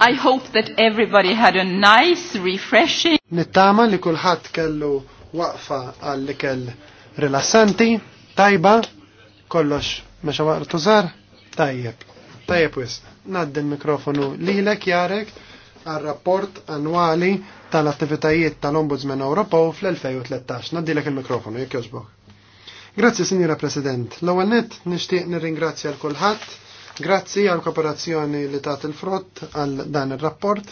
I hope that everybody had a nice, refreshing. Nittama li kulħadd kellu waqfa għall kell rilassanti, tajba, kollox meċa waqra tużar, tajjeb. Tajjeb wis, nadd l-mikrofonu lilek jarek għal-rapport annwali tal-attivitajiet tal-Ombudsman Ewropew fl-2013. Naddilek il-mikrofonu, jekk jogħġbok. Grazzi, Signora President. L-ewwel nett nixtieq nirringrazzja l kulħadd Grazzi għal kooperazzjoni li ta' il-frott għal dan il-rapport.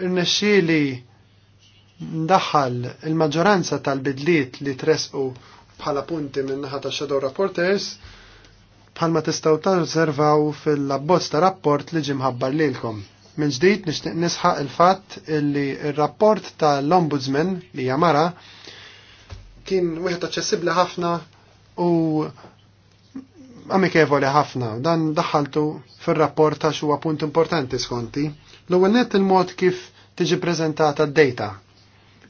Irnexxieli ndaħħal il-maġġoranza tal-bidliet li tresqu bħala punti minn naħa ta' Shadow Reporters bħalma tistgħu tarżervaw fil labbozz ta' rapport li ġi mħabbar lilkom. Minn ġdid nixtieq nisħaq il-fatt li r-rapport tal-Ombudsman li jamara kien wieħed aċċessibbli ħafna u amikevoli ħafna, dan daħaltu fil-rapport ta' xuwa punt importanti skonti. L-ewwel net il-mod kif tiġi prezentata d-data.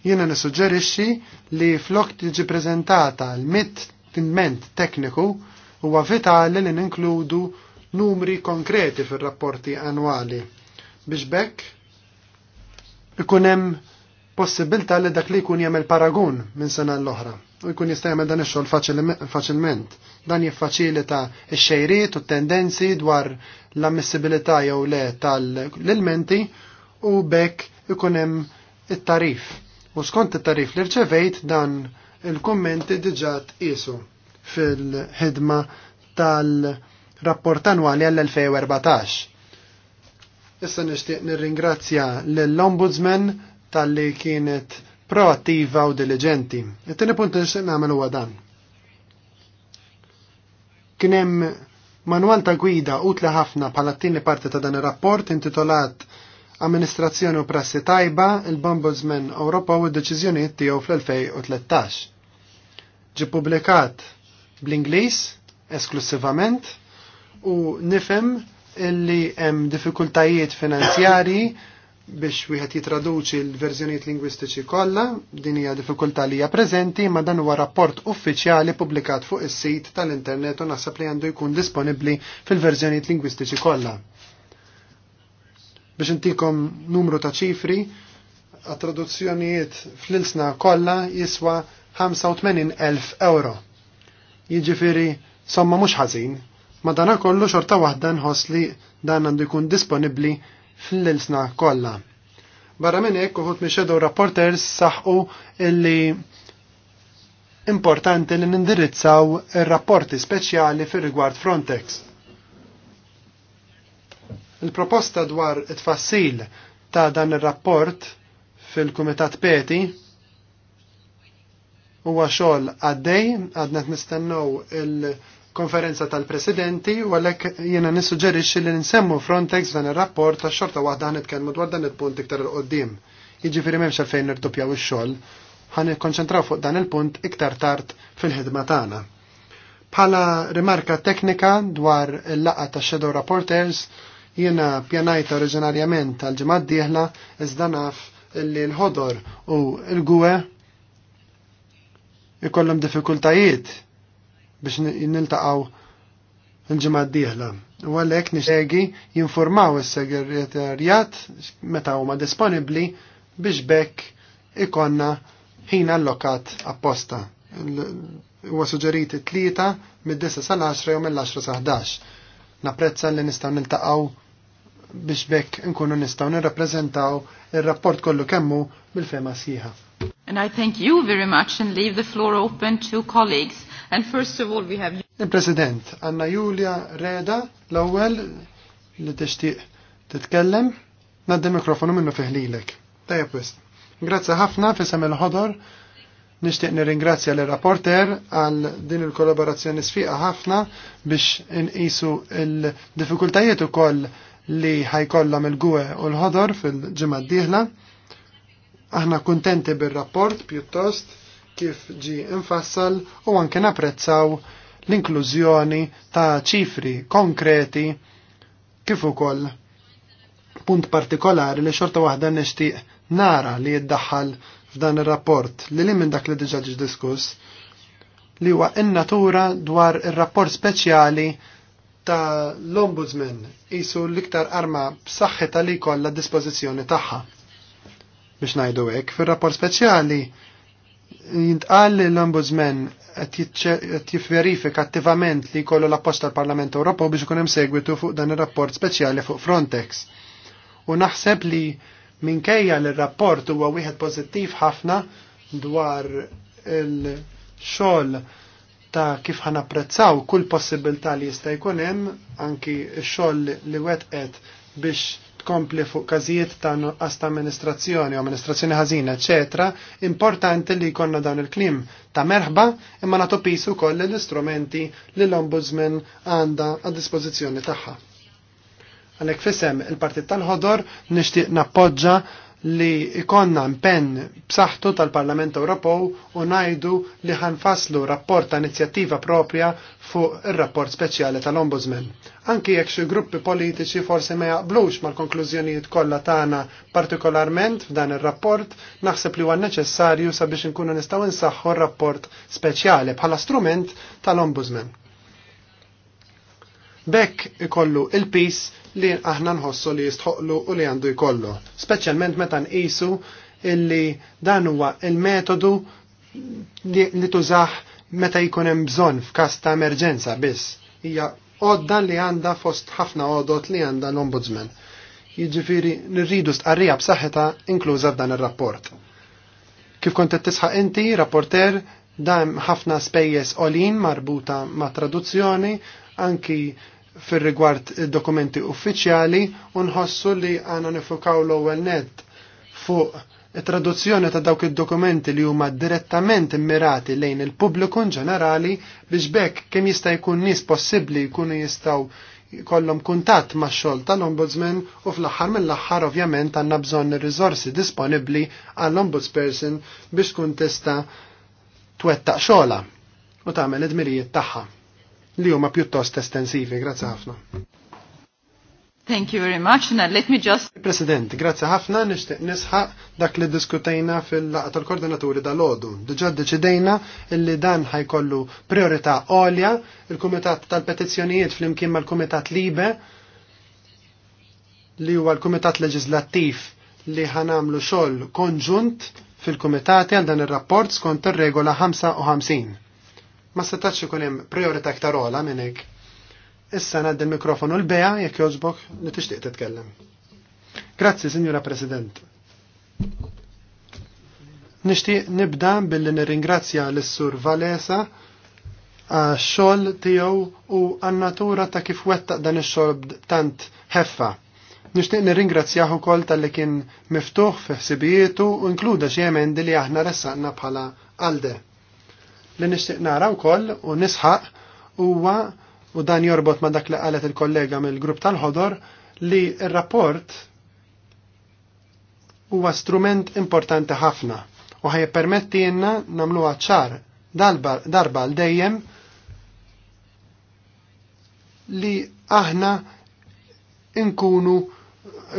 Jiena nissuġġerixxi li flok tiġi prezentata l-mit tinment tekniku huwa vitali li ninkludu numri konkreti fil-rapporti annwali biex bekk ikun hemm possibilità li dak li jkun jagħmel paragun minn sena l-oħra jkun jista' jagħmel dan ix-xogħol faċilment. Dan jiffaċilita x-xejriet u t-tendenzi dwar l-ammissibilità jew le tal-ilmenti u bekk ikun hemm it-tarif. U skont it-tarif li rċevejt dan il kummenti diġà tqisu fil-ħidma tal-rapport annwali għall-2014. Issa nixtieq nirringrazzja lill-Ombudsman tal-li kienet proattiva u diligenti. It-tieni punt nixtieq nagħmel huwa dan. Kien hemm manwal ta' gwida utla ħafna bħala t-tieni parti ta' dan ir-rapport intitolat Amministrazzjoni u Prassi Tajba, il-Bombudsman Ewropa u d-deċiżjonijiet tiegħu fl-2013. Ġi publikat bl-Ingliż esklusivament u nifhem illi hemm diffikultajiet finanzjarji biex wieħed jitraduċi l-verżjonijiet lingwistiċi kollha, din hija diffikultà li hija preżenti, ma dan huwa rapport uffiċjali pubblikat fuq is-sit tal-internet u naħseb li għandu jkun disponibbli fil-verżjonijiet lingwistiċi kollha. Biex intikom numru ta' ċifri, għat-traduzzjonijiet fl-ilsna kollha jiswa 85,000 euro. Jiġifieri somma mhux ħażin, ma dan kollu xorta waħda nħoss li dan għandu jkun disponibbli fl lilsna kollha. Barra minn hekk uħud minn shadow rapporters saħu illi importanti li nindirizzaw il rapporti speċjali fir rigward Frontex. Il-proposta dwar it-fassil ta' dan ir-rapport fil-Kumitat Peti huwa xogħol għaddej, għadna nistennew il- konferenza tal-presidenti u għalek jena nissuġġerixi li nsemmu Frontex dan il-rapport ta' xorta waħda għanet itkellmu dwar dan il-punt iktar il-qoddim. firri jiġifieri memx għalfejn nirtupjaw il-xol, għanet konċentraw fuq dan il-punt iktar tard fil-ħidma tagħna. Bħala rimarka teknika dwar il-laqa ta' Shadow Reporters, jena pjanajta oriġinarjament tal-ġemad diħla, iżda illi l-ħodor u l-gwe ikollhom diffikultajiet biex niltaqaw il-ġimgħa d-dieħla. U għalhekk nixtegi jinformaw is-segretarjat meta huma disponibbli biex bekk ikonna ħin allokat apposta. Huwa suġeriti tlieta mid 10 sal-10 jew mill-10 sa 11. Napprezza li nistgħu niltaqgħu biex bekk nkunu nistgħu nirrappreżentaw ir-rapport kollu kemmu bil-fema sieħa. And I thank you very much and leave the floor open to colleagues. And first of all we have... Il-President, eh, Anna Julia Reda, l ewwel li tixtieq titkellem, naddi mikrofonu minnu fiħlilek. Tajab wist. Grazzi ħafna fisem il-ħodor, nishtiq nirringrazzja l-rapporter għal din il-kollaborazzjoni sfiqa ħafna biex inqisu il diffikultajiet ukoll li ħajkollhom il-gwe u l-ħodor fil-ġimgħa d-dieħla. Aħna kuntenti bir-rapport pjuttost kif ġi infassal u anke napprezzaw l-inklużjoni ta' ċifri konkreti kif ukoll punt partikolari li xorta waħda nixtieq nara li jiddaħħal f'dan ir-rapport li li minn dak li diġà ġi diskuss li huwa in-natura dwar ir-rapport speċjali ta' l-ombudsman jisu l-iktar arma b'saħħi tal-li kollha dispożizzjoni tagħha. Biex ngħidu hekk, fir-rapport speċjali jintqal li l-Ombudsman qed jifverifik attivament li jkollu l-apposta tal-Parlament Ewropew biex ikun hemm segwitu fuq dan ir-rapport speċjali fuq Frontex. U naħseb li minkejja li r-rapport huwa wieħed pożittiv ħafna dwar il-xogħol ta' kif apprezzaw kull possibilità li jista' jkun hemm anki x-xogħol li wetqet biex tkompli fuq każijiet ta' nuqqas ta' amministrazzjoni u amministrazzjoni ħażina, eċetera, importanti li jkollna dawn il-klim ta' merħba imma nagħtu pis ukoll l-istrumenti li l-Ombudsman għandha għad dispożizzjoni tagħha. Għalhekk fisem il-Partit tal-Ħodor nixtieq nappoġġa li ikonna mpenn b'saħħtu tal-Parlament Ewropew u ngħidu li ħanfaslu rapport ta' inizjattiva propja fuq ir-rapport speċjali tal-Ombudsman. Anki jekk xi gruppi politiċi forsi ma jaqblux mal-konklużjonijiet kollha tagħna partikolarment f'dan ir-rapport, naħseb li huwa neċessarju sabiex inkunu nistgħu nsaħħu r-rapport speċjali bħala strument tal-Ombudsman. Bekk ikollu il peace li aħna nħossu li jistħoqlu u li għandu jkollu, speċjalment meta nqisu illi dan huwa il-metodu li tużaħ meta jkun hemm bżonn f'każ ta' emerġenza biss. Hija għodda li għandha fost ħafna għodot li għandha l-ombudsman. Jiġifieri nirridu stqarrija b'saħħitha inkluża f'dan ir-rapport. Kif kont qed tisħaq inti, rapporter, dan ħafna spejjeż olin marbuta ma' traduzzjoni, anki fir rigward dokumenti uffiċjali u nħossu li għana nifukaw l-ewwel net fuq traduzzjoni ta' dawk id-dokumenti li huma direttament immirati lejn il-pubbliku ġenerali biex bekk kemm jista' jkun nies possibbli jkunu jistgħu kollom kuntatt ma' xogħol tal-ombudsman u fl-aħħar mill-aħħar ovvjament għandna bżonn ir-riżorsi disponibbli għall-ombudsperson biex tkun tista' twettaq xogħla u tagħmel id-dmirijiet tagħha li huma pjuttost estensivi. Grazzi ħafna. Thank you very much. Now let me just... President, grazzi ħafna nishtiq nisħaq dak li diskutejna fil laqgħa tal-koordinaturi dal-ħodu. Dġa deċidejna illi dan ħajkollu priorità għolja, il-Kumitat tal-Petizzjonijiet fl-imkien mal-Kumitat Libe, li huwa l-Kumitat Leġislattiv li ħanamlu xogħol konġunt fil-Kumitati għal dan ir-rapport skont ir-regola 55 ma setax ikun hemm priorità aktar ola minn hekk. Issa ngħaddi l-mikrofonu l-beja jekk jogħġbok li tixtieq titkellem. Grazzi, Sinjura President. Nixtieq nibda billi nirringrazzja lis-Sur Valesa għax-xogħol tiegħu u għan-natura ta' kif wettaq dan ix-xogħol tant ħeffa. Nixtieq nirringrazzjah ukoll tal-li kien miftuħ fi ħsibijietu u inkluda xi emendi li aħna ressaqna bħala għalde li nixtieq nara wkoll u nisħaq huwa u dan jorbot ma' dak li qalet il-kollega mill-grupp tal-ħodor li r-rapport huwa strument importanti ħafna u ħaj permetti jenna namlu ċar darba l dejjem li aħna inkunu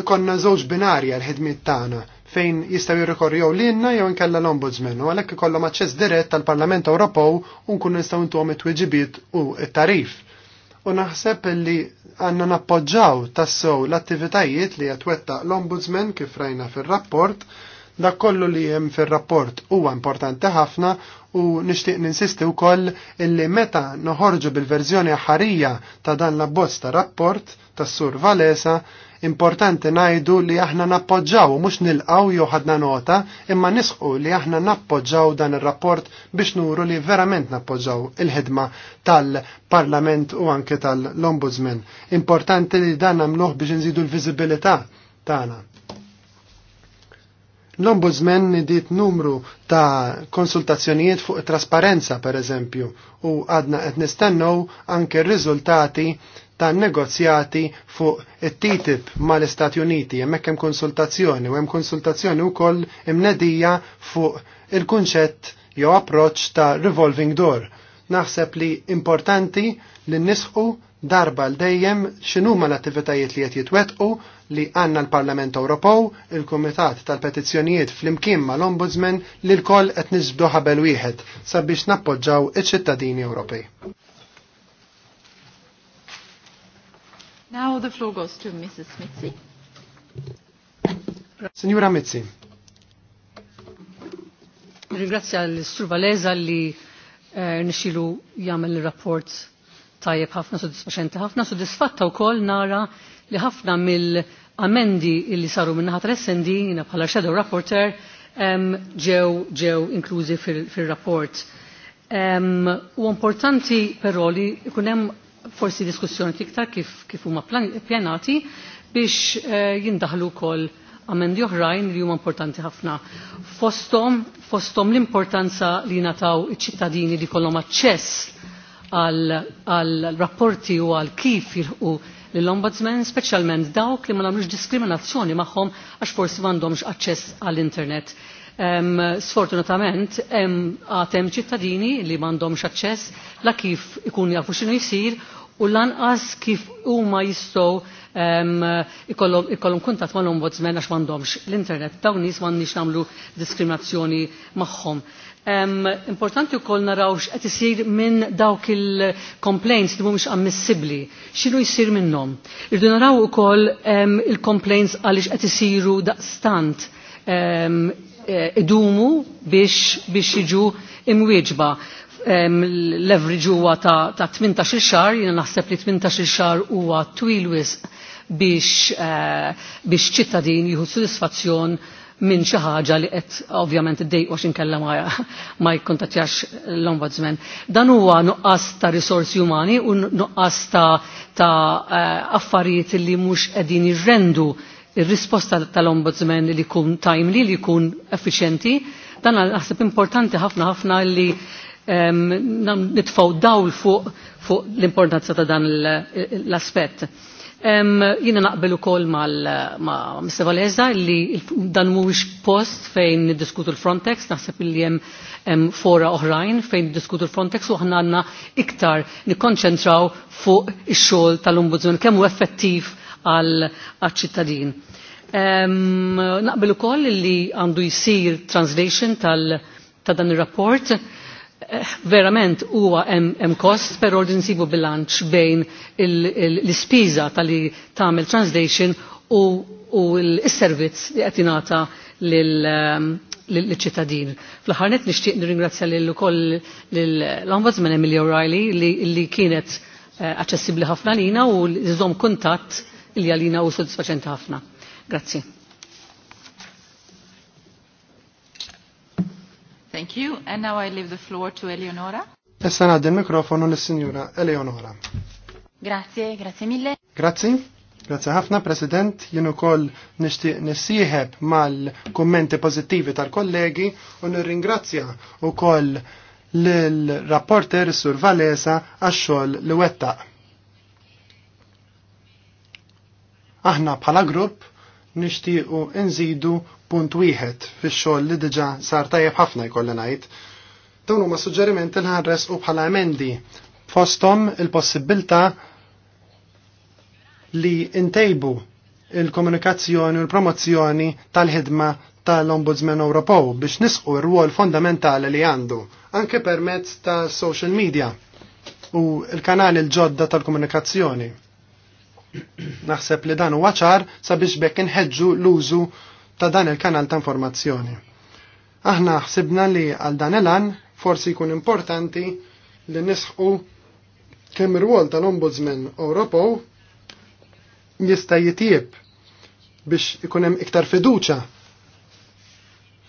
ikonna żewġ binarja l-ħidmiet tagħna fejn jistaw jirrikorri jow l-inna jew inkella l-ombudsman u għalhekk ikollhom aċċess dirett tal-Parlament Ewropew unkun nkunu nistgħu intuhom it-tweġibiet u t-tarif. U naħseb li għandna nappoġġaw tassew l-attivitajiet li jatwetta l-ombudsman kif rajna fir-rapport dak kollu li hemm fir-rapport huwa importanti ħafna u nixtieq ninsisti wkoll illi meta noħorġu bil-verżjoni ħarija ta' dan l bozz ta' rapport tas-Sur Valesa Importanti najdu li aħna nappoġġaw, mux nilqaw jew ħadna nota, imma nisqu li aħna nappoġġaw dan il-rapport biex nuru li verament nappoġġaw il-ħidma tal-Parlament u anke tal-Ombudsman. Importanti li dan għamluħ biex nżidu l-viżibilità tagħna. L-Ombudsman nidiet numru ta' konsultazzjonijiet fuq trasparenza, per eżempju, u għadna qed nistennew anke r-riżultati ta' negozjati fuq it-TTIP mal-Istati Uniti, hemmhekk hemm konsultazzjoni u hemm konsultazzjoni wkoll imnedija fuq il-kunċett jew approċċ ta' revolving door. Naħseb li importanti li nisħu darba l dejjem x'inhuma l-attivitajiet li qed jitwetqu li għandna l-Parlament Ewropew, il-Kumitat tal-Petizzjonijiet flimkien mal-Ombudsman li l-koll qed nisbdu ħabel wieħed sabiex nappoġġaw iċ-ċittadini Ewropej. Now the floor goes to Mrs. Mitzi. Signora Mitzi. Ringrazzja l istru Valeza li eh, nixilu jagħmel rapport tajjeb ħafna sodisfaċenti ħafna u wkoll nara li ħafna mill-amendi li saru minna ħatra SND jiena bħala shadow rapporter ġew ġew inklużi fir-rapport. U importanti però li jkun forsi diskussjoni tiktar kif, kif huma pjanati biex eh, jindaħlu kol amendi oħrajn li huma importanti ħafna. Fostom, fostom l-importanza li nataw iċ-ċittadini li kollhom aċċess għal rapporti u għal kif jirħu l-ombudsman, speċjalment dawk li ma nagħmlux diskriminazzjoni magħhom għax forsi m'għandhomx aċċess għall-internet sfortunatament għatem ċittadini li mandom xaċċess la kif ikun jafu xinu jisir u lanqas kif huma jistgħu ikollhom kuntatt mal-ombudsman għax m'għandhomx l-internet dawn nies m'għandniex nagħmlu diskriminazzjoni magħhom. Um, importanti wkoll naraw qed isir minn dawk il-complaints li mhumiex ammissibbli, x'inhu jsir minnhom. Irdu naraw ukoll um, il-complaints għaliex qed isiru daqstant um, Eh, idumu biex, biex jiġu imwieġba. L-leverage huwa ta', ta 18 xar, jina naħseb li 18 xar huwa twil wisq biex, eh, biex ċittadin jieħu sodisfazzjon minn xi ħaġa li qed ovvjament iddejq wax inkella ma jikkontattjax l-ombudsman. Dan huwa nuqqas ta' risorsi umani u nuqqas ta', ta eh, affarijiet li mhux qegħdin jirrendu ir-risposta tal-Ombudsman li jkun timely, li jkun effiċjenti, dan naħseb importanti ħafna ħafna li um, nitfaw dawl fuq, fu l-importanza ta' dan l-aspett. Um, jina naqbel ukoll ma' Mr. Valeza li dan mhuwiex post fejn niddiskutu l-Frontex, naħseb li hemm fora oħrajn fejn niddiskutu l-Frontex u aħna għandna iktar nikkonċentraw fuq ix-xogħol tal-Ombudsman kemm hu effettiv għal ċittadin. Naqbel ukoll li għandu jsir translation tal ta' dan ir-rapport eh, verament huwa hemm kost però ordin sibu bilanċ bejn l-ispiża tal-li tagħmel translation u, u l-servizz li qed jingħata l-ċittadin. fl net nixtieq nirringrazzja l ukoll l-Ombudsman Emily O'Reilly li kienet eh, aċċessibbli ħafna lina u l kuntatt li għalina u soddisfaċenti ħafna. Grazzi. Thank you. And now I leave the floor to Eleonora. Issa ngħaddi il-mikrofonu lis signora Eleonora. Grazie, grazie mille. Grazie. Grazie ħafna, President. Jien ukoll nixtieq nissieħeb mal-kummenti pożittivi tal-kollegi u nirringrazzja ukoll lill-rapporter Sur Valesa għax-xogħol li wettaq Aħna bħala grupp nixtiequ nżidu punt wieħed fix-xogħol li diġà sar tajjeb ħafna jkolli ngħid. Dawn huma suġġerimenti li ħares u bħala emendi fosthom il-possibilità li ntejbu il-komunikazzjoni u l-promozzjoni tal-ħidma tal-Ombudsman Ewropew biex nisqu r-rwol fondamentali li għandu, anke permezz ta' social media u l-kanali l-ġodda tal-komunikazzjoni Naħseb li dan huwa ċar sabiex bekk inħeġġu l-użu ta' dan il-kanal ta' informazzjoni. Aħna ħsibna li għal dan elan forsi jkun importanti li nisħu kemm ruol tal-Ombudsman Ewropew jista' jitjieb biex ikun hemm iktar fiduċa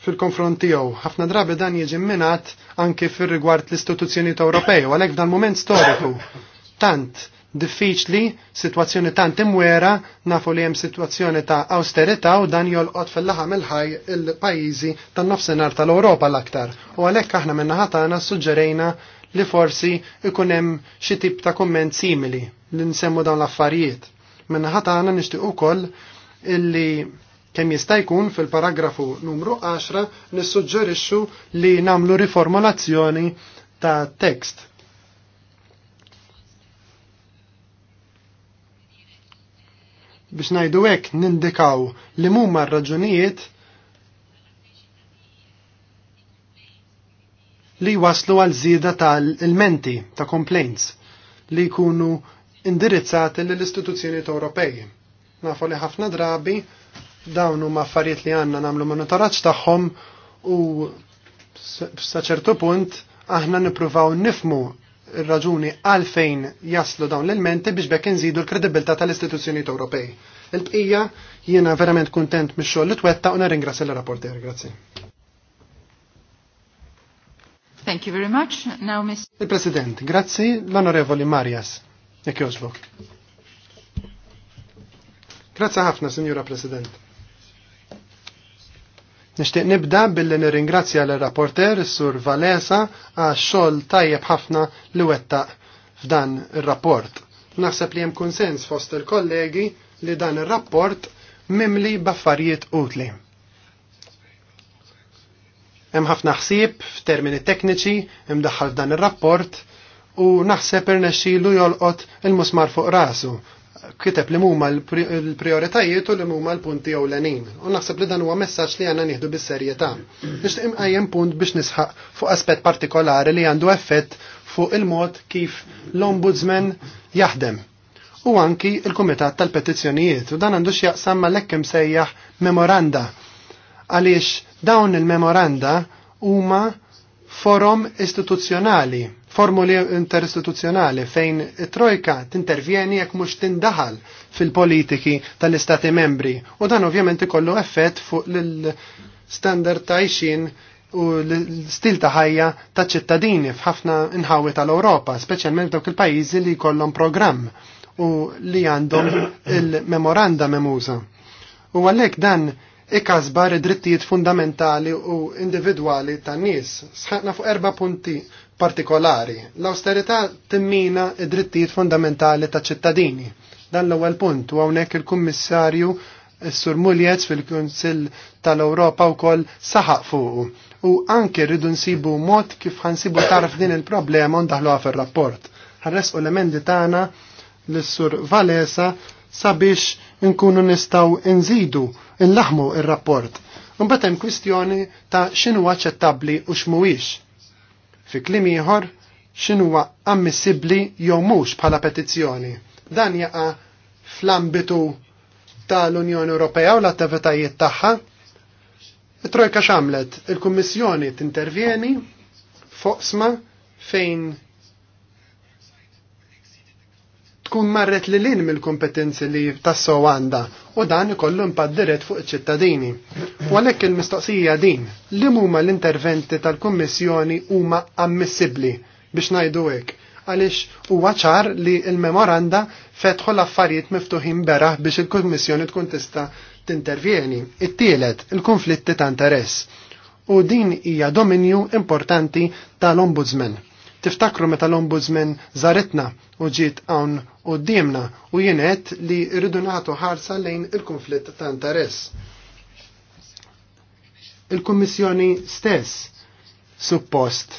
fil-konfront tiegħu. Ħafna drabi dan jiġi minat anke fir-rigward l-istituzzjonijiet Ewropej, għalhekk dan mument storiku tant diffiċli, situazzjoni tant imwera, nafu li hemm situazzjoni ta' austerità u dan jolqot fil-laħam il-ħaj il pajizi tan-nofsinhar tal-Ewropa l-aktar. U għalhekk aħna minna ħatana suġġerejna li forsi ikun hemm xi tip ta' kumment simili li nsemmu dawn l-affarijiet. Minna ħatana nixtieq ukoll illi kemm jista' jkun fil-paragrafu numru 10 nissuġġerixxu li nagħmlu riformulazzjoni ta' tekst biex najdu hekk nindikaw li mumma raġunijiet li waslu għal żieda tal-menti ta' complaints li jkunu indirizzati lill-istituzzjonijiet Ewropej. Nafu li ħafna drabi dawn huma affarijiet li għandna nagħmlu monitoraċ tagħhom u sa ċertu punt aħna nippruvaw nifmu raġuni għalfejn jaslu dawn l-elementi biex bekk nżidu l-kredibilità tal-istituzzjonijiet Ewropej. Il-bqija jiena verament kuntent mix-xogħol li twetta u nirringrazzja l-rapporter. Grazzi. Thank you very much. Now, Ms. Il-President, grazzi l-Onorevoli Marias. Jekk jożbok. Grazzi ħafna, Signora President. Nishtiq nibda billi nirringrazzja l-rapporter Sur Valesa għax xogħol tajjeb ħafna li wettaq f'dan ir-rapport. Naħseb li hemm kunsens fost il-kollegi li dan ir-rapport mimli baffarijiet utli. Hemm ħafna ħsieb f'termini tekniċi imdaħħal f'dan ir-rapport u naħseb irnexxielu jolqot il-musmar fuq rasu kiteb li huma l-prioritajiet u li huma l-punti ewlenin. U naħseb li dan huwa messaġġ li għandna nieħdu bis-serjetà. Nixtieq imqajjem punt biex nisħaq fuq aspett partikolari li għandu effett fuq il-mod kif l-ombudsman jaħdem u anki il-Kumitat tal-Petizzjonijiet u dan għandu x'jaqsam mal-ekkem sejjaħ memoranda għaliex dawn il-memoranda huma forum istituzzjonali formuli interistituzzjonali fejn trojka tintervjeni jekk mhux tindaħal fil-politiki tal-istati membri u dan ovvjament ikollu effett fuq l-standard ta' u l-stil ta' ħajja ta' ċittadini f'ħafna inħawi tal-Ewropa, speċjalment dawk il-pajjiżi li jkollhom programm u li għandhom il-memoranda memuża. U għalhekk dan ikkażbar id-drittijiet fundamentali u individwali tan nies. Sħaqna fuq erba' punti partikolari. L-austerità timmina id-drittijiet fundamentali ta' ċittadini. Dan l-ewwel punt u hawnhekk il-Kummissarju Sur Muljez fil-Kunsill tal-Ewropa wkoll saħaq fuqu. U anke rridu nsibu mod kif ħansibu tarf din il-problema u ndaħluha fir-rapport. u l-emendi tagħna l-Sur Valesa sabiex nkunu nistgħu nżidu nlaħmu ir-rapport. Imbagħad hemm kwistjoni ta' x'inhu aċċettabbli u x'mhuwiex Fi klim ieħor x'inhuwa ammissibbli jew mhux bħala petizzjoni. Dan jaqa' fl-ambitu tal-Unjoni Ewropea u l-attivitajiet tagħha. Trojka x'għamlet, il-Kummissjoni tintervjeni foqsma fejn tkun marret li lin mill-kompetenzi li tasso għanda u dan ikollu impatt dirett fuq ċittadini U għalhekk il-mistoqsija din li huma l-interventi tal-Kummissjoni huma ammissibbli biex ngħidu hekk għaliex huwa ċar li l-memoranda fetħu l-affarijiet miftuħin beraħ biex il-Kummissjoni tkun tista' tintervjeni. It-tielet, il-konflitti ta' interess. U din hija dominju importanti tal-Ombudsman Tiftakru meta l-ombudsman zaretna u ġiet hawn u d-diemna u jenet li rridu nagħtu ħarsa lejn il-konflitt ta' interess. Il-Kummissjoni stess suppost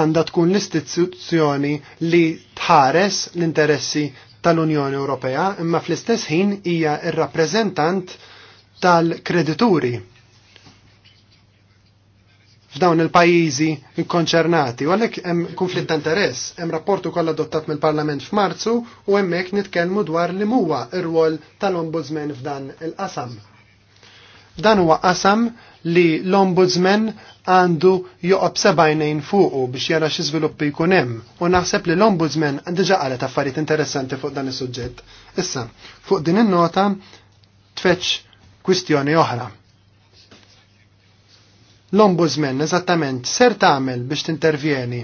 għandha tkun l-istituzzjoni li tħares l-interessi tal-Unjoni Ewropea imma fl-istess ħin hija r-rappreżentant tal-kredituri f'dawn il-pajjiżi konċernati. U għalhekk hemm konflitt ta' interess, hemm rapportu kollha adottat mill-Parlament f'Marzu u hemmhekk nitkellmu dwar li huwa r-rwol tal-Ombudsman f'dan il-qasam. Dan huwa qasam li l-Ombudsman għandu joqob sebajnejn fuqu biex jara xi żviluppi jkun hemm u naħseb li l-Ombudsman diġà qalet affarijiet interessanti fuq dan is-suġġett. Issa, fuq din in-nota tfetx kwistjoni oħra L-Ombudsman eżattament ser tagħmel biex tintervjeni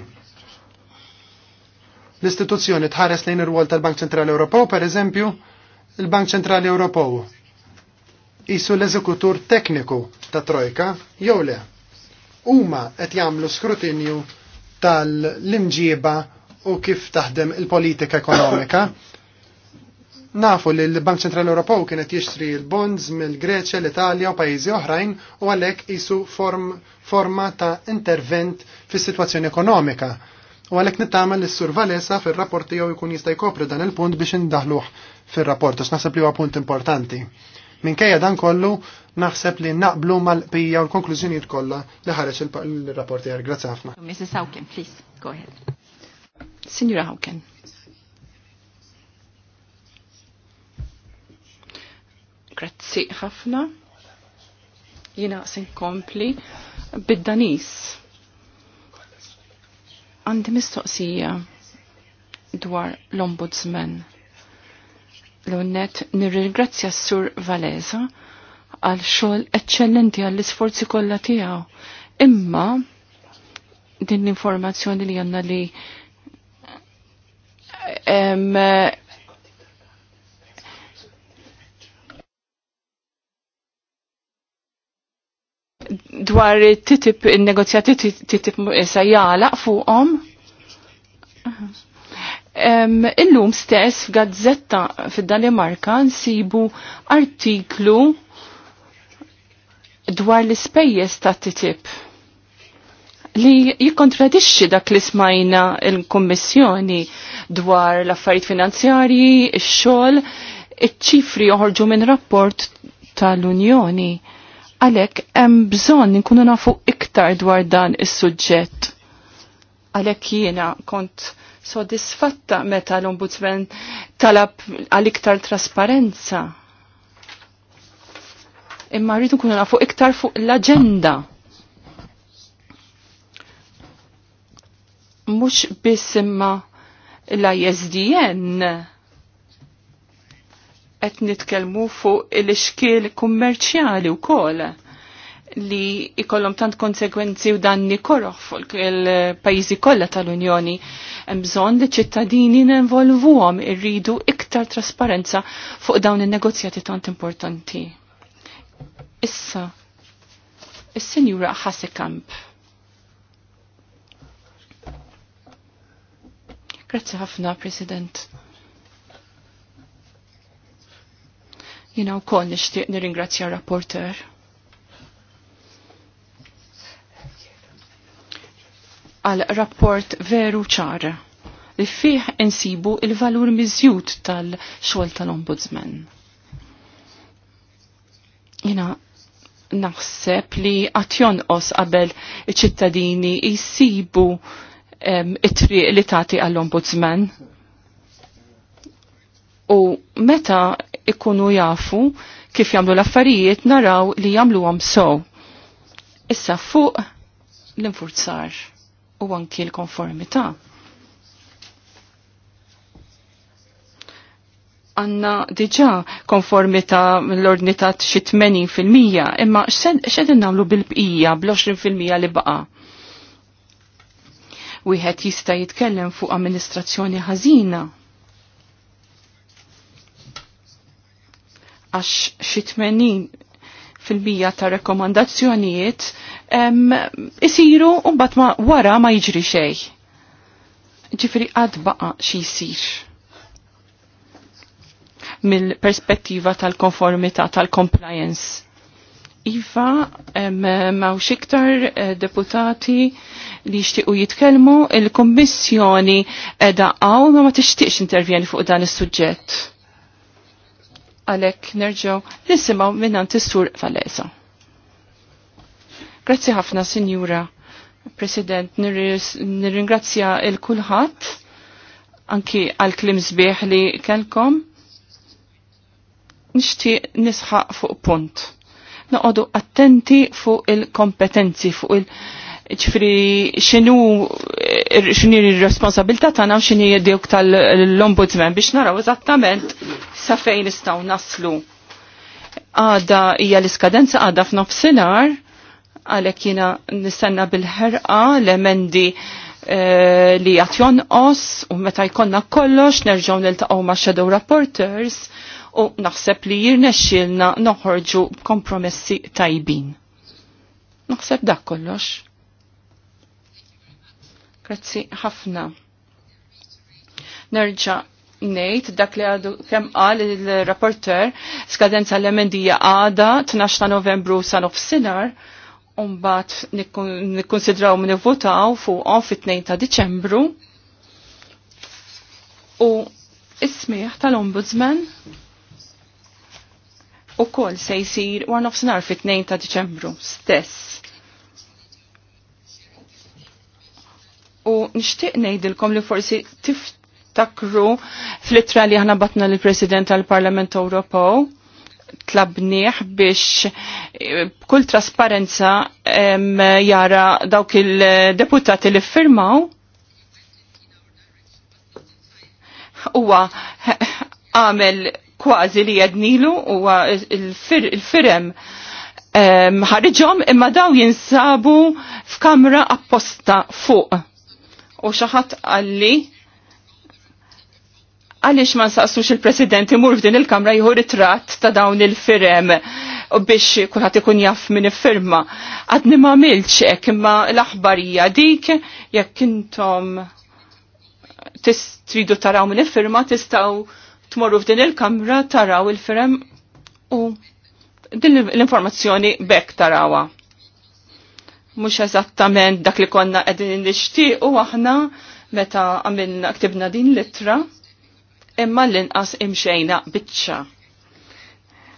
l-istituzzjoni tħares lejn ir-rwol tal-Bank Ċentrali Ewropew, pereżempju, il-Bank Ċentrali Ewropew isu l-eżekutur tekniku ta' Trojka jew le. Huma qed jagħmlu skrutinju tal-imġiba u kif taħdem il-politika ekonomika Nafu li l-Bank Ċentrali Ewropew kienet jixtri l-bonds mill-Greċja, l-Italja u pajjiżi oħrajn u għalhekk isu form, forma ta' intervent fis-sitwazzjoni ekonomika. U għalhekk nittamel is-Sur Valesa fir-rapport tiegħu jkun jista' jkopri dan il-punt biex indaħluh fir-rapport għax naħseb li huwa punt importanti. Minkejja dan kollu naħseb li naqblu mal-bija u l-konklużjonijiet kollha li ħareġ il-rapport tiegħek. Grazzi ħafna. Mrs. Hawken, please, go ahead. Signora Hawken. Grazzi ħafna. Jina kompli bid-danis. Għandi mistoqsija dwar l-ombudsman. L-unnet nirringrazzja s-sur Valeza għal xogħol eċċellenti għall isforzi kollha tiegħu. Imma din l-informazzjoni li għandna li dwar titip il-negozjati titip sajjala jalaq fuqhom. Illum stess f'gazzetta fid-Danimarka nsibu artiklu dwar l-ispejjeż ta' titip li jikontradixxi dak li smajna l-Kommissjoni dwar l-affarijiet finanzjarji, ix-xogħol, iċ-ċifri joħorġu minn rapport tal-Unjoni Għalek, hemm bżonn nkunu nafu iktar dwar dan is-suġġett. Għalek jiena kont sodisfatta meta l-Ombudsman talab għal iktar trasparenza. Imma rridu nkunu nafu iktar fuq l-aġenda. Mhux biss imma l-ISDN qed nitkellmu fuq l-ixkiel kummerċjali wkoll li ikollhom tant konsekwenzi u danni koroħ fuq il-pajjiżi kollha tal-Unjoni hemm bżonn li ċittadini ninvolvuhom irridu iktar trasparenza fuq dawn in-negozjati tant importanti. Issa, is-Sinjura Ħasekamp. Grazzi ħafna, President. Jina u koll nishtiq nir-ingrazzja rapporter. Għal rapport veru ċar li fih insibu il-valur mizjut tal-xol tal-ombudsman. Jina naħseb li għatjon os qabel iċ-ċittadini jisibu it-triq li tati għall-ombudsman. U meta ikunu jafu kif jamlu l-affarijiet naraw li jamlu għam sow. Issa fuq l-infurzar u anki l-konformita. Għanna diġa konformita l ordnita ta' xi 80% imma x'edin nagħmlu bil-bqija bl-20% li baqa' wieħed jista' jitkellem fuq amministrazzjoni ħażina għax xi tmenin fil mija ta' rekomandazzjonijiet isiru u mbagħad ma wara ma jiġri xej. Ġifri għad baqa' xi jsir mill-perspettiva tal-konformità tal-compliance. Iva, maw xiktar eh, deputati li jixtiqu jitkelmu, il-Kommissjoni edha għaw ma ma t-ixtiqx intervjeni fuq dan is-suġġett għalek nerġaw nisimaw minnant is-sur Valesa. Grazzi ħafna, Sinjura President, nirringrazzja il-kulħat anki għal-klim sbieħ li kelkom. Nishti nisħaq fuq punt. Naqodu attenti fuq il-kompetenzi, fuq il-kompetenzi ċifri xinu er, xinu responsabilta tana u xinu jeddiuk tal-ombudsman biex naraw eżattament sa fejn istaw naslu. Għada hija l-iskadenza għada f'nofsinhar għalhekk jiena nistenna bil-ħerqa l-emendi eh, li jatjon os u meta jkonna kollox nerġgħu niltaqgħu ma' shadow reporters u naħseb li jirnexxilna noħorġu kompromessi tajbin. Naħseb dak kollox. Grazzi ħafna. Nerġa' nejt dak li għadu kem għal il-rapporter skadenza l-emendija għada 12 ta' novembru sa' nofsinar unbat nikkonsidraw minn votaw fuq fit 2 ta' Diċembru u ismiħ tal-Ombudsman u koll se jisir war nofsinar fit 2 ta' Diċembru stess. U nixtieq ngħidilkom li forsi tiftakru fl-ittra li aħna batna l-President tal-Parlament Ewropew tlabniħ biex eh, kull trasparenza jara dawk il-deputati li firmaw huwa għamel kważi li jednilu huwa il-firem ħarġom imma daw jinsabu f'kamra apposta fuq u xaħat għalli għalix ma nsaqsux il-president imur f'din il-kamra jħu ritratt ta' dawn il-firem u biex kullħat ikun jaff minn firma. Għadni ma milċ ek imma l-aħbarija dik jekk intom tistridu taraw minn firma tistaw tmorru f'din il-kamra taraw il-firem u din l-informazzjoni bekk tarawa mhux eżattament dak li konna qegħdin u aħna meta għamilna ktibna din litra imma l-inqas imxejna biċċa.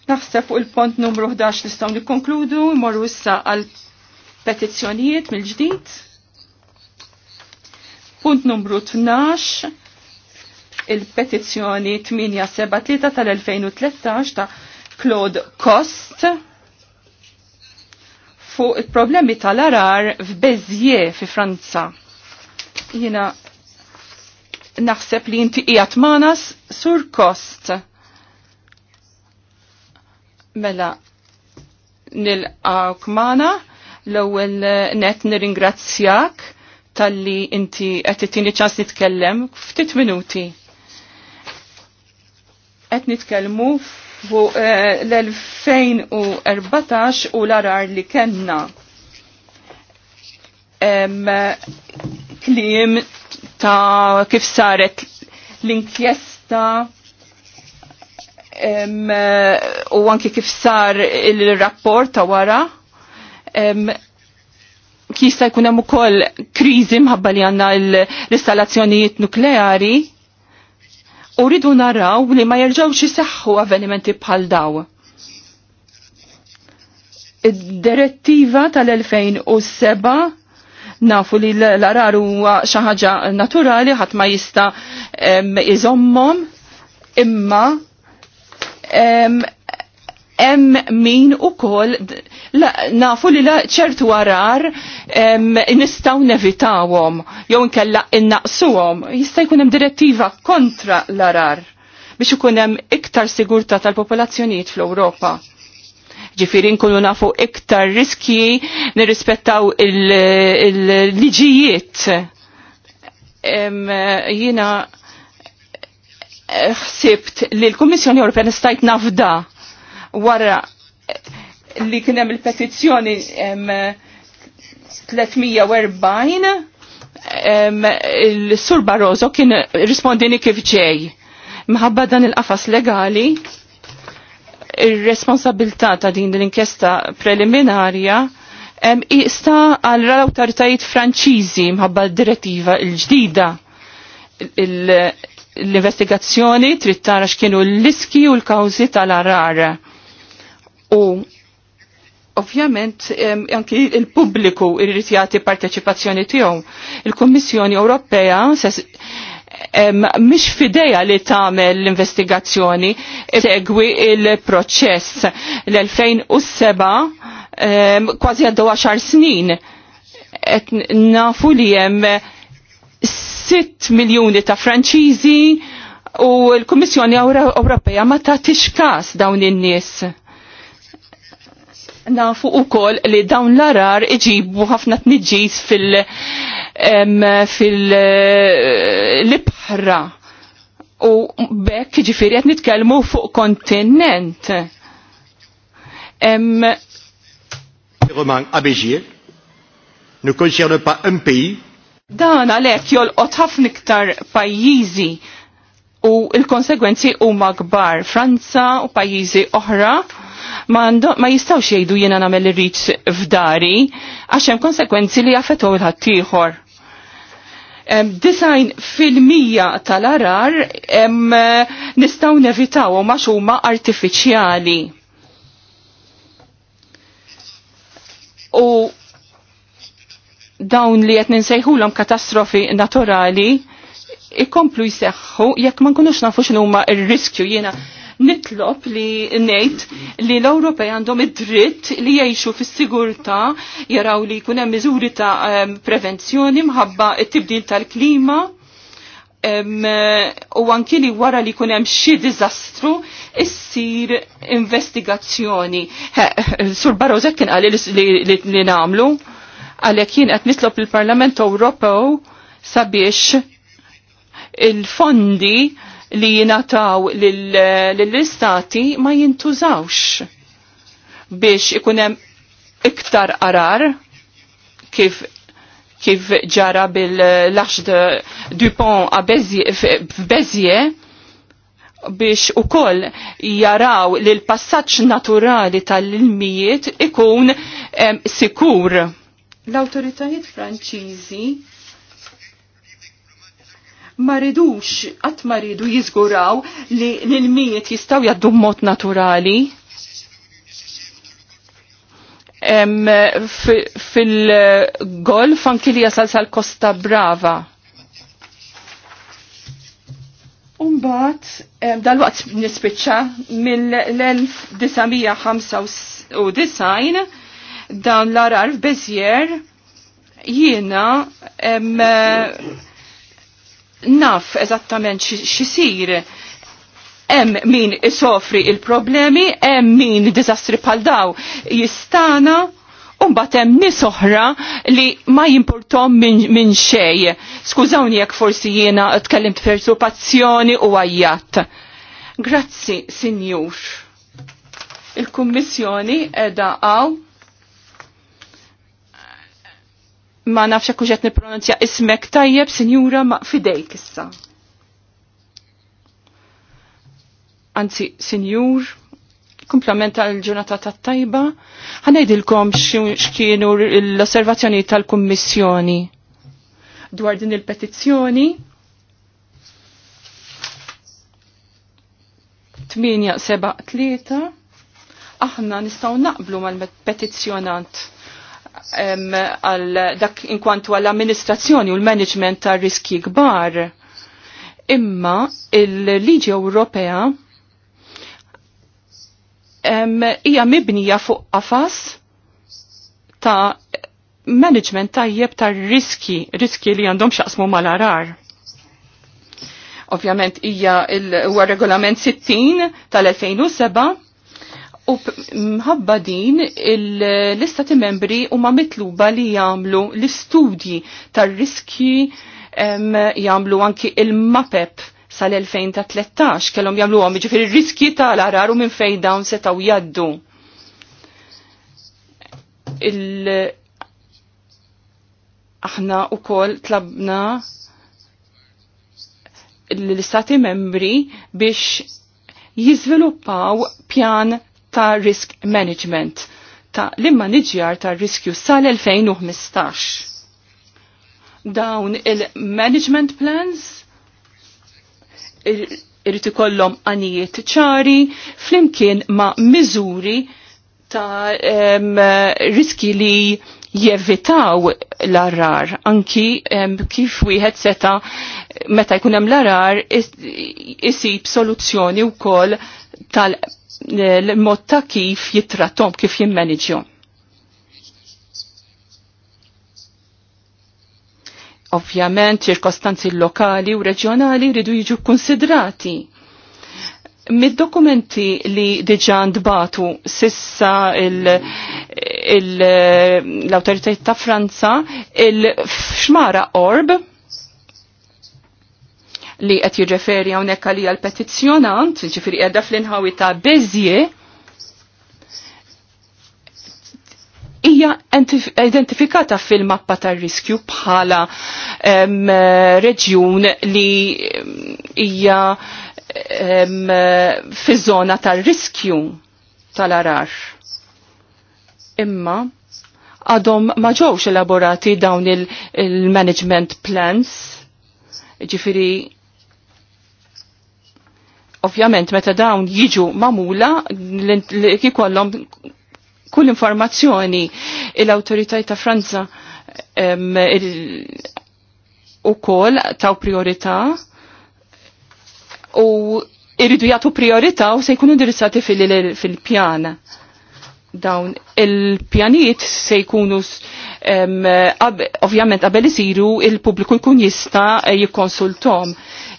Naħseb fuq il-pont numru 11 nistgħu nikkonkludu, morru issa għal petizzjonijiet mill-ġdid. Punt numru 12 il-petizzjoni 873 tal-2013 ta' Claude Cost fuq il-problemi tal-arar f'Bezje fi Franza. Jina naħseb li inti qiegħed manas sur kost. Mela nilqawk mana l-ewwel net nirringrazzjak tal-li inti qed ittini ċans nitkellem ftit minuti. Qed nitkellmu fuq eh, l-2014 u l-arar li kenna. Klim ta' kif saret l-inkjesta u anki kif sar il-rapport ta' wara kista jkun hemm ukoll kriżi mħabba li għandna l-installazzjonijiet nukleari u rridu naraw li ma jerġawx jisaxħu avvenimenti bħal daw. Id-direttiva tal-2007 nafu li l-arar huwa xi ħaġa naturali ħadd ma jista' iżommhom imma hemm min ukoll nafu li ċertu arar nistgħu nevitawhom jew nkella innaqsuhom. Jista' jkun hemm direttiva kontra l-arar biex ikun hemm iktar sigurtà tal-popolazzjonijiet fl-Ewropa. Ġifieri nkunu nafu iktar riskji nirrispettaw il-liġijiet. Il Jiena eh, ħsibt li l-Kummissjoni Ewropea nistajt nafda wara li kienem il-petizjoni 340 il-Sur Barroso kien rispondini kif ġej. Mħabba dan il-qafas legali, il-responsabilità ta' din l-inkjesta preliminarja jista għal l-autoritajiet franċiżi mħabba d-direttiva l-ġdida l-investigazzjoni trid tara x'kienu l-liski u l-kawżi tal-arar U ovvjament anki il-pubbliku irrid jagħti parteċipazzjoni tiegħu. Il-Kummissjoni Ewropea mhix fideja li tagħmel l-investigazzjoni segwi il-proċess l-2007 kważi għaddu 10 snin qed nafu li hemm 6 miljuni ta' Franċiżi u l-Kummissjoni Ewropea ma tagħtix każ dawn in-nies nafu u kol li dawn l-arar iġibu ħafna t-nġis fil-libħra. Eh, u bekk ġifiri għet nitkelmu fuq kontinent. Roman Abegier ne concerne pas un pays. Dan għalek jol ħafna iktar pajjiżi u il-konsegwenzi huma kbar Franza u pajjiżi oħra ma, ma jistawx jgħidu jiena nagħmel irrid f'dari għax hemm konsekwenzi li jaffettwaw il ħattijħor Design fil-mija tal-arar nistgħu nevitaw ma artificiali. artifiċjali. U dawn li qed ninsejħulhom katastrofi naturali ikomplu jseħħu jekk ma nkunux nafu x'inhu huma r-riskju jiena nitlob li ngħid li l-Ewropej għandhom id-dritt li jgħixu fis-sigurtà jaraw li jkun hemm miżuri ta' prevenzjoni mħabba t-tibdil tal-klima u anki li wara li jkun hemm xi diżastru issir investigazzjoni. Sur Barrożek kien għalli li nagħmlu għalhekk jien qed nitlob il-Parlament Ewropew sabiex il-fondi li jinataw lill-istati ma jintużawx biex ikunem iktar arar kif kif ġara bil-laxd Dupont a Bezje biex u koll jaraw li l-passaċ naturali tal-ilmijiet ikun em, sikur. L-autoritajiet franċiżi ma ridux, qatt ma ridu jiżguraw li l-miet jistgħu jaddu mod naturali. Fil-golf anki li jasal sal-Kosta Brava. Umbat, dal-waqt nispiċċa mill-1995 dan l-arar f'Bezjer jiena naf eżattament xisir hemm min isofri il-problemi, hemm min diżastri pal daw jistana un hemm nies oħra li ma jimportom minn min xej. Skużawni jekk forsi jiena tkellimt pazzjoni u għajjat. Grazzi, Sinjur. Il-Kummissjoni edha għaw ma nafx hekk qed ismek tajjeb, sinjura ma fidejk issa. Anzi, sinjur, komplementa l-ġurnata tat tajba, għanajdilkom x'kienu l-osservazzjoni tal-Kummissjoni dwar din il-petizzjoni. 8 7 3 aħna nistgħu naqblu mal-petizzjonant għal dak inkwantu għall amministrazzjoni u l-management ta' riski kbar. Imma il-liġi Ewropea hija mibnija fuq qafas ta' management tajjeb ta' riski, riski li għandhom xaqsmu mal-arar. Ovvjament hija il-regolament 60 tal-2007 U mħabba din l-istati membri huma mitluba li jagħmlu l-istudji tar-riski jagħmlu anki il-MAPEP sal-2013 kellhom jagħmlu għom ġifieri riski tal-araru minn fejn dawn setgħu jaddu. Il aħna wkoll tlabna l-istati membri biex jizviluppaw pjan ta' risk management ta' l niġjar ta' riskju sal-2015. Dawn il-management plans irrit ikollhom għanijiet ċari flimkien ma' miżuri ta' riski li jevitaw l arrar anki em, kif wieħed seta meta jkun hemm l-arar isib soluzzjoni soluzzjoni wkoll tal l-mod ta' kif jitratom, kif jimmanġjom. Ovvjament, ċirkostanzi lokali u reġjonali rridu jiġu konsidrati. Mid-dokumenti li diġan dbatu sissa l-autoritajiet ta' Franza, il-xmara orb, li qed jirreferi hawnhekk għalija l-petizzjonant, ġifieri qiegħda fl-inħawi ta' Bezje, hija identifikata fil-mappa tar-riskju bħala reġjun li hija fi żona tar-riskju tal-arar. Imma għadhom ma ġewx elaborati dawn il-management il plans ġifiri Ovvjament, meta dawn jiġu mamula, kikollom kull informazzjoni l-autoritajt ta' Franza u kol taw priorità u irridu jagħtu priorità u se jkunu indirizzati fil-pjan. Dawn il-pjanijiet se jkunu ovvjament qabel isiru il-pubbliku jkun jista' jikkonsultom.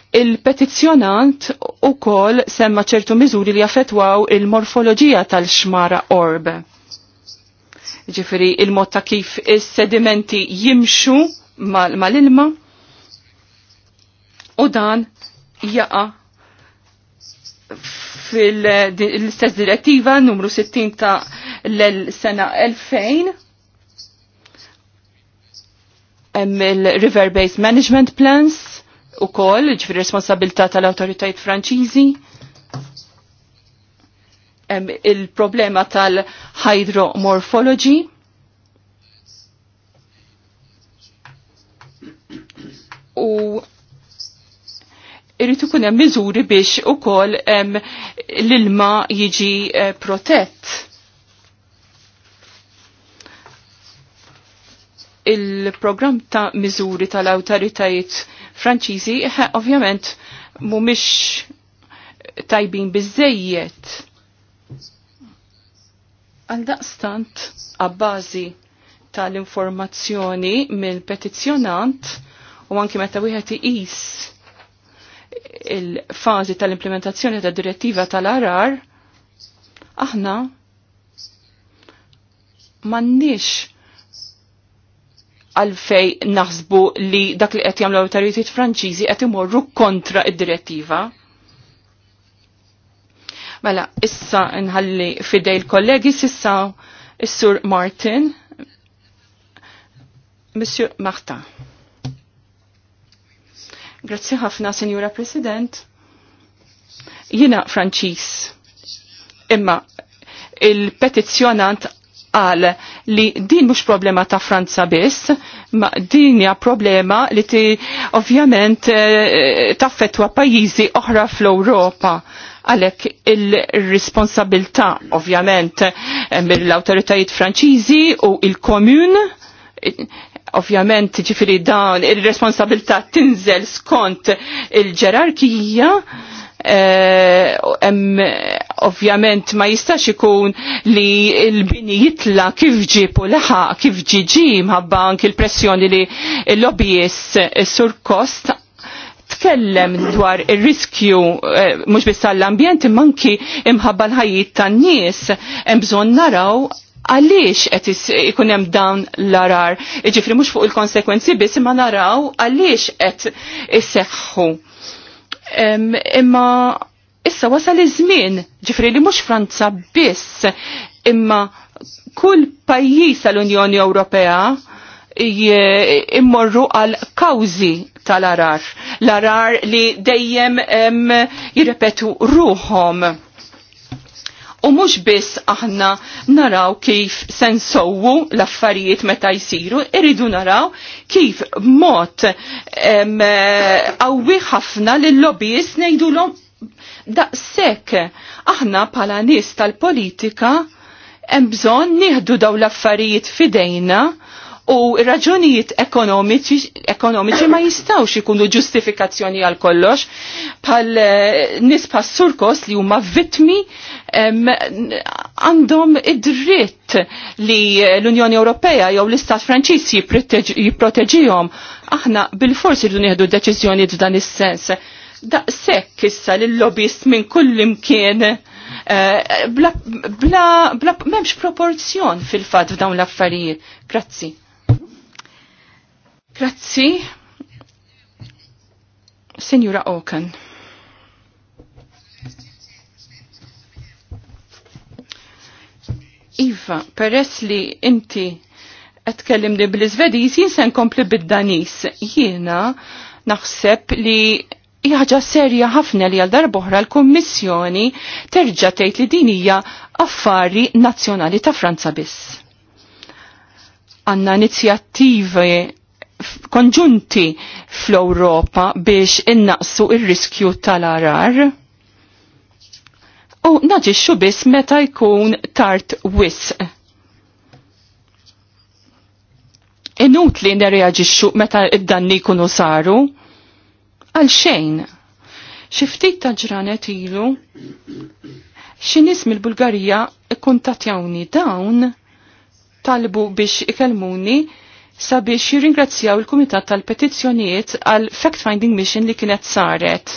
Il-petizjonant u kol semma ċertu miżuri li jaffetwaw il-morfoloġija tal-xmara orb. Ġifiri, il-mod ta' kif is-sedimenti jimxu mal-ilma u dan jaqa fil-istess direttiva numru 60 ta' l-sena 2000 hemm il-River Based Management Plans u kol, ġifir responsabilità tal-autoritajt franċizi. Il-problema tal-hydromorphology. U irritu kunem miżuri biex u kol l-ilma jiġi eh, protett. il-program ta' miżuri tal-autoritajiet Franċiżi eh, ovvjament mhumiex tajbin biżejjed. Għal daqstant għabbażi tal-informazzjoni mill-petizzjonant u anki meta wieħed iqis il-fażi tal-implementazzjoni tad direttiva tal-arar, aħna mannix għalfej naħsbu li dak li qed jagħmlu awtoritajiet Franċiżi qed imorru kontra id-direttiva. Mela, issa nħalli fidej il-kollegi sissa is-Sur Martin. Monsieur Marta. Grazzi ħafna, Sinjura President. Jina Franċis. Imma il-petizjonant qal li din mhux problema ta' Franza biss, ma din hija problema li ti ovvjament eh, taffetwa pajjiżi oħra fl-Ewropa għalek il-responsabilta ovvjament eh, mill-autoritajiet franċiżi u il-komun ovvjament ġifiri dan il-responsabilta tinżel skont il-ġerarkija eh, Ovvjament ma jistax ikun li l-bini jitla kif ġi laħa, kif ġi ġi mħabba anki l-pressjoni li l-lobbyist eh, kost, tkellem dwar ir-riskju mux eh, mhux biss ambjent imma anki imħabba l-ħajjiet tan-nies hemm bżonn naraw għaliex qed ikun hemm dawn l-arar. iġifri mhux fuq il-konsekwenzi biss imma naraw għaliex qed isseħħu. Imma issa wasal iż-żmien, ġifri li mhux Franza biss, imma kull pajjiż tal-Unjoni Ewropea immorru għal kawzi tal-arar. L-arar li dejjem jirrepetu ruhom. U mhux biss aħna naraw kif sensowu l-affarijiet meta jsiru, iridu naraw kif mod qawwi ħafna lill lobbyist ngħidulhom daqshekk aħna bħala nies tal-politika hemm bżonn nieħdu daw l-affarijiet fidejna u raġunijiet ekonomiċi ma jistawx ikunu ġustifikazzjoni għal kollox pal eh, nis surkos li huma vittmi għandhom id-dritt li l-Unjoni Ewropea jew l-Istat Franċiż jipproteġihom. Aħna bil-forsi rridu nieħdu deċiżjoni f'dan is-sens daqshekk issa lill-lobbyist minn kull imkien eh, bla, bla, bla memx proporzjon fil-fat f'dawn l-affarijiet. Grazzi. Grazzi. Senjura Oken. Iva, peress li inti għetkellimni bil izvedi jien se nkompli bid-Danis. Jiena naħseb li ħaġa serja ħafna li għal darboħra l-Kommissjoni terġa' tgħid li din hija affari nazzjonali ta' Franza biss. Għandna inizjattivi konġunti fl-Ewropa biex innaqsu ir-riskju tal-arar. U naġixxu biss meta jkun tard wisq. Inut li meta id-danni jkunu saru, għal xejn. Xiftit ta' ġranet ilu, xinis mill-Bulgarija ikkuntatjawni dawn talbu biex ikelmuni sabiex jiringrazzjaw il-Kumitat tal-Petizzjonijiet għal fact-finding mission li kienet saret.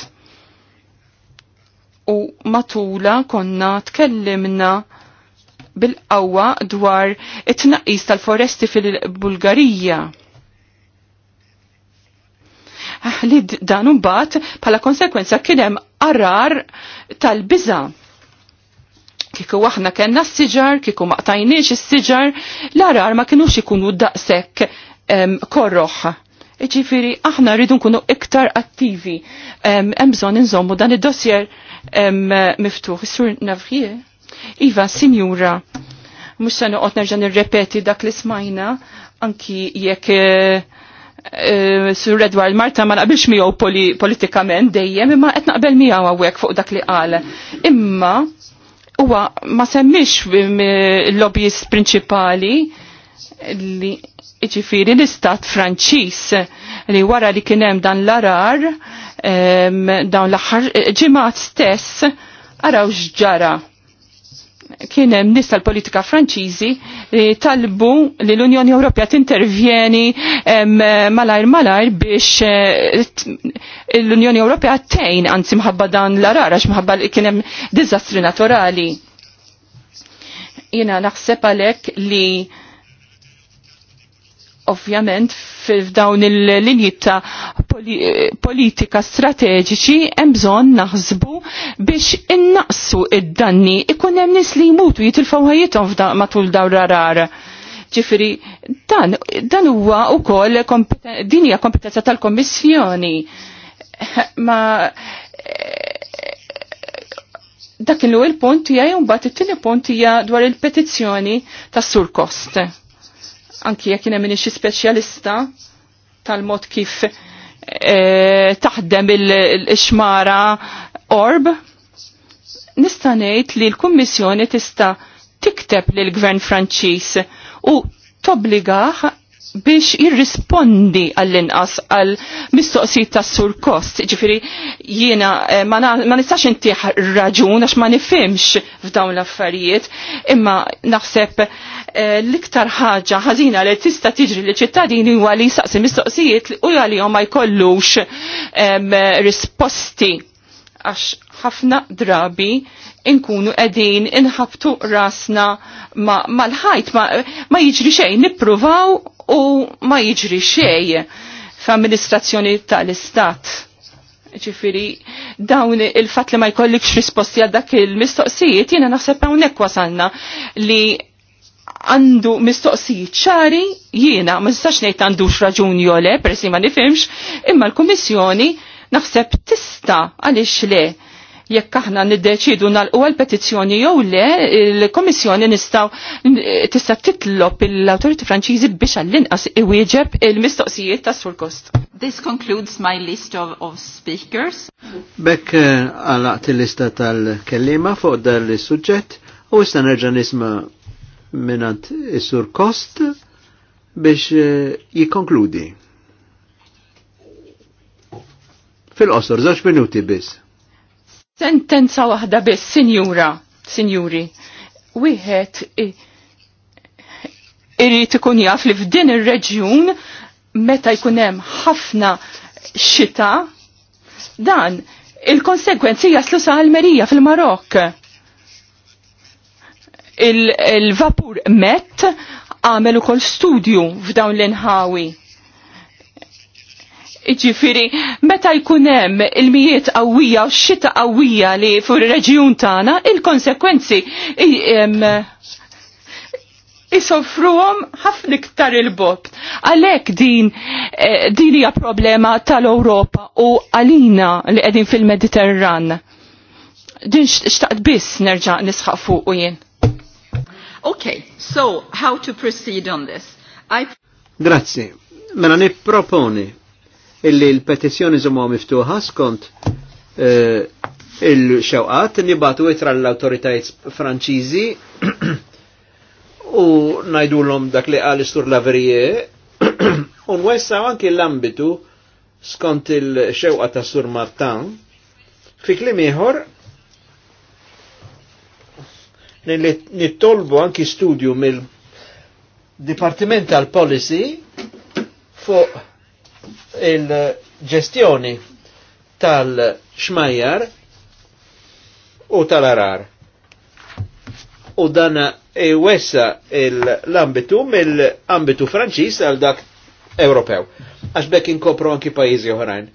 U matula konna tkellimna bil-qawwa dwar it-tnaqqis tal-foresti fil-Bulgarija. Ah, li dan mbagħad bħala konsekwenza kien hemm arar tal biza Kiku aħna kellna s-siġar, kiku maqtajniex is-siġar, l-arar ma kinux ikunu daqshekk korroħ. Ġifiri, aħna rridu nkunu iktar attivi. Hemm bżonn inżommu dan id-dossier miftuħ. Sur Navrie, Iva, Sinjura, mhux se noqgħod nerġa' nirrepeti dak li smajna, anki jekk eh, Eh, Sur Edward Marta ma naqbilx miegħu politikament dejjem imma qed naqbel miegħu hawnhekk fuq dak li qal. Imma huwa ma semmix l-lobbyist prinċipali li ġifiri l-istat Franċiż li wara li kien hemm dan l-arar dawn l-aħħar ġimgħat stess araw x'ġara kien hemm nies l politika Franċiżi li talbu li l-Unjoni Ewropea tintervjeni malajr malajr biex eh, l-Unjoni Ewropea tgħin anzi mħabba dan l-arar minħabba mħabba kien hemm diżastri naturali. Jiena naħseb għalhekk li ovvjament f'dawn il-linji ta' politika strateġiċi hemm bżonn naħsbu biex innaqsu id-danni ikun hemm nies li jmutu jitilfgħu ħajjithom matul dawn rarar. Ġifieri dan dan huwa wkoll din hija kompetenza tal-Kommissjoni. Ma dak il-punt hija jew mbagħad it-tieni punt hija dwar il-petizzjoni tas-Sur Kost anki jekk jina minni xi speċjalista tal-mod kif e, taħdem il-xmara orb, nista' ngħid li l-Kummissjoni tista' tikteb l gvern Franċiż u tobligaħ biex jirrispondi għall-inqas għall mistoqsijiet tas sur kost. Ġifiri, jiena eh, ma nistax intiħ raġun għax ma nifimx f'dawn l-affarijiet, imma naħseb eh, l-iktar ħaġa ħażina li tista tiġri li ċittadini huwa li saqsi mistoqsijiet u għalihom ma jkollux risposti għax ħafna drabi inkunu edin inħabtu rasna mal-ħajt, ma, ma, jiġri xej, nipruvaw u ma jiġri xej f'amministrazzjoni tal-istat. Ġifiri, dawn il-fat li ma jkollikx risposti għal dak il-mistoqsijiet, jena naħseb hawnhekk wasalna li għandu mistoqsijiet ċari, jiena ma nistax ngħid għandux raġuni jew le, persi ma nifimx, imma l-Kummissjoni naħseb tista' għaliex le jekk aħna niddeċidu nalqu l-petizzjoni jew le, il-Komissjoni nistgħu tista' titlob l-awtoriti Franċiżi biex għall-inqas iwieġeb il-mistoqsijiet tas sur kost. This concludes my list of, of speakers. Bekk eh, għalaqt il-lista tal-kellima fuq dan is-suġġett u issa nerġa' nisma' minant is-sur kost biex eh, jikonkludi. Fil-qosor, zaċ minuti biss. Sentenza waħda biss, sinjura, sinjuri. Wieħed irrid ikun jaf li f'din ir-reġjun meta jkun hemm ħafna xita dan il-konsekwenzi jaslu sa' Almerija fil-Marok. Il-vapur il met għamel ukoll studju f'dawn l-inħawi Iġifiri, meta jkunem il-mijiet qawwija u x-xita qawwija li fur reġjun tagħna, il-konsekwenzi isofruhom ħafna iktar il-bob. Għalhekk din eh, din hija problema tal-Ewropa u għalina li qegħdin fil-Mediterran. Din xtaqt biss nerġa' nisħaq fuq u jien. Okay, so how to proceed on this? I... Grazie. Mela nipproponi illi l-petizjoni żommu miftuħa skont eh, il-xewqat nibatu itra l autoritajt franċiżi u l-om dak li għal istur laverije un nwessaw anki l-ambitu skont il-xewqa ta' Sur Martin fi klim ieħor nittolbu anki studju mill-Dipartiment tal-Policy fuq il-ġestjoni tal-xmajjar u tal-arar. U dan e wessa l-ambitu mill-ambitu franċis għal dak Ewropew. Għax bekk inkopru anki pajizi oħrajn.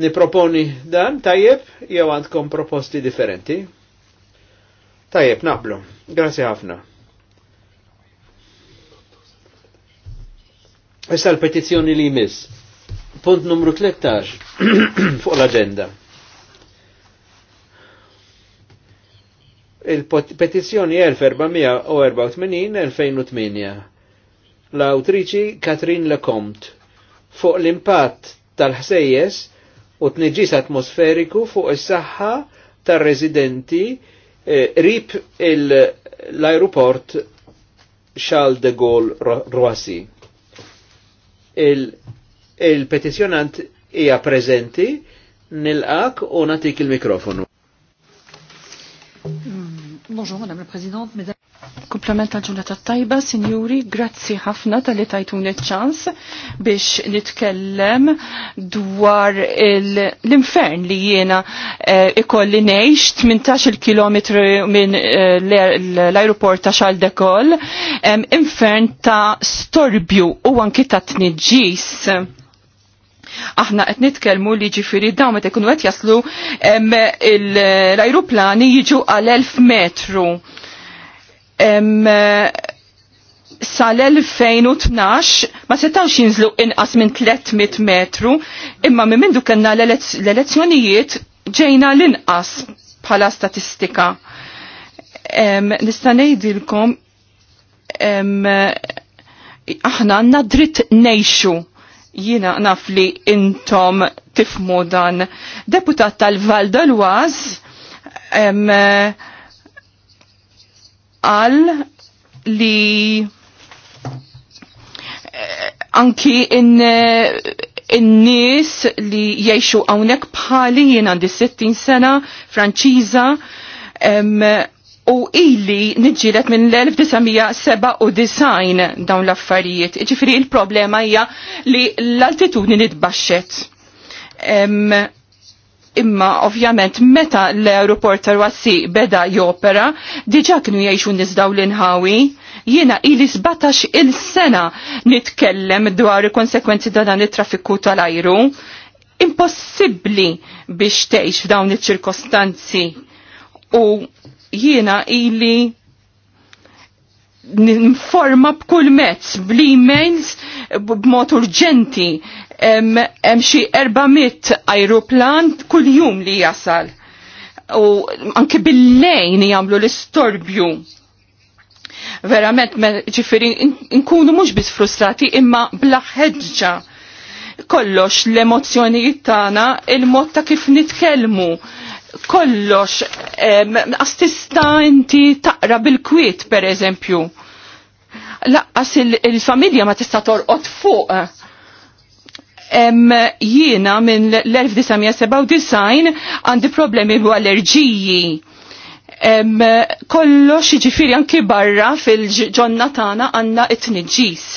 Niproponi dan tajjeb jew għandkom proposti differenti. Tajjeb, naqblu. Grazie ħafna. Issa l-petizzjoni li jmiss. Punt numru 13 fuq l-agenda. Il-petizjoni 1484-2008 l-autriċi Katrin Lecomt fuq l-impatt tal-ħsejjes u t-nġis atmosferiku fuq is-saħħa tar-residenti eh, l-aeroport Charles de Gaulle Roissy. Il-petizjonant hija preżenti nilqak u natik il-mikrofonu. Bonjour, Madam la president Mesdames. Komplementa ġurnata tajba, Sinjuri, grazzi ħafna tal-li tajtuni ċans biex nitkellem dwar l-infern li jiena eh, ikolli neħx 18 km minn eh, l-aeroport ta' Charles de Gaulle, infern ta' storbju u anki ta' tniġis Aħna qed nitkellmu li ġifieri dawn meta jkunu qed jaslu l-ajruplani jiġu għal elf metru. Sal-2012 ma setawx jinżlu inqas minn 300 metru, imma minn mindu kellna l-elezzjonijiet ġejna l-inqas bħala statistika. Nista' ngħidilkom aħna għandna dritt nejxu Jina naf li intom tifmu dan. Deputat tal-Val dal-Waz għal li eh, anki in in-nies li jgħixu hawnhekk bħali jien għandi 60 sena Franċiża u illi nġilet minn l-1997 dawn l-affarijiet. Ġifiri il-problema hija li l-altitudni nitbaxxet. Imma ovvjament meta l-aeroport Wassi beda jopera, diġa kienu jgħixu nisdaw l-inħawi, jiena ili 17 il-sena nitkellem dwar il-konsekwenzi da dan it-traffiku tal-ajru. Impossibbli biex tgħix f'dawn iċ-ċirkostanzi u jiena ili informa b'kull mezz, bl-emails, b'mod urġenti, hemm xi 400 ajruplan kull jum li jasal. U anke bil-lejn jagħmlu l-istorbju. Verament, ġifiri, nkunu mhux biss frustrati imma bla kollox l-emozjonijiet tagħna, il-mod ta' kif nitkellmu, kollox għastista inti taqra bil-kwiet per eżempju. Laqqas il-familja ma tista' torqod fuq. Jiena minn l-1997 għandi problemi bu allerġiji. Kollox ġifiri anki barra fil-ġonna tagħna għandna it nġis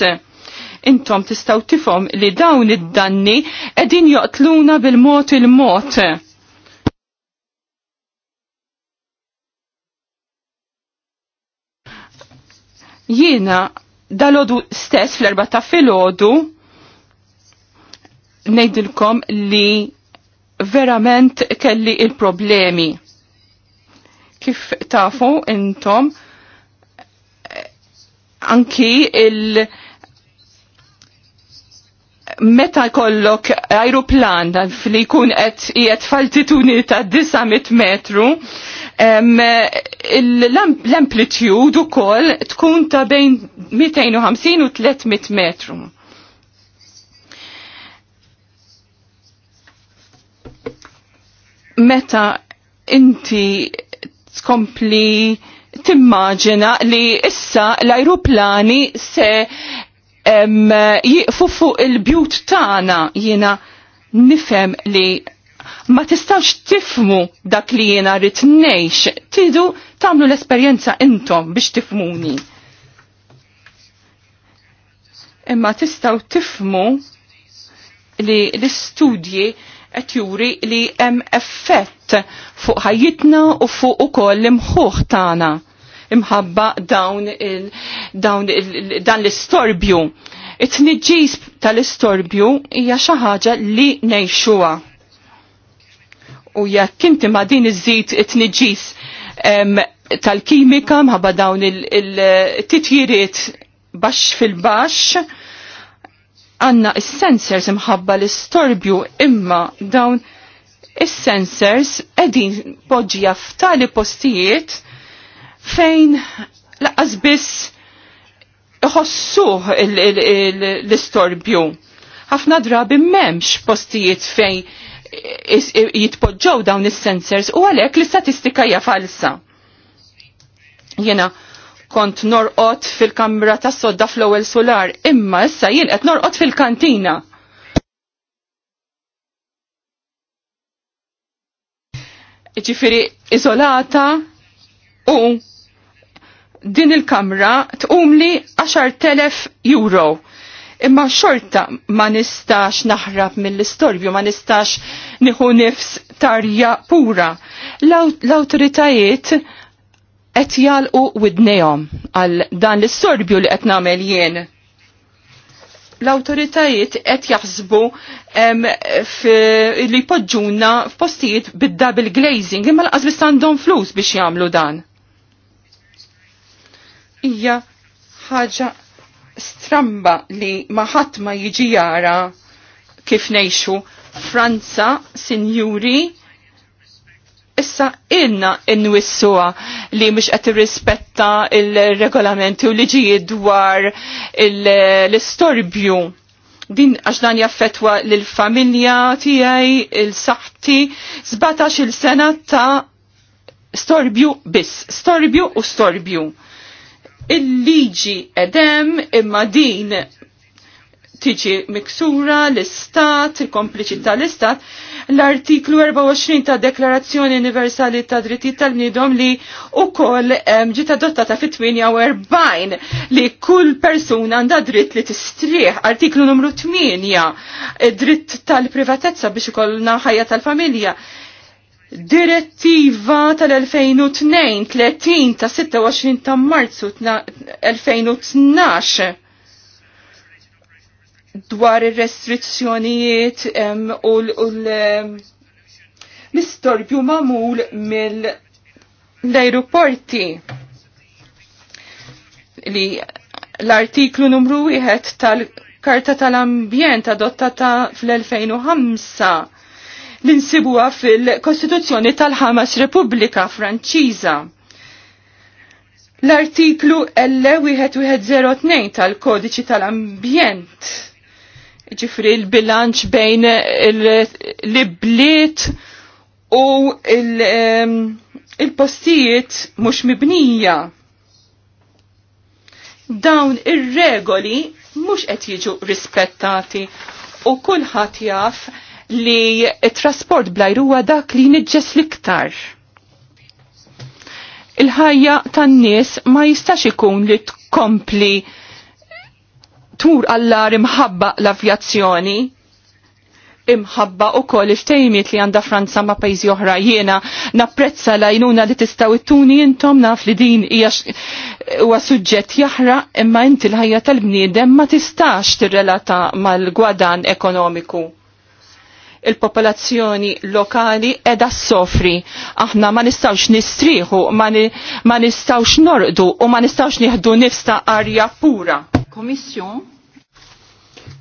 intom tistaw tifom li dawn id-danni edin joqtluna bil-mot il-mot. il mot Jiena dal stess fl-erba ta' fil-ħodu nejdilkom li verament kelli il-problemi. Kif tafu intom anki il- meta kollok aeroplan li kun qed qiegħed faltituni ta' 900 metru l-amplitude ukoll tkun ta' bejn 250 u 300 metru. Meta inti tkompli timmaġina li issa l-ajruplani se jiqfu fuq il-bjut tagħna jiena nifhem li ma tistawx tifmu dak li jena rrit nejx, tidu tamlu l-esperienza intom biex tifmuni. Imma tistaw tifmu li l-istudji qed juri li hemm effett fuq ħajjitna u fuq ukoll l-imħuħ tagħna imħabba dawn il, dawn il, dan l-istorbju. It-tniġġis tal-istorbju hija xi ħaġa li ngħixuha u jekk inti ma din iżid it-tniġis tal-kimika mħabba dawn il-titjiriet baxx fil-baxx għanna il sensors imħabba l-istorbju imma dawn is-sensors edin poġġija f'tali postijiet fejn laqqas biss iħossuh l-istorbju. Ħafna drabi memx postijiet fejn jitpoġġow dawn is-sensors u għalhekk l-istatistika hija falsa. Jena kont norqot fil-kamra tas sodda fl-ewwel solar, imma issa jien qed norqot fil-kantina. Ġifieri iżolata u din il-kamra tqumli 10,000 euro imma xorta ma nistax naħrab mill-istorbju, ma nistax niħu nifs tarja pura. L-autoritajiet qed jalqu widnejhom għal dan l-istorbju li qed nagħmel jien. L-autoritajiet qed jaħsbu li poġġuna f'postijiet bid-double glazing imma laqas biss għandhom flus biex jagħmlu dan. Ija ħaġa stramba li maħat ma jiġi jara kif nejxu Franza, sinjuri, issa ilna inwissuha li mhux qed rispetta il-regolamenti u liġijiet dwar l-istorbju. Din għax dan jaffetwa lill-familja tiegħi, il-saħħti, 17 il sena ta' storbju biss, storbju u storbju il-liġi edem imma din tiġi miksura l-istat, il-kompliċi tal-istat, l-artiklu 24 ta' Deklarazzjoni Universali ta' Dritti tal nidom li u koll ġiet adottata fit-48 li kull persuna għandha dritt li t-istriħ. Artiklu numru 8, dritt tal-privatezza biex ikollna ħajja tal-familja. Direttiva tal-2002, 30 ta' 26 ta' marzu 2012 dwar il restrizzjonijiet u l-mistorbju mamul mill-aeroporti li l-artiklu numru 1 tal-Karta tal-Ambjent adottata fl-2005 l-insibuwa fil-Kostituzzjoni tal-ħamas Repubblika Franċiża. L-artiklu L1102 tal-Kodiċi tal-Ambjent ġifri l-bilanċ bejn l-bliet u il-postijiet mux mibnija. Dawn ir-regoli mux qed jiġu rispettati u kulħadd jaf li trasport blajru huwa dak li nidġes liktar. Il-ħajja tan-nies ma jistax ikun li tkompli tur għallar imħabba l-avjazzjoni imħabba u koll iftejmiet li għanda Franza ma' pajzi oħra jena napprezza lajnuna li tistaw it-tuni intom naf li din hija u suġġett jaħra imma inti l-ħajja tal-bniedem ma tistax tirrelata mal-gwadan ekonomiku il-popolazzjoni lokali edha s-sofri. Aħna ma nistawx nistriħu, ma nistawx norqdu u ma nistawx nieħdu nifsta arja pura. Komissjon?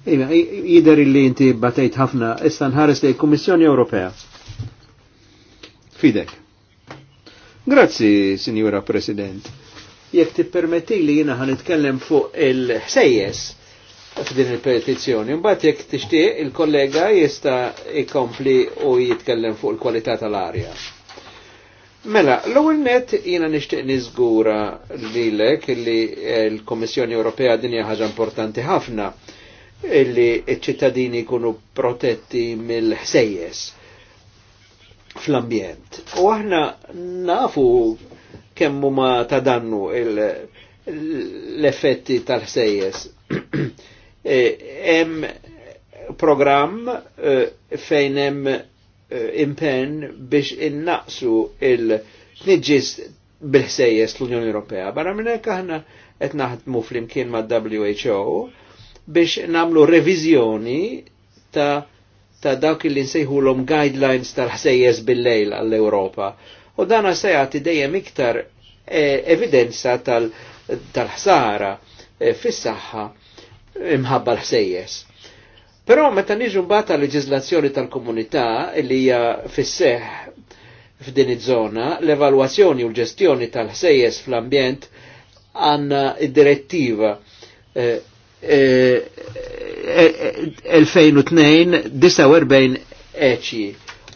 Iva, jider li inti batejt ħafna, issa nħares li Komissjoni Ewropea. Fidek. Grazzi, Signora President. Jek ti permetti li jina ħanitkellem fuq il-ħsejjes f'din il-petizzjoni. Mbagħad jekk tixtieq il-kollega jista' jkompli u jitkellem fuq il-kwalità tal-arja. Mela, l-ewwel net jiena nixtieq niżgura lilek li eh, l-Kommissjoni Ewropea din hija ħaġa importanti ħafna illi ċ-ċittadini jkunu protetti mill-ħsejjes fl-ambjent. U aħna nafu kemm huma ta' dannu l-effetti tal-ħsejjes Hemm eh, program programm eh, fejn hemm eh, impenn biex innaqsu il tniġis bil-ħsejjes l-Unjoni Ewropea. Barra minn hekk aħna qed naħdmu flimkien mad-WHO biex namlu reviżjoni ta' ta' dawk li l guidelines tal-ħsejjes bil-lejl għall-Ewropa. U dana se jagħti dejjem iktar evidenza tal-ħsara tal ħsara fis saħħa imħabba l-ħsejjes. Però meta niġu mbagħad tal leġislazzjoni tal-komunità li hija fis f'din iż-żona, l-evalwazzjoni u l-ġestjoni tal-ħsejjes fl-ambjent għandna id-direttiva 2002-49 eh, eh, eh, eċi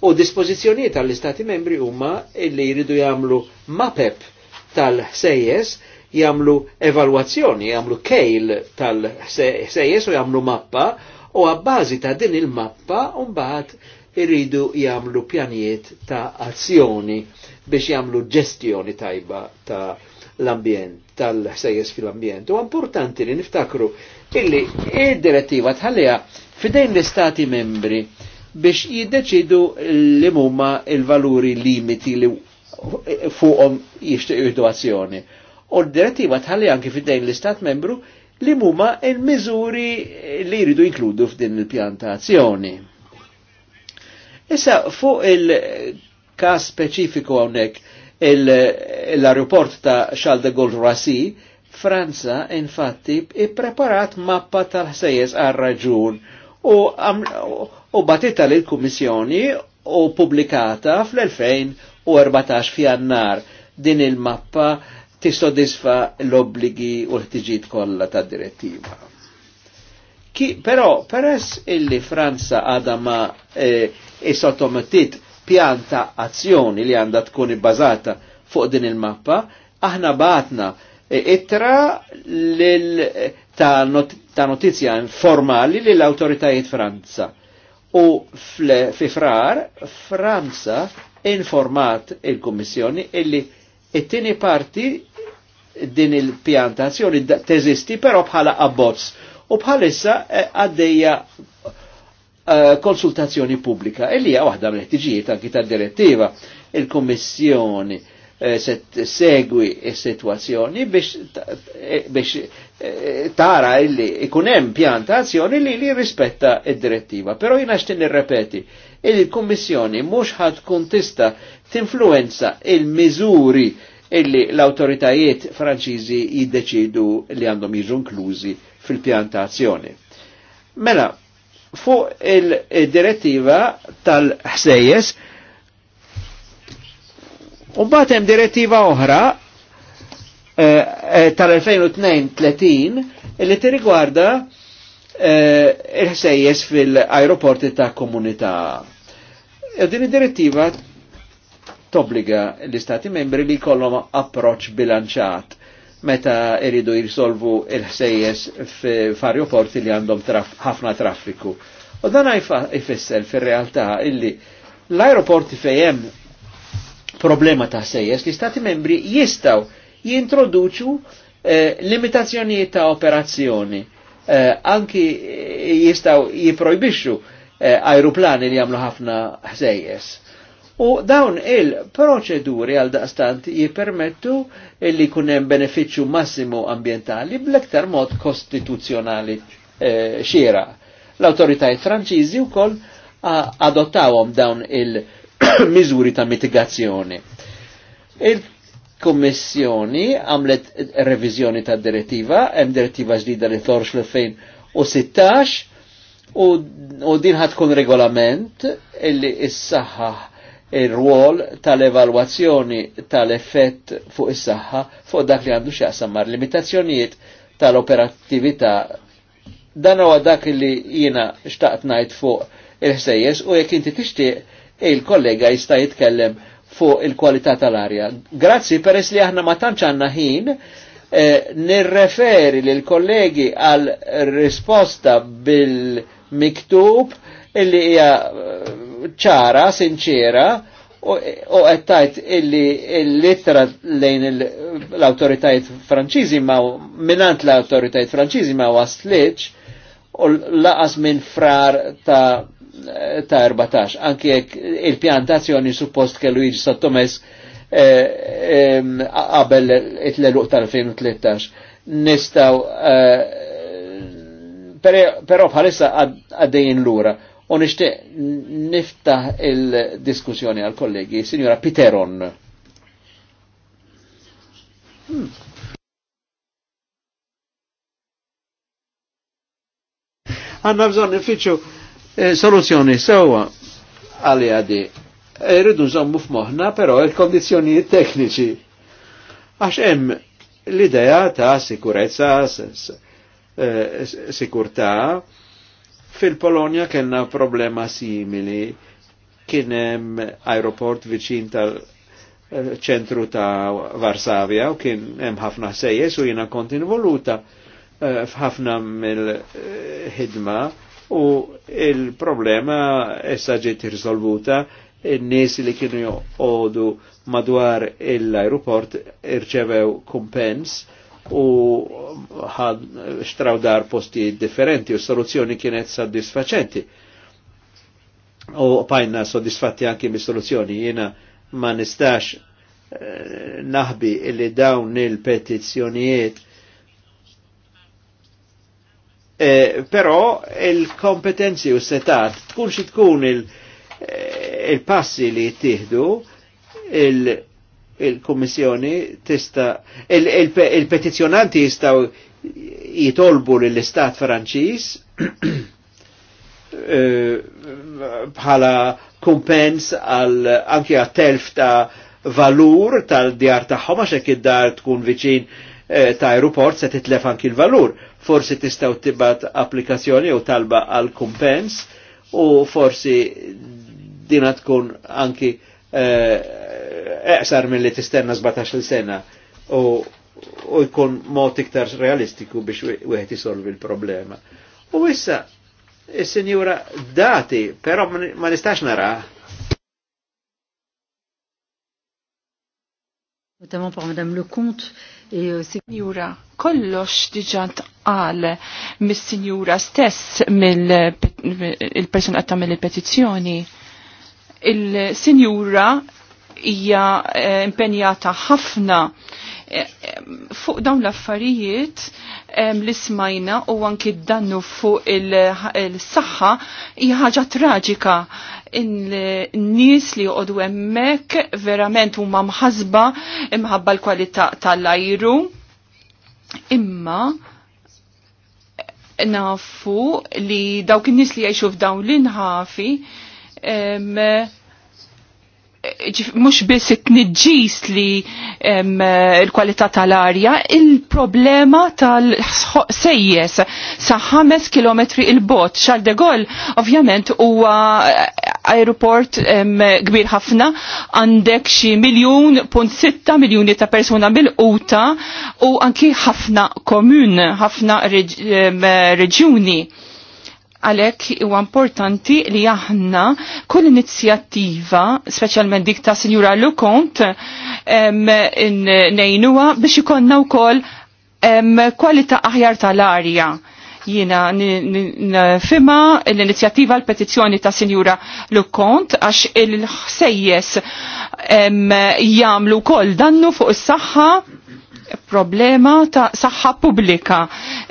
u dispożizzjonijiet tal-Istati membri huma li jridu jagħmlu mapep tal-ħsejjes jagħmlu evalwazzjoni, jagħmlu kejl tal sejjes u jagħmlu mappa u għabbażi ta' din il-mappa mbagħad irridu jagħmlu pjanijiet ta' azzjoni biex jagħmlu ġestjoni tajba ta' l-ambjent, tal sejjes fil-ambjent. U importanti li niftakru illi id-direttiva tħallija fidejn l-istati membri biex jiddeċidu li mumma il-valuri limiti li fuqhom jixtiequ jihdu azzjoni. U d-direttiva tħalli anki fid-dejn l-Istat membru li muma il-miżuri li jridu inkludu f'din il-pjantazzjoni. Issa fuq il-kas speċifiku għonek l-aeroport ta' Charles de Gaulle Rassi, Franza infatti i-preparat mappa tal-ħsejjes għal-raġun u, u batita l-Kummissjoni u publikata fl-2014 fjannar din il-mappa tisodisfa' l-obbligi u l-ħtiġijiet kollha tad-direttiva. Però peress illi Franza għadha ma eh, isotomatit e, pjanta azzjoni li għandha tkun ibbażata fuq din il-mappa, aħna batna eh, ittra e, ta', ta notizja informali lill autoritajiet Franza. U fi frar, Franza informat il-Kommissjoni illi it-tini parti din il-pjantazzjoni teżisti però bħala abbozz u bħalissa eh, għaddejja eh, konsultazzjoni pubblika. E li waħda mill-ħtiġijiet anki tad-direttiva il-Kommissjoni eh, se segwi s-situazzjoni biex tara illi ikunem pjanta azzjoni li li rispetta il direttiva Pero jina xtin nirrepeti, il-Kommissjoni mux ħad kontista tinfluenza il-mizuri illi l-autoritajiet franċiżi jiddeċidu li għandhom jiġu inklużi fil-pjantazzjoni. Mela, fuq il-direttiva tal-ħsejjes, u hemm direttiva oħra eh, eh tal-2032 illi tirrigwarda eh, il-ħsejjes fil ajroporti ta' komunità. E din id-direttiva tobbliga l-Istati membri li kollom approċ bilanċat meta iridu jirsolvu il-ħsejjes f'aeroporti li għandhom ħafna traf traffiku. U dan jfisser fir-realtà illi l-aeroporti fejem problema ta' sejjes li stati membri jistaw jintroduċu eh, limitazzjonijiet ta' operazzjoni. Eh, anki jistaw jiprojbixxu eh, aeroplani li jagħmlu ħafna ħsejjes. U dawn il-proċeduri għal daqstant jipermettu illi kunem beneficju massimu ambientali bl-ektar mod kostituzjonali eh, xiera. l autoritajt franċiżi u koll adottawom dawn il-mizuri ta' mitigazzjoni. Il-Kommissjoni għamlet revizjoni ta' direttiva, hemm direttiva ġdida li torx l-2016 u, u din ħatkun regolament illi s-saħħaħ il-rwol tal-evalwazzjoni tal-effett fuq is-saħħa fuq dak li għandu x'jaqsam mar limitazzjonijiet tal-operattività dan huwa dak li jiena xtaqt ngħid fuq il-ħsejjes u jekk inti tixtieq il-kollega jista' jitkellem fuq il-kwalità tal-arja. Grazzi peress li aħna ma tantx għandna ħin eh, nirreferi lil kollegi għal risposta bil-miktub illi hija eh, ċara, sinċera, u qed illi l-ittra lejn l autoritajt franċizi ma minant l autoritajt franċizi ma waslitx u laqas minn frar ta' ta' 14, anki jekk il-pjantazzjoni suppost ke Luigi Sottomes eh, qabel it-leluq tal-2013. Nistaw, eh, pero bħalissa għaddejn l-ura U nixtieq niftaħ il-diskussjoni għal kollegi, Signora Piteron. Hmm. Għanna bżon nifittxu eh, soluzzjoni sewa għali għadi. Irridu eh, e nżommu f'moħna, però il kondizjoni tekniċi. Għax hemm l-idea ta' sikurezza, eh, sikurta' fil polonia kellna problema simili, kien hemm aeroport viċin tal-ċentru ta' Varsavia u kien hemm ħafna sejjes u jiena kont involuta eh, f'ħafna mill-ħidma u il-problema issa ġiet irsolvuta n-nies li kienu joqogħdu madwar l-aeroport irċevew kumpens u ħad xtraw dar posti differenti u soluzzjoni kienet soddisfaċenti. U pajna soddisfatti anki mis soluzzjoni jena ma nistax eh, naħbi illi dawn il-petizzjonijiet eh, però il-kompetenzi u setat tkun xi tkun eh, il-passi il li jittieħdu il-Kommissjoni tista il-petizjonanti il, il jistaw jitolbu l-Istat Franċiż eh, bħala kumpens għal anki għat-telf ta' valur tal-djar tagħhom għax hekk id-dar tkun viċin eh, ta' aeroport se titlef anki l-valur. Forsi tistgħu tibat applikazzjoni u talba għal kumpens u forsi dina tkun anki Eh, eqsar minn li tistenna 17 sena u jkun mod iktar realistiku biex wieħed isolvi l-problema. U issa, is-sinjura dati, però ma nistax nara. Notamment par Madame Lecomte, euh, Signora kollox diġa tqal mis-sinjura stess mill-persuna għatta mill-petizzjoni. Mil il-sinjura hija eh, impenjata ħafna eh, fuq dawn l-affarijiet eh, li smajna u anki dannu fuq il-saħħa hija ħaġa traġika in nies li joqogħdu hemmhekk verament huma mħasba imħabba l-kwalità tal-ajru imma nafu li dawk in-nies li jgħixu f'dawn l-inħafi mux biss it-nġis li il-kwalità tal-arja, il-problema tal-sejjes sa' 5 km il-bot. Charles de Gaulle, ovvjament, huwa aeroport kbir ħafna, għandek xi miljun punt sitta miljuni ta' persuna bil-quta u anki ħafna komun, ħafna reġjuni. Għalek huwa importanti li aħna kull inizjattiva, speċjalment dik ta' Sinjura Lukont, nejnuha biex ikonna wkoll kwalità aħjar tal-arja jina nfima l-inizjattiva l-petizjoni ta' Sinjura Lukont għax il-ħsejjes jamlu koll dannu fuq is-saħħa problema ta' saħħa pubblika.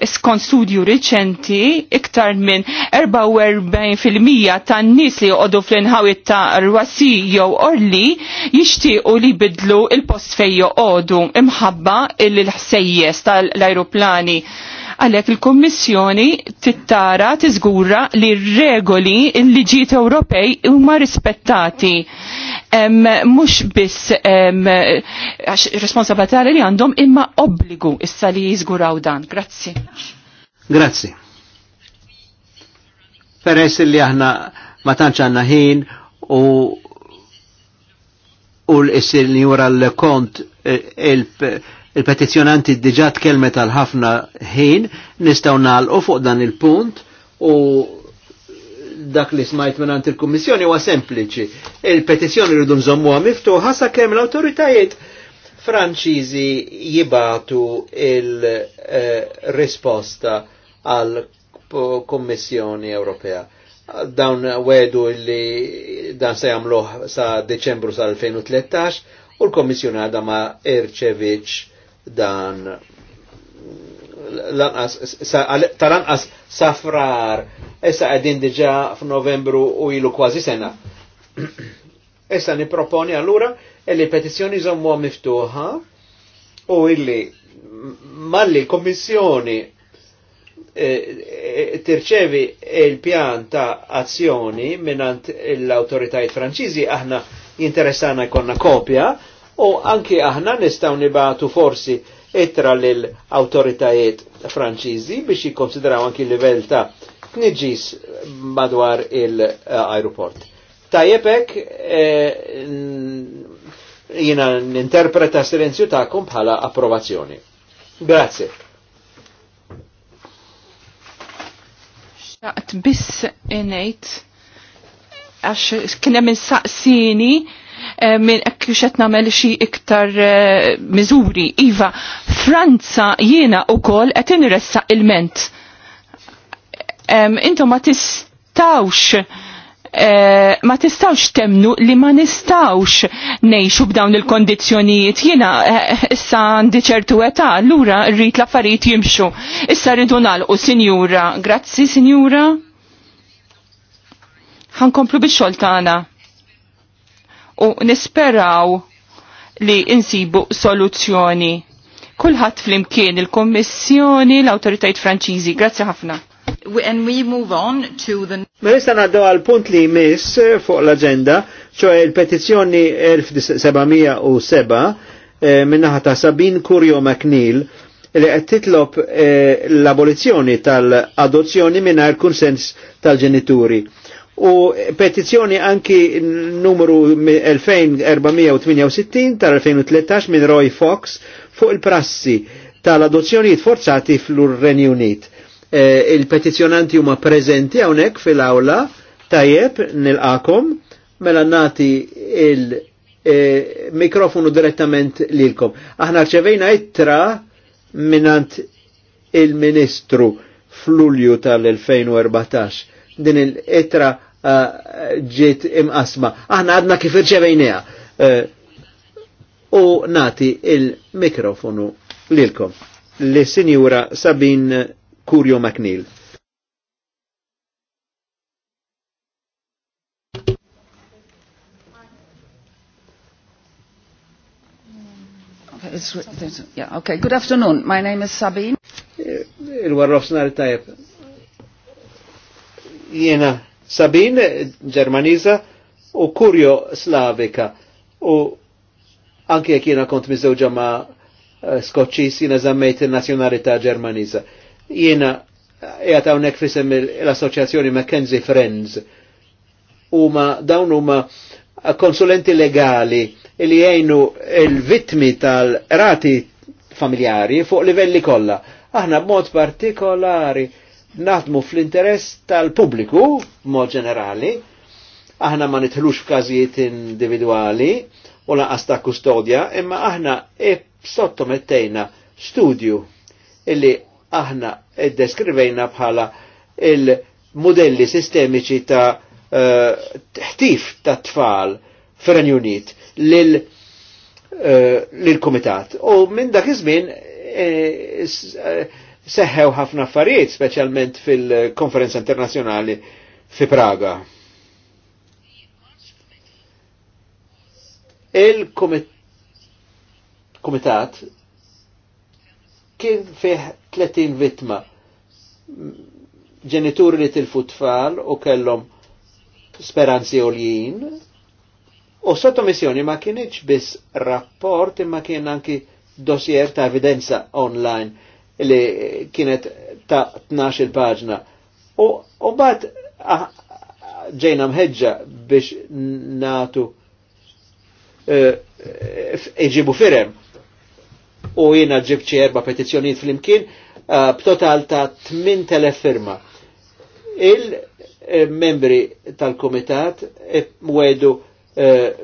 Skont studju riċenti, iktar minn 44% ta' nis li joqogħdu fl-inħawit ta' rwasi jew orli jixtiequ li bidlu il-post fejn joqogħdu imħabba il-ħsejjes tal-ajruplani. il ħsejjes tal ajruplani Għalhekk il-Kummissjoni tittara tiżgura li r-regoli l liġiet Ewropej huma rispettati. Mhux biss responsabilità li għandhom imma obbligu issa li jiżguraw dan. Grazzi. Grazzi. Peress li aħna ma tantx għandna ħin u u l-issin jura l-kont eh, il- Il-petizjonanti diġa tkelmet għal ħafna ħin, nistaw nalqu fuq dan il-punt u dak li smajt minnant il-Kommissjoni huwa sempliċi. Il-petizjoni rridu nżommuha miftuħa sakemm l-awtoritajiet Franċiżi jibatu il-risposta għal Kommissjoni Ewropea. Dawn wedu li dan se jagħmluh sa' Deċembru sa' 2013 u l-Kommissjoni għadha ma irċeviċ dan tal-anqas safrar issa għedin diġa f'Novembru u ilu kważi sena. Issa niproponi allura illi petizjoni zommu miftuħa u illi malli kommissjoni eh, eh, tirċevi il-pjan ta' azzjoni minnant l-autoritajiet franċiżi aħna jinteressana jkonna kopja u anki aħna nistaw nibatu forsi ittra l-autoritajiet franċiżi biex jikonsidraw anki livell ta' tniġis madwar il-aeroport. Tajepek eh, jina ninterpreta silenzju ta'kom bħala approvazzjoni. Grazie. Xaqt biss inejt għax kienem saqsini Eh, minn ekk namel xi iktar eh, miżuri. Iva, Franza jiena u kol qed ressa il-ment. Intu ma tistawx eh, ma tistawx temnu li ma nistawx nejxu b'dawn il-kondizjonijiet. Jena issa għandi ċertu età, allura rrit l-affarijiet jimxu. Issa rridu nalqu, sinjura. Grazzi, sinjura. Ħankomplu bix-xogħol tagħna u nisperaw li insibu soluzzjoni. Kulħadd flimkien il-Kommissjoni, l autoritajt Franċiżi. Grazzi ħafna. And we move on to the... Ma nista għal punt li jmiss fuq l-agenda, ċoħe il-petizjoni 1707 eh, minnaħa ta' Sabin Kurjo McNeil li qed titlob l-abolizzjoni tal-adozzjoni mingħajr kunsens tal-ġenituri u petizjoni anki numru 2468 tal-2013 minn Roy Fox fuq il-prassi tal-adozzjonijiet forzati fl-Renju Unit. E, Il-petizjonanti huma preżenti hawnhekk fil-awla tajjeb nilqakom mela nati il-mikrofonu e, direttament lilkom. Aħna rċevejna ittra minant il-Ministru fl-Ulju tal-2014 din il-etra Eh, ġiet imqasma. Aħna għadna kif irċevejnija. Eh, u nati il-mikrofonu lilkom l sinjura Sabin Kurjo Maknil. Yeah, okay. Good afternoon. My name is Sabine. Eh, Il-warrof snar tajab. Jena Sabin Ġermaniza u Kurjo Slavika u anke jek jiena kont miżewġa ma' eh, Skoċċis jiena żammejt il nazjonalità Ġermaniza. Jiena qiegħed hawnhekk fisem l-Assoċjazzjoni Mackenzie Friends huma dawn huma konsulenti legali li jgħinu il-vittmi tal-rati familjari fuq livelli kollha. Aħna b'mod partikolari naħdmu fl-interess tal-pubbliku, mod ġenerali, aħna ma nitħlux f'każijiet individuali u laqas ta' kustodja, imma aħna e sottomettejna studju illi aħna id-deskrivejna bħala il-modelli sistemiċi ta' eh, ħtif ta' tfal fil Unit lil eh, komitat U minn dak iż-żmien eh, seħħew ħafna affarijiet, speċjalment fil-konferenza internazzjonali fi Praga. Il-komitat kien fih 30 vittma ġenituri li til-futfal u kellhom speranzi oljin u sottomissjoni ma kienieċ biss rapport imma kien anki dossier ta' evidenza online li kienet ta' 12 paġna. U mbagħad ġejna mħeġġa biex natu e, iġibu firem. U jiena ġibċi erba petizzjonijiet fl-imkien b'total ta' 8000 firma. Il-membri e, tal-komitat e, wedu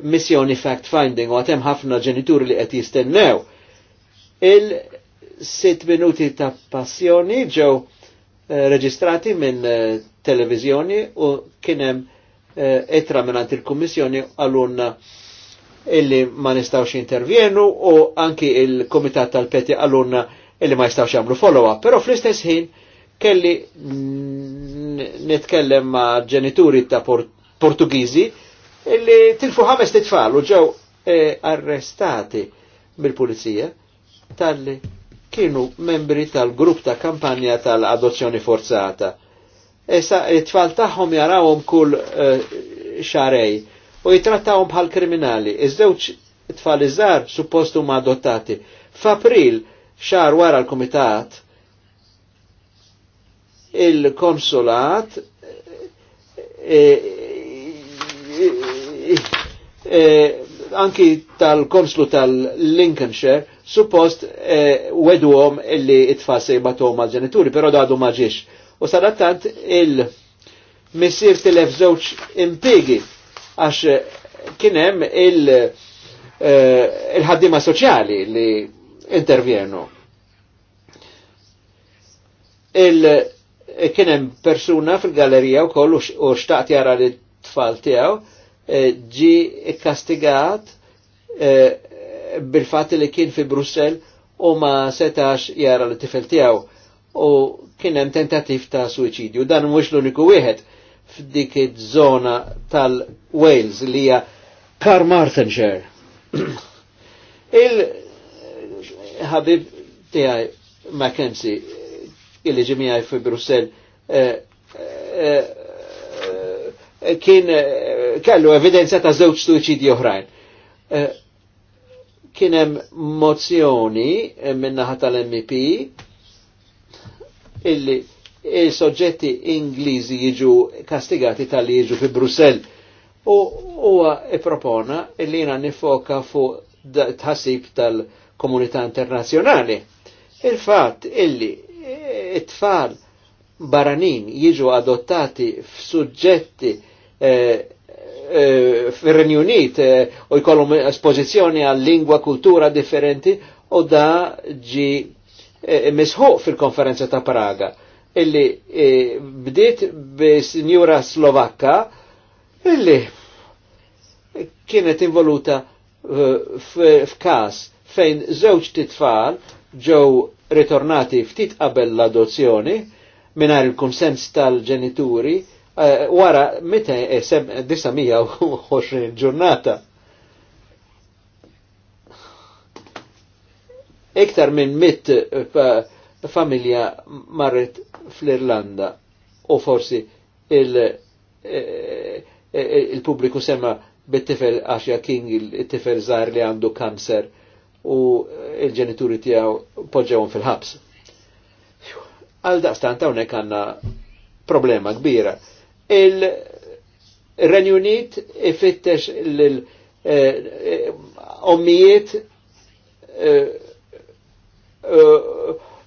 missjoni fact-finding u għatem ħafna ġenituri li qed jistennew sitt minuti ta' passjoni ġew eh, reġistrati minn eh, televizjoni u kienem eh, etra minn il-Kommissjoni għalunna illi ma nistawx intervjenu u anki il-Komitat tal-Peti għalunna illi ma jistawx jamlu follow-up. Pero fl-istess ħin kelli nitkellem ma' ġenituri ta' Portugizi illi tilfu ħames titfal u ġew arrestati mill-pulizija tal-li kienu membri tal-grupp ta' kampanja tal-adozzjoni forzata. Esa it-tfal tagħhom jarawhom kull eh, xarej u jitrattawhom bħal kriminali. Iż-żewġ it-tfal iżgħar suppost huma adottati. F'April xar wara l-Kumitat il-konsulat eh, eh, anki tal-konslu tal-Lincolnshire suppost eh, għom illi it-tfassi għom għal-ġenituri, pero għadu maġiex. U sarattant il-missir tilef zewċ impigi għax eh, kienem eh, il-ħaddima eh, il soċjali li intervjenu. Il eh, kienem persuna fil-gallerija u koll u xtaqt jara li t-tfal tijaw ġi kastigat eh, bil-fat li kien fi Brussel u ma setax jara l-tifel tijaw u kien hemm tentativ ta' suicidju. Dan mhux l-uniku wieħed f'dik iż-żona tal-Wales li hija Carmarthenshire. Il-ħabib tiegħi Mackenzie illi ġimijaj fi Brussel eh, eh, eh, kien kellu evidenza ta' żewġ suicidju oħrajn kienem mozzjoni eh, minnaħa tal-MEP illi il-soġġetti Ingliżi jiġu kastigati tal-li jiġu fi Brussell. U huwa propona illi jina nifoka fuq tħassib tal-komunità internazjonali. Il-fat illi eh, it-tfal baranin jiġu adottati f'suġġetti eh, Eh, fir-Renju Unit eh, u jkollhom espożizzjoni għal lingwa kultura differenti u da ġi eh, misħuq fil-konferenza ta' Praga illi bdiet bi Sinjura Slovakka illi kienet involuta f'kas fejn żewġ titfal ġew ritornati ftit qabel l-adozzjoni mingħajr il-kunsens tal-ġenituri Eh, wara eh, sem 920 eh, ġurnata. Iktar minn mit familja marret fl-Irlanda u forsi il-pubbliku sema bit-tifel għaxja King il-tifel zaħir li għandu kanser u il-ġenituri tijaw poġġawon fil-ħabs. Għal ta' unek għanna problema kbira il-Renjunit ifittex l-ommijiet eh, eh,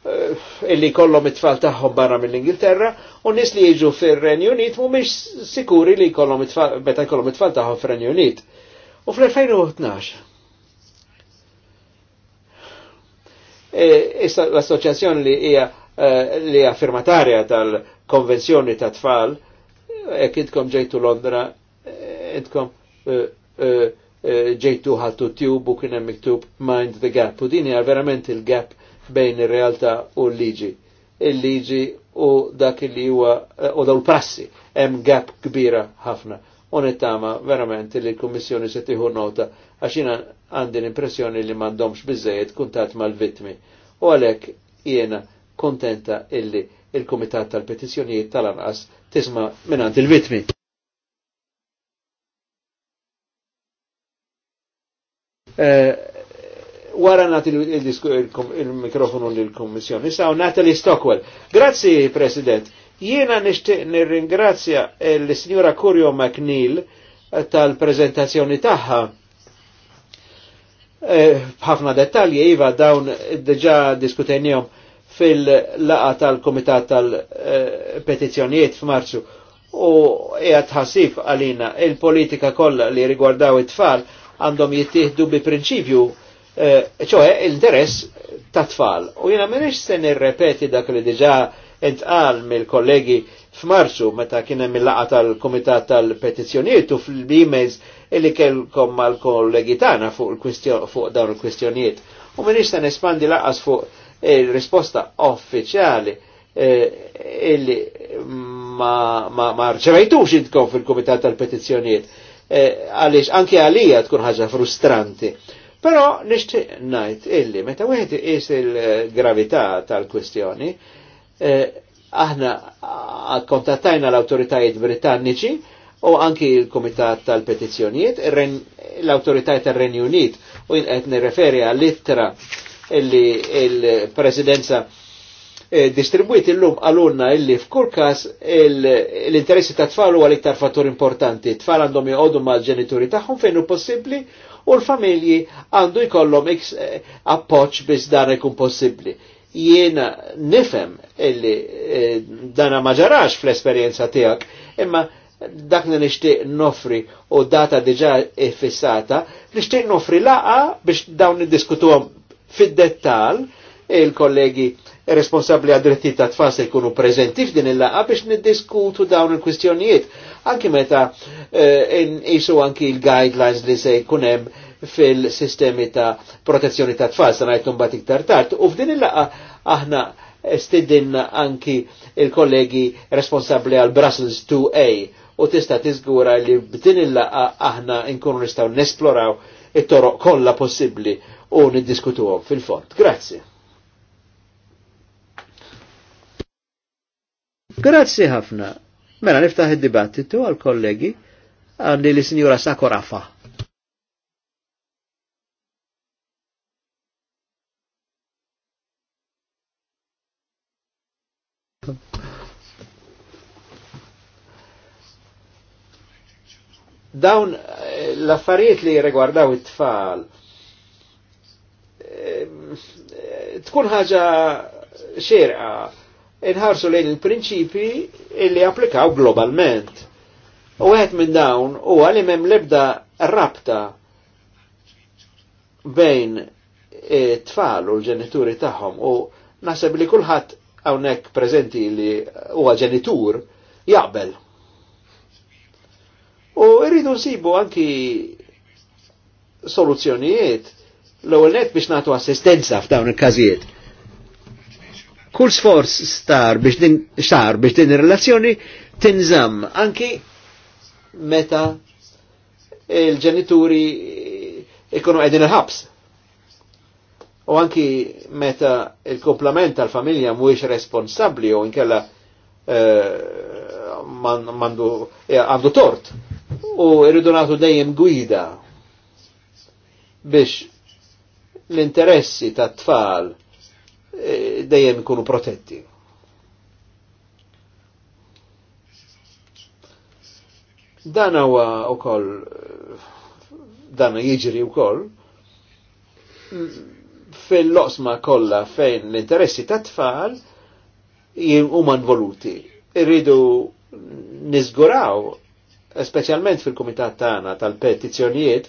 eh, illi kollom it-tfal tagħhom barra mill-Ingilterra u nis li jiġu fir-Renju Unit mhumiex sikuri li jkollhom it-tfal meta kollom it-tfal tagħhom fil-Renjunit. Unit. U fl-2012 l-assoċjazzjoni li hija li firmatarja tal-konvenzjoni tat tfal jek intkom ġejtu Londra, intkom eh, eh, eh, ġejtu ħattu tube u kienem miktub mind the gap. U din hija verament il-gap bejn ir-realtà u l-liġi. Il-liġi u dak li huwa u daw l prassi hemm gap kbira ħafna. U nittama verament li l-Kummissjoni se tieħu nota għax jiena għandi l-impressjoni li m'għandhomx biżejjed kuntat mal-vittmi. U għalhekk jiena kontenta illi il-Kumitat tal-Petizzjonijiet tal-anqas tisma minant il-vitmi. Eh, wara nati il-mikrofonu l-Kommissjoni. Saw Natalie Stockwell. Grazzi, President. Jiena nishtiq nirringrazzja eh, l-Signora Curio McNeil eh, tal-prezentazzjoni tagħha. B'ħafna dettalji, Iva, dawn deġa diskutenjom fil-laqa tal-Komitat tal-Petizzjonijiet f'Marzu u qiegħed ħassib għalina il-politika kollha li rigwardaw it-tfal għandhom jittieħdu bi prinċipju eh, ċoħe l-interess ta' tfal. U jina minix se nirrepeti dak li diġa intqal mill-kollegi f'Marzu meta kien hemm il-laqa tal-Kumitat tal-Petizzjonijiet u fl-emails illi kellkom mal-kollegi tagħna fuq il-kwistjon fuq dawn il-kwistjonijiet. U minix se nespandi laqas fuq il-risposta uffiċjali eh, illi ma, ma, ma rċevajtux idkom fil-Komitat tal-Petizzjonijiet. Eh, għaliex, anke għalija tkun ħaġa frustranti. Però nixtieq ngħid illi meta wieħed is il-gravità tal-kwistjoni, eh, aħna kontattajna l autoritajiet Britanniċi u anki l-Komitat tal-Petizzjonijiet, l autoritajiet tal-Renju Unit u qed nirreferi għall-ittra illi il-presidenza eh, distribuit illum għalunna illi f'kurkas l-interessi ta' tfal huwa l-iktar fattur importanti. Tfal għandhom joqogħdu mal ġenituri tagħhom fejn hu possibbli u l-familji għandu jkollhom eh, appoċ biex dan ikun possibbli. Jiena nifhem illi eh, dana ma ġarax fl-esperjenza tiegħek, imma dak li nixtieq nofri u data diġà fissata, nixtieq nofri laqa biex dawn niddiskutuhom fid-dettal il-kollegi responsabli għad-dritti ta' tfal se jkunu prezenti f'din il-laqa biex niddiskutu dawn il-kwistjonijiet, anki meta eh, isu anki il-guidelines li se jkunem fil-sistemi ta' protezzjoni ta' tfal, sa' najtum bat iktar tard. U f'din il-laqa aħna stidinna anki il-kollegi responsabli għal Brussels 2A u tista tiżgura li b'din il-laqa aħna nkunu nistaw nesploraw it-toroq kollha possibbli u niddiskutuhom fil-fond. Grazzi. Grazzi ħafna. Mela niftaħ id-dibattitu għal-kollegi għandi li sinjura Sakorafa. Dawn eh, l-affarijiet li regwardaw it-tfal tkun ħaġa xerqa inħarsu lejn il-prinċipi illi applikaw globalment. U għed minn dawn u għalli mem lebda rabta bejn e, tfal u l-ġenituri tagħhom u naħseb li kulħadd hawnhekk prezenti li huwa ġenitur jaqbel. U rridu nsibu anki soluzzjonijiet l-ewwel biex nagħtu assistenza f'dawn il-każijiet. Kull sforz star biex din star biex din ir-relazzjoni tinżamm anki meta il-ġenituri ikunu qegħdin il-ħabs. U anki meta il-komplament tal-familja mhuwiex responsabbli u inkella eh, eh, għandu tort u irridu nagħtu dejjem gwida biex l-interessi ta' tfal eh, dejjem ikunu protetti. Dan huwa wkoll dan jiġri wkoll fil-loqsma kollha fejn l-interessi ta' tfal huma involuti. Irridu nizguraw, specialment fil kumitat tagħna tal-petizzjonijiet,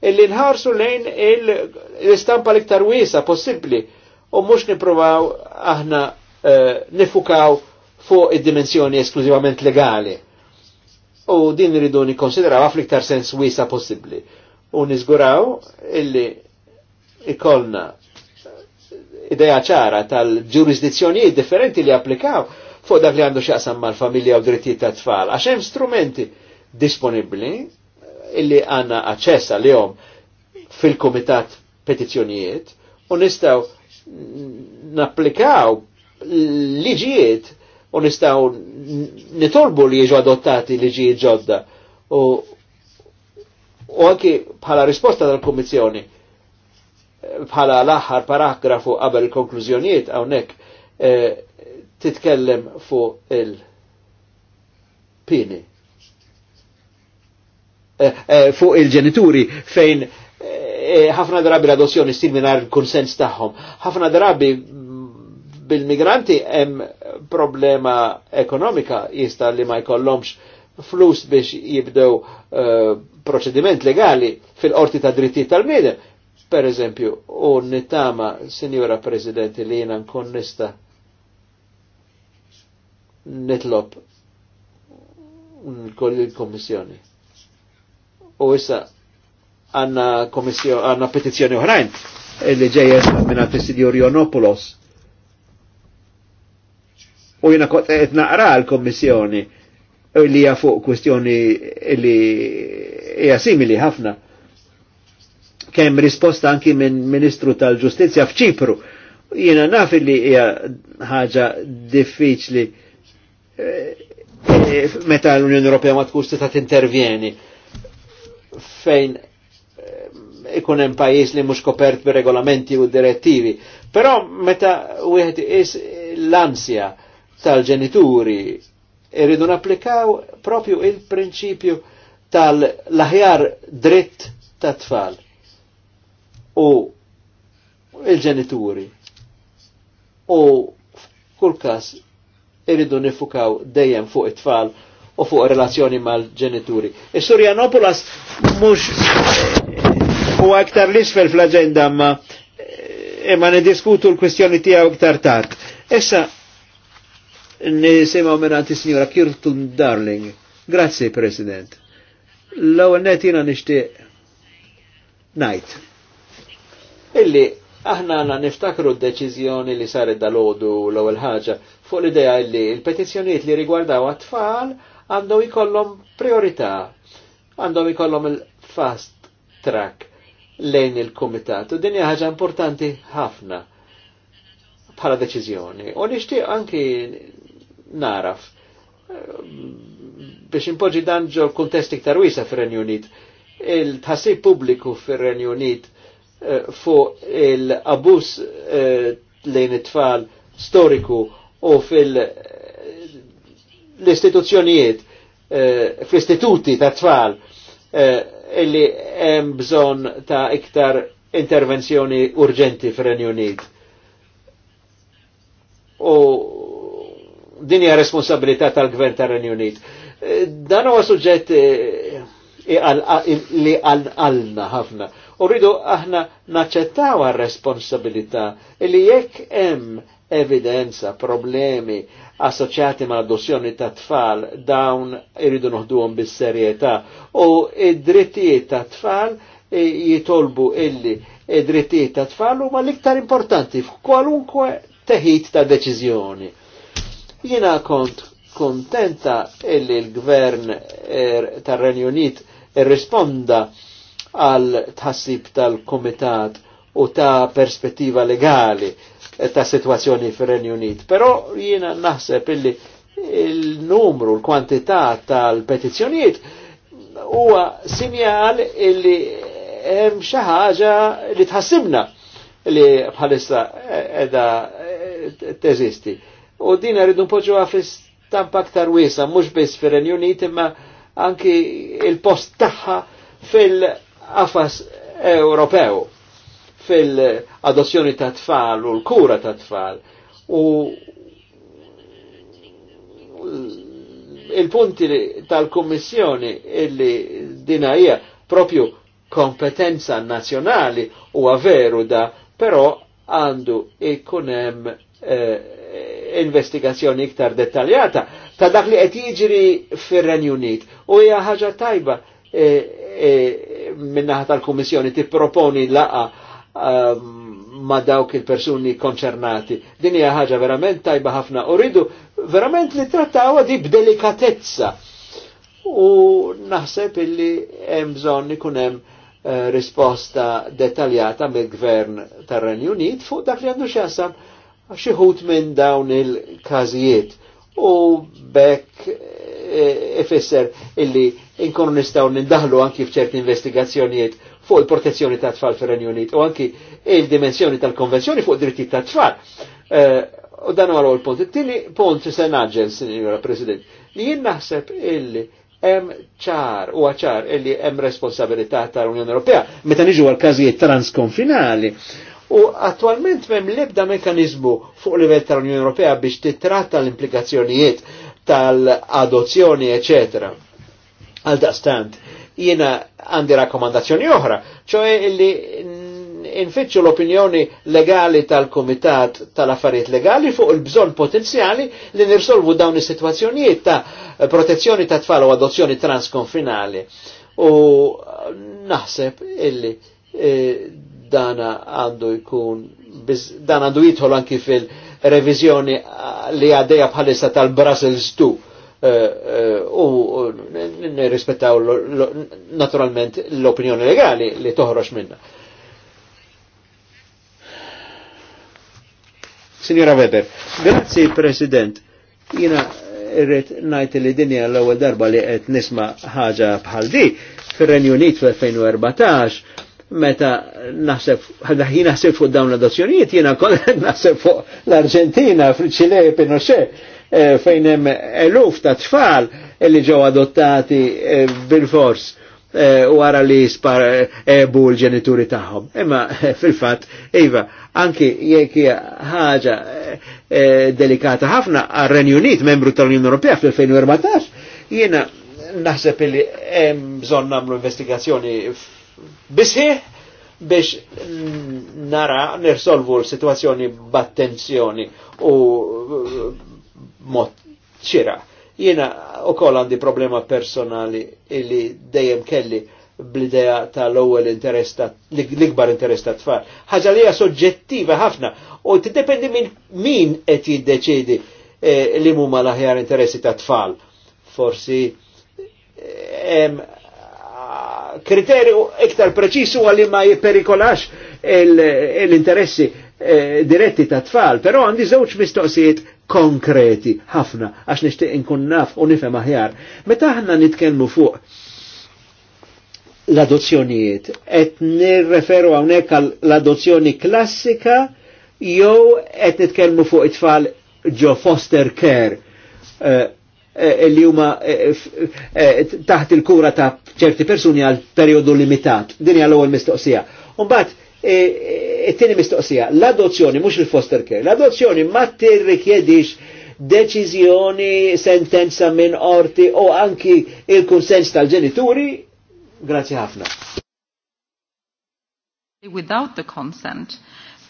illi nħarsu lejn l-istampa l-iktar wiesa possibli u mux niprovaw aħna uh, nifukaw fuq id-dimensjoni esklusivament legali. U din rridu nikonsideraw fl-iktar sens wiesa possibli. U nizguraw illi ikolna ideja ċara tal-ġurisdizzjonijiet differenti li applikaw fuq dak li għandu xaqsam mal-familja u drittijiet tat-tfal. Għaxem strumenti disponibli illi għanna aċċess għalihom fil-Kumitat Petizzjonijiet u nistaw napplikaw liġijiet u nistaw nitolbu li jieġu adottati liġijiet ġodda u u anki bħala risposta tal-Kommissjoni bħala l-aħħar paragrafu qabel il-konklużjonijiet hawnhekk eh, titkellem fuq il-pini. Eh, eh, fuq il-ġenituri fejn eh, ħafna drabi l-adozzjoni stil minar konsens tagħhom. ħafna drabi bil-migranti hemm problema ekonomika jista li ma jkollhomx flus biex jibdew proċediment legali fil-qorti ta' dritti tal bidem Per eżempju, u nittama, Signora Presidenti, li jena nkun nista nitlob il-Kommissjoni u issa għanna komissjon, għanna petizjoni oħrajn illi ġejjes minna sidjur Jonopoulos. U jina qed naqra l-kommissjoni li hija fuq kwestjoni li hija simili ħafna. Kemm risposta anki minn Ministru tal-Ġustizzja f'Ċipru. Jiena naf li hija ħaġa diffiċli eh, meta l-Unjoni Ewropea ma tkunx tista' tintervjeni fejn eh, ikun hemm pajjiż li mhux kopert bi regolamenti u direttivi. Però meta wieħed is l-ansja tal-ġenituri Iridun napplikaw propju il-prinċipju tal laħjar dritt ta' tfal u il-ġenituri. U f'kull każ irridu nifukaw dejjem fuq it-tfal u fuq relazzjoni mal-ġenituri. is surjanopolas mhux eh, u aktar l-isfel fl-aġenda ma eh, imma nidiskutu l-kwestjoni tiegħu aktar tard. Issa nisimgħu minn signora Kirtun Darling. Grazzi, President. L-ewwel net jiena nixtieq ngħid. Illi aħna għanna niftakru d-deċizjoni li saret dal-ħodu l ewwel ħaġa fuq l-idea li l-petizjoniet li rigwardaw għat-tfal għandhom ikollhom priorità, għandhom ikollhom il-fast track lejn il kumitat U din hija ħaġa importanti ħafna bħala deċiżjoni. U nixtieq anki naraf biex impoġġi dan ġo l-kuntest iktar wiesa fir-Renju Unit. Il-tħassib pubbliku fir-Renju Unit eh, fuq il-abus eh, lejn it-tfal storiku u fil- l-istituzzjonijiet, eh, fl-istituti ta' tfal, eh, illi hemm bżonn ta' iktar intervenzjoni urġenti fir Unit. U din hija responsabilità tal-Gvern ta' renju Unit. Eh, dan huwa suġġett li għalna ħafna. U rridu aħna naċċettaw għal responsabilità li jekk hemm evidenza, problemi, assoċjati ma' adozzjoni ta' tfal dawn iridu noħduhom bis-serjetà u id-drittijiet ta' tfal e, jitolbu illi id-drittijiet ta' tfal huma l-iktar importanti f'kwalunkwe teħid ta' deċiżjoni. Jiena kont kontenta illi l-gvern er tar-Renju Unit irrisponda għal tħassib tal-Komitat u ta' perspettiva legali ta' situazzjoni fir-Renju Unit. Però jiena naħseb illi il-numru, l-kwantità tal-petizzjonijiet huwa sinjal illi hemm xi ħaġa li tħassibna li bħalissa edha teżisti. U din rridu npoġġuha fl-istampa aktar wiesa, mhux biss fir-Renju Unit imma anki il-post tagħha fil-qafas Ewropew fil-adozzjoni ta' tfal u l-kura ta' tfal. U il-punti tal-Kommissjoni illi dinajja propju kompetenza nazjonali u veru da, però għandu ikunem eh, investigazzjoni iktar dettaljata ta' dak li qed jiġri fir-Renju Unit. U hija ħaġa tajba eh, eh, minnaħa tal-Kummissjoni tipproponi laqa Um, ma dawk il-persuni konċernati. Din hija ħaġa verament tajba ħafna. Uridu verament li trattawa di b'delikatezza. U naħseb illi hemm bżonn ikun hemm eh, risposta dettaljata mill-Gvern tar-Renju Unit fuq dak li għandu x'jasam xi minn dawn il-każijiet. U bekk eh, ifisser illi inkunu nistgħu nindaħlu anki f'ċerti investigazzjonijiet fuq il-protezzjoni ta' tfal fir-Renju Unit u anki il-dimensjoni tal-konvenzjoni fuq dritti ta' tfal. Eh, u dan għarru l-punt. Tini punt se naġġel, signora President, li jien naħseb illi hemm ċar u ċar illi hemm responsabilità tal-Unjoni Ewropea meta niġu għal każijiet transkonfinali. U attualment m'hemm l-ebda mekanizmu fuq livell tal-Unjoni Ewropea biex titratta l-implikazzjonijiet tal-adozzjoni, eccetera. Għal daqstant, jiena għandi rakkomandazzjoni oħra, ċoe illi infittxu l-opinjoni legali tal-Komitat tal-Affarijiet Legali fuq il-bżonn potenzjali li nirsolvu dawn is situazzjonijiet ta' protezzjoni ta' tfal u adozzjoni transkonfinali. U naħseb illi e, dana għandu jkun dana għandu jitħol anki fil revizjoni li għadeja bħalissa tal brazil 2 Eh, eh, u nirrispettaw naturalment l-opinjoni legali li toħroġ minna. Signora Weber, grazzi President, jina irrit najt li dinja l-ewwel darba li qed nisma ħaġa bħal di fir-Renju Unit fl-2014 meta naħseb, jien naħseb fuq dawn l-adozzjonijiet, jiena kollha naħseb fuq l-Arġentina, fil-Ċile, Pinochet Eh, fejn hemm eluf ta' tfal li ġew adottati eh, bil-fors eh, wara li spar ebu l-ġenituri tagħhom. Imma fil-fatt, iva, anki jekk ħaġa delikata ħafna għar-Renju Unit, membru tal-Unjoni Ewropea fil-2014, jiena naħseb li hemm bżonn nagħmlu investigazzjoni bisħieħ biex nara nirsolvu l-situazzjoni b'attenzjoni u mod ċira. Jiena u koll għandi problema personali illi dejjem kelli bl-idea tal-ewwel interess l-ikbar interess ta' tfal. Ħaġa li hija soġġettiva ħafna u tiddependi minn min qed jiddeċiedi eh, li huma l-aħjar interessi ta' tfal. Forsi eh, hemm ah, kriterju iktar huwa li ma jipperikolax l-interessi eh, diretti ta' tfal, però għandi żewġ mistoqsijiet konkreti ħafna għax nixtieq inkun naf u nifhem aħjar. Meta aħna nitkellmu fuq l-adozzjonijiet, qed nirreferu hawnhekk għall-adozzjoni klassika jew qed nitkellmu fuq it-tfal ġo foster care eh, eh, li huma eh, taħt il-kura ta' ċerti persuni għal periodu limitat. Din hija l-ewwel mistoqsija. Umbagħad it-tieni e, e, mistoqsija, l-adozzjoni mhux il-foster care, l-adozzjoni ma tirrikjedix deċiżjoni, sentenza minn orti u anki il-kunsens tal-ġenituri? Grazie ħafna. Without the consent,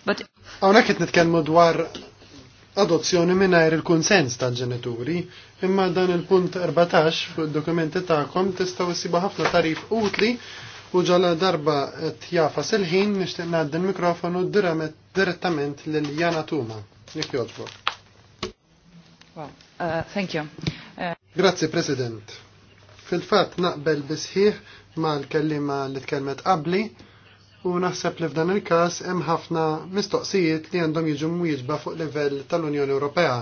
but... Għonek qed nitkellmu dwar adozzjoni mingħajr il-konsens tal-ġenituri, imma dan il-punt 14 fuq dokumenti tagħkom tistgħu issibu ħafna tarif utli u ġala darba tjafa sil ħin nishtiq naddi il mikrofonu direttament lil Jana Tuma. Nik joġbok. Wow. Uh, thank you. Uh, Grazie, President. Fil-fat naqbel bisħiħ ma' l-kellima li tkellmet qabli u naħseb li f'dan il-kas hemm ħafna mistoqsijiet li għandhom jiġu mwieġba fuq livell tal-Unjoni Ewropea.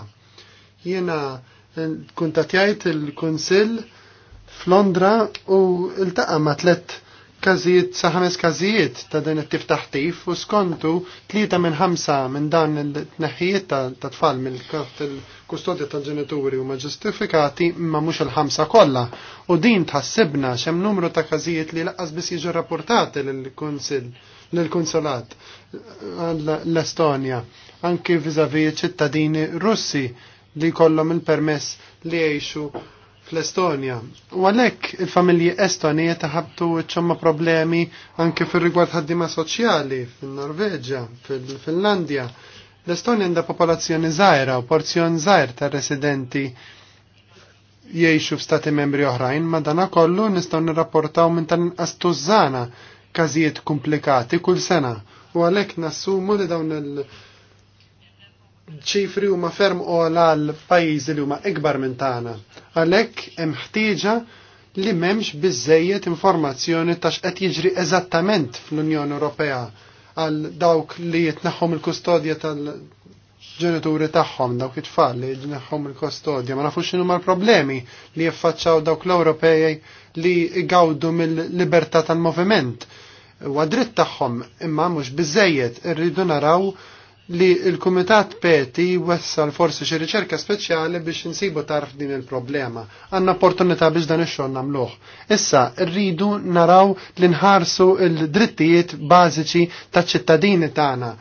Jiena eh, kuntatjajt il-Kunsill f'Londra u iltaqa' ma' tlet każijiet sa ħames każijiet ta' din it-tif u skontu tlieta minn ħamsa minn dan il-tneħħijiet ta' tfal mill il-kustodja tal-ġenituri huma ġustifikati imma mhux il-ħamsa kollha. U din tħassibna x'hemm numru ta' każijiet li laqas biss jiġu rapportati lill-Kunsill lill kunsulat l-Estonja anki viżavi ċittadini Russi li kollhom il-permess li jgħixu fl-Estonja. U għalhekk il-familji Estonija taħabtu ċomma problemi anke fir-rigward ħaddima soċjali fin-Norveġġja, fil-Finlandja. L-Estonja għandha popolazzjoni żgħira u porzjon żgħir ta' residenti jgħixu f'stati membri oħrajn, ma dana kollu nistgħu nirrapportaw minn tan astużana kazijiet każijiet komplikati kull sena. U għalhekk nassumu li dawn il- ċifri huma ferm u għal pajjiżi li huma ikbar minn tagħna. Għalhekk hemm ħtieġa li m'hemmx bizzejiet informazzjoni ta' x'qed jiġri eżattament fl-Unjoni Ewropea għal dawk li jitnaħħom il-kustodja tal-ġenituri tagħhom, dawk it-tfal li jitnaħħom il-kustodja, ma nafux xinu l-problemi li jaffaċċaw dawk l-Ewropej li jgawdu mill-libertà tal-moviment. Huwa dritt tagħhom imma mhux biżejjed irridu naraw li il-Kumitat Peti wessal forsi xi riċerka speċjali biex insibu tarf din il-problema. Għandna opportunità biex dan ix-xogħol nagħmluh. Issa rridu naraw li nħarsu l-drittijiet bażiċi taċ-ċittadini tagħna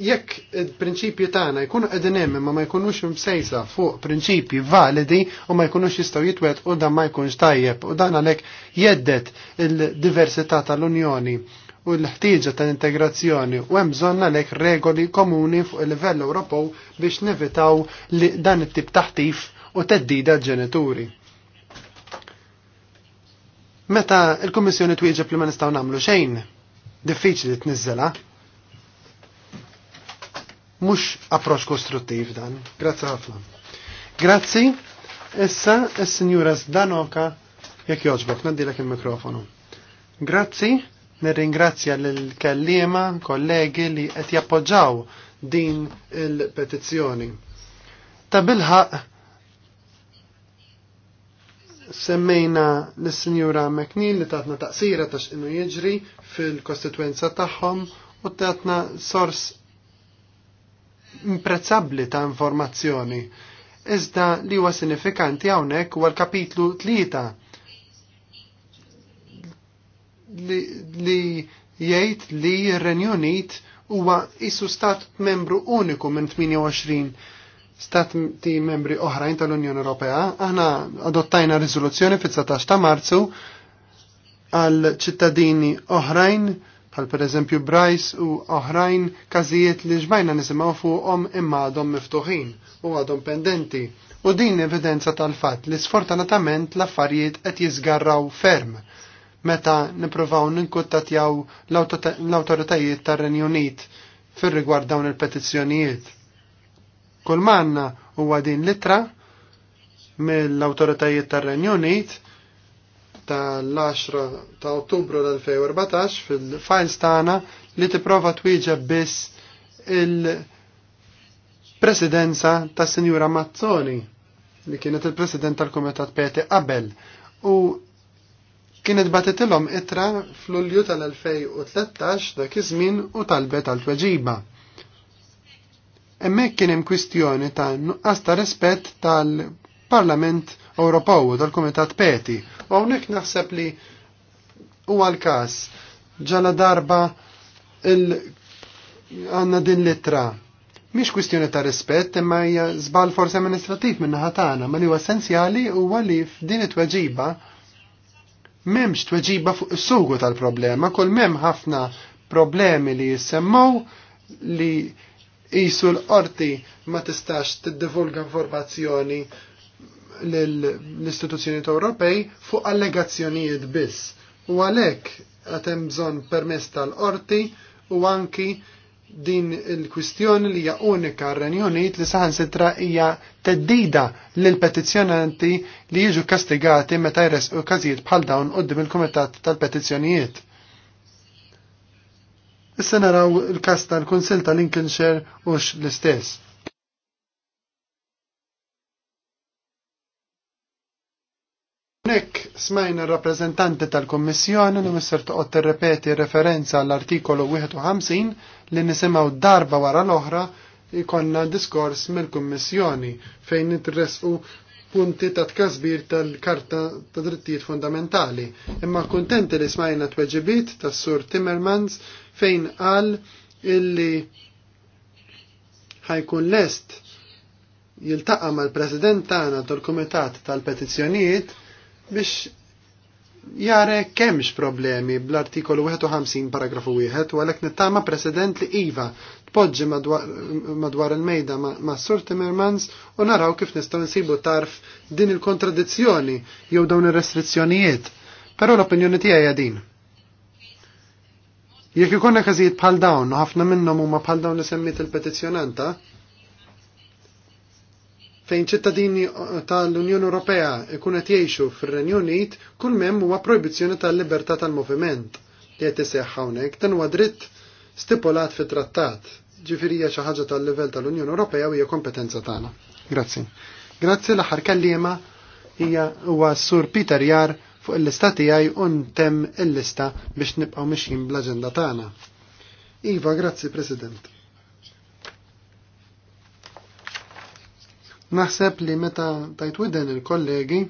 jekk il-prinċipji tagħna jkunu qegħdin hemm imma ma jkunux msejsa fuq prinċipji validi u ma jkunux jistgħu jitwet u dan ma jkunx tajjeb u dan għalhekk jeddet il-diversità tal-Unjoni u l-ħtieġa ta' integrazzjoni u hemm bżonn għalhekk regoli komuni fuq il-livell Ewropew biex nevitaw li dan it-tip taħtif u teddida ġenituri. Meta il-Kummissjoni twieġeb li ma nistgħu nagħmlu xejn, diffiċli tniżela. Mhux approċċ kostruttiv dan. Grazzi ħafna. Grazzi. Issa is-Sinjura Zdanoka jekk jogħġbok, nadilek il-mikrofonu. Grazzi. Nirringrazzja l-kellima, kollegi li qed jappoġġaw din il-petizzjoni. Ta' bilħaq semmejna l-Sinjura McNeil li tatna taqsira ta' x'inhu jiġri fil-kostituenza tagħhom u tatna sors imprezzabbli ta' informazzjoni iżda li huwa sinifikanti hawnhekk huwa l-kapitlu tlieta li jgħid li r-Renju Unit huwa isu stat membru uniku minn 28 stati membri oħrajn tal-Unjoni Ewropea. Aħna adottajna riżoluzzjoni fit-19 ta' Marzu għal ċittadini oħrajn bħal per eżempju Bryce u oħrajn każijiet li ġbajna nisimgħu fuqhom imma għadhom miftuħin u għadhom pendenti. U din evidenza tal-fatt li sfortunatament l-affarijiet qed jiżgarraw ferm meta nippruvaw ninkuttatjaw l-awtoritajiet tar-Renju Unit fir-rigward dawn il-petizzjonijiet. Kull manna huwa din litra mill-awtoritajiet tar-Renju Unit tal-10 ta' Ottubru l-2014 fil-files tagħna li tipprova twieġeb biss il-presidenza ta' Sinjura Mazzoni li kienet il-president tal-Kumitat Peti qabel u Kienet batitilhom itra fl-Ulju tal-2013 dak iż-żmien u talbet għal tweġiba. Hemmhekk kien hemm kwistjoni ta' nuqqas ta' rispett tal-Parlament Ewropew u tal-Kumitat Peti. U hawnhekk naħseb li huwa l-każ ġala darba il għanna din litra Mhix kwistjoni ta' rispett imma hija żball forsi amministrativ minn naħa tagħna, ma li huwa essenzjali huwa li f'din it-tweġiba memx tweġiba fuq is-sugu tal-problema, kull mem ħafna problemi li jissemmaw li jisu l-qorti ma tistax tiddivulga informazzjoni l-istituzzjoni Ewropej fuq allegazzjonijiet biss. U għalhekk għatem bżonn permess tal-qorti u anki din il-kwistjoni li hija unika r-Renjonit li saħan sitra hija teddida lil petizzjonanti li jiġu kastigati meta jresqu każijiet bħal dawn qudiem il-Kumitat tal-Petizzjonijiet. Issa naraw il-kas tal-Kunsil tal-Lincolnshire hux l-istess. Nek smajna rappresentanti tal-Kommissjoni li misser toqgħod tirrepeti referenza għall-artikolu 51 li nisimgħu darba wara l-oħra ikonna diskors mill-Kummissjoni fejn nitresqu punti ta' tkazbir tal-Karta ta' Drittijiet Fundamentali. Imma kuntenti li smajna t-weġibit tas Sur Timmermans fejn qal illi ħajkun lest jiltaqa mal-President tagħna tal-Kumitat tal-Petizzjonijiet biex jare kemx problemi bl-artikolu 51 paragrafu 1 u għalek nittama president li Iva tpoġġi madwar il-mejda ma' Sur Timmermans u naraw kif nistaw nsibu tarf din il-kontradizzjoni jew dawn ir-restrizzjonijiet. Però l-opinjoni tiegħi hija din. Jekk ikonna każijiet bħal dawn u ħafna minnhom huma bħal dawn li semmiet il-petizzjonanta, fejn ċittadini uh, tal-Unjoni Ewropea ikun qed jgħixu fir-Renju Unit kull memm huwa projbizzjoni tal-libertà tal-moviment li qed iseħħ hawnhekk dan huwa dritt stipulat fit-trattat. Ġifieri hija xi ħaġa tal-livell tal-Unjoni Ewropea u hija kompetenza tagħna. Grazzi. Grazzi l-aħħar kelliema hija huwa Sur Peter Jar fuq il-lista tiegħi u ntemm il-lista biex nibqgħu mixjin bl-aġenda tagħna. Iva, grazzi President. Naħseb li meta tajt widen il-kollegi,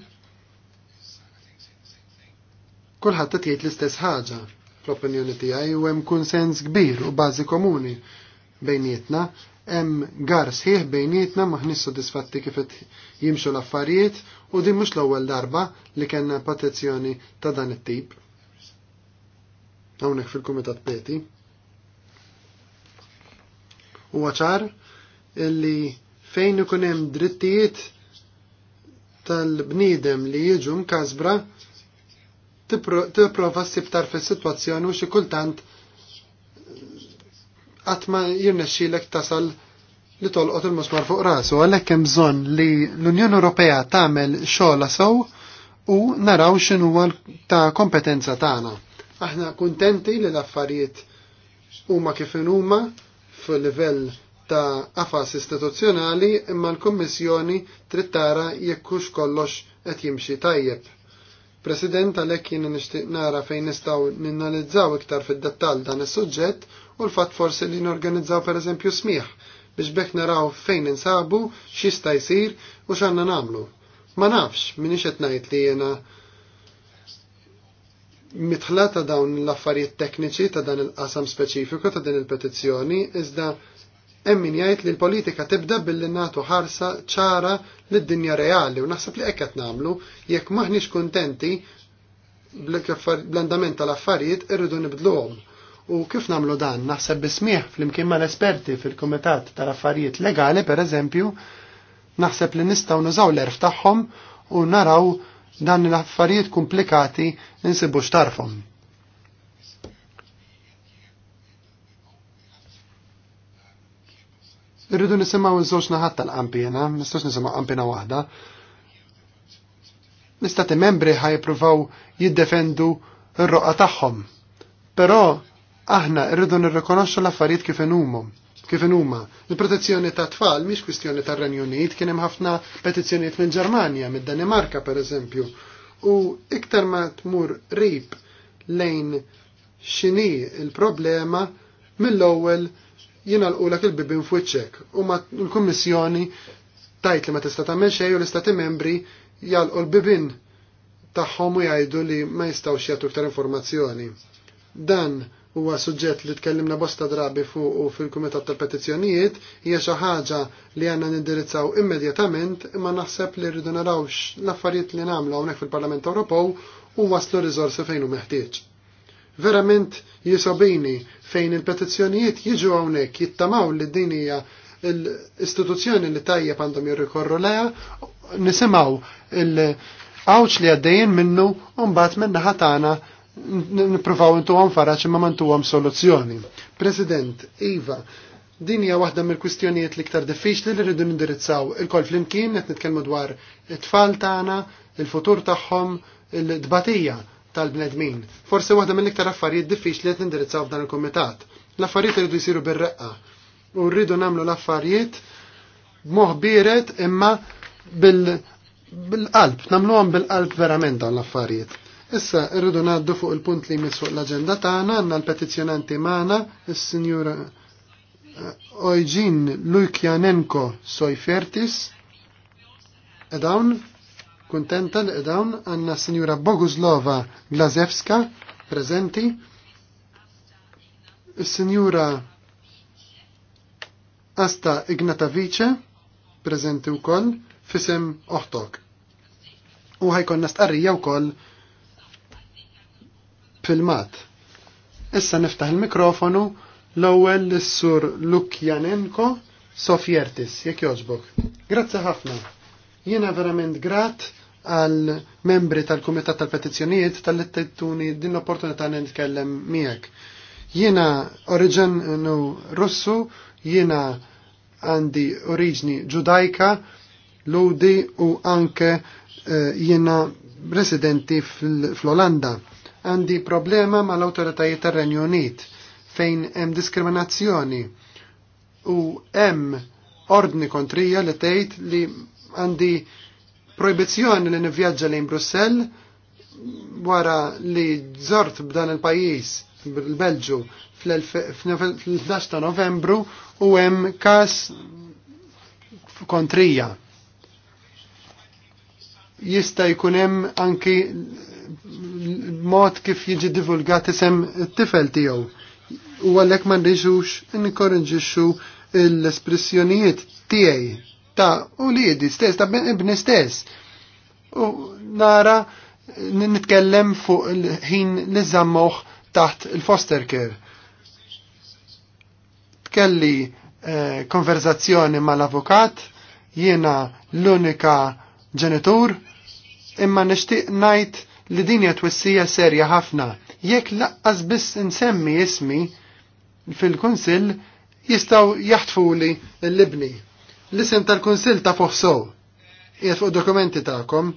kulħadd t jgħid l-istess ħaġa fl-opinjoni tiegħi u hemm kunsens kbir u bażi komuni bejnietna, hemm gar sħiħ bejnietna maħnis sodisfatti kif qed jimxu l-affarijiet u din mhux l-ewwel darba li kellna petizzjoni ta' dan it-tip. Hawnhekk fil-Kumitat Peti. Huwa ċar illi fejn ikun hemm drittijiet tal-bniedem li jiġu mkasbra tipprova ssib fis sitwazzjoni u xi kultant qatt ma jirnexxielek tasal li tolqot il-musmar fuq rasu għalhekk hemm bżonn li l-Unjoni Ewropea tagħmel xogħla sew u naraw x'inhu ta' kompetenza tagħna. Aħna kuntenti li l-affarijiet huma kif huma fil-livell ta' Affas istituzzjonali imma l-Kummissjoni trid tara jekk hux kollox qed jimxi tajjeb. President għalhekk jien nixtieq nara fejn nistgħu ninalizzaw iktar fid-dettall dan is-suġġett u l-fatt forsi li norganizzaw pereżempju smieħ biex bekk naraw fejn insabu, x'jista' jsir u x'għandna nagħmlu. Ma nafx minix qed ngħid li jiena mitħla ta' dawn l-affarijiet tekniċi ta' dan il-qasam speċifiku ta' din il-petizzjoni iżda Hemm min jgħid li l-politika tibda billi nagħtu ħarsa ċara lid-dinja reali u naħseb li ekkat qed nagħmlu jekk maħniex kuntenti bl-andament tal-affarijiet irridu nibdluhom. U kif namlu dan? Naħseb bismieħ fl-imkien ma l-esperti fil-Kumitat tal-Affarijiet Legali, per eżempju, naħseb li nistaw nużaw l-erf tagħhom u naraw dan l-affarijiet komplikati nsibu xtarfom. Irridu nisimgħu iż-żewġ naħat tal-qampina, nistax nisimgħu qampina waħda. L-istati membri ħajpruvaw jiddefendu r-roqa tagħhom. Però aħna rridu nirrikonoxxu l-affarijiet kif inhumhom kif huma. Il-protezzjoni ta' tfal mhix kwistjoni tar-Renju Unit, kien hemm ħafna petizzjonijiet mill-Ġermanja, mid-Danimarka pereżempju. U iktar ma tmur rib lejn x'inhi il-problema mill-ewwel jina l-ulak il-bibin fuċċek u ma l-Kommissjoni tajt li ma tista' tagħmel xej u l-Istati membri jalqu l-bibin tagħhom u jgħidu li ma jistgħux jagħtu ktar informazzjoni. Dan huwa suġġett li tkellimna bosta drabi fuq u fil-Kumitat tal-Petizzjonijiet hija xi ħaġa li għandna nindirizzaw immedjatament imma naħseb li rridu narawx l-affarijiet li nagħmlu hawnhekk fil-Parlament Ewropew u waslu riżorsi fejn hu meħtieġ verament jisobini fejn il-petizzjonijiet jiġu hawnhekk jittamaw li din hija l-istituzzjoni li tajjeb għandhom jirrikorru leha nisimgħu il-għawċ li għaddejjin minnu u mbagħad minn naħa tagħna nippruvaw intuhom faraċ imma mantuhom soluzzjoni. President, Iva, din hija waħda mill-kwistjonijiet l-iktar diffiċli li rridu nindirizzaw il-kol flimkien qed nitkellmu dwar it-tfal tagħna, il-futur tagħhom, il-dbatija tal-bnedmin. Forse waħda mill-iktar affarijiet diffiċli qed indirizzaw f'dan il-kumitat. L-affarijiet irridu jsiru bir-reqqa u rridu nagħmlu l-affarijiet moħbiret imma bil-qalb, nagħmluhom bil-qalb verament dawn l-affarijiet. Issa rridu ngħaddu fuq il-punt li jmiss fuq l-aġenda tagħna għandna l-petizzjonanti magħna is-Sinjura Ojġin eh, Lujkjanenko Sojfertis. Edawn, Kuntenta li dawn għanna Sinjura Boguslova Glazewska prezenti, Sinjura Asta Ignatavice prezenti wkoll fisem oħtok. U ħajkonna stqarrija wkoll filmat. Issa niftaħ il-mikrofonu l-ewwel lis-sur Lukjanenko Sofjertis, jekk jogħġbok. Grazzi ħafna. Jiena verament grat għal membri tal-Kumitat tal-Petizzjonijiet tal-ittettuni din l-opportunità nitkellem miegħek. Jiena nu Russu, jiena għandi oriġni ġudajka, ludi u anke eh, jiena residenti fl-Olanda. Għandi problema mal-awtoritajiet tar-Renju Unit fejn hemm diskriminazzjoni u hemm ordni kontrija li tgħid li għandi Proibizzjoni li nivvjaġġa lejn Brussell wara li żort b'dan il-pajjiż il-Belġu fl-11 ta' Novembru u hemm każ kontrija. Jista' jkun hemm anki mod kif jiġi divulgat isem it-tifel tiegħu. U għalhekk ma nriġux inkorriġixxu l-espressjonijiet tiegħi ta' u liedi stess, ta' ibni stess. U nara nitkellem fuq il-ħin li zammuħ taħt il-foster care. Tkelli eh, mal-avukat, jiena l-unika ġenitur, imma nishtiq najt li din jatwissija serja ħafna. Jekk laqqas biss insemmi ismi fil-kunsill jistaw jaħtfuli l-libni. L-isem tal-Kunsil ta' fuħsow, jgħet fuq dokumenti ta'kom.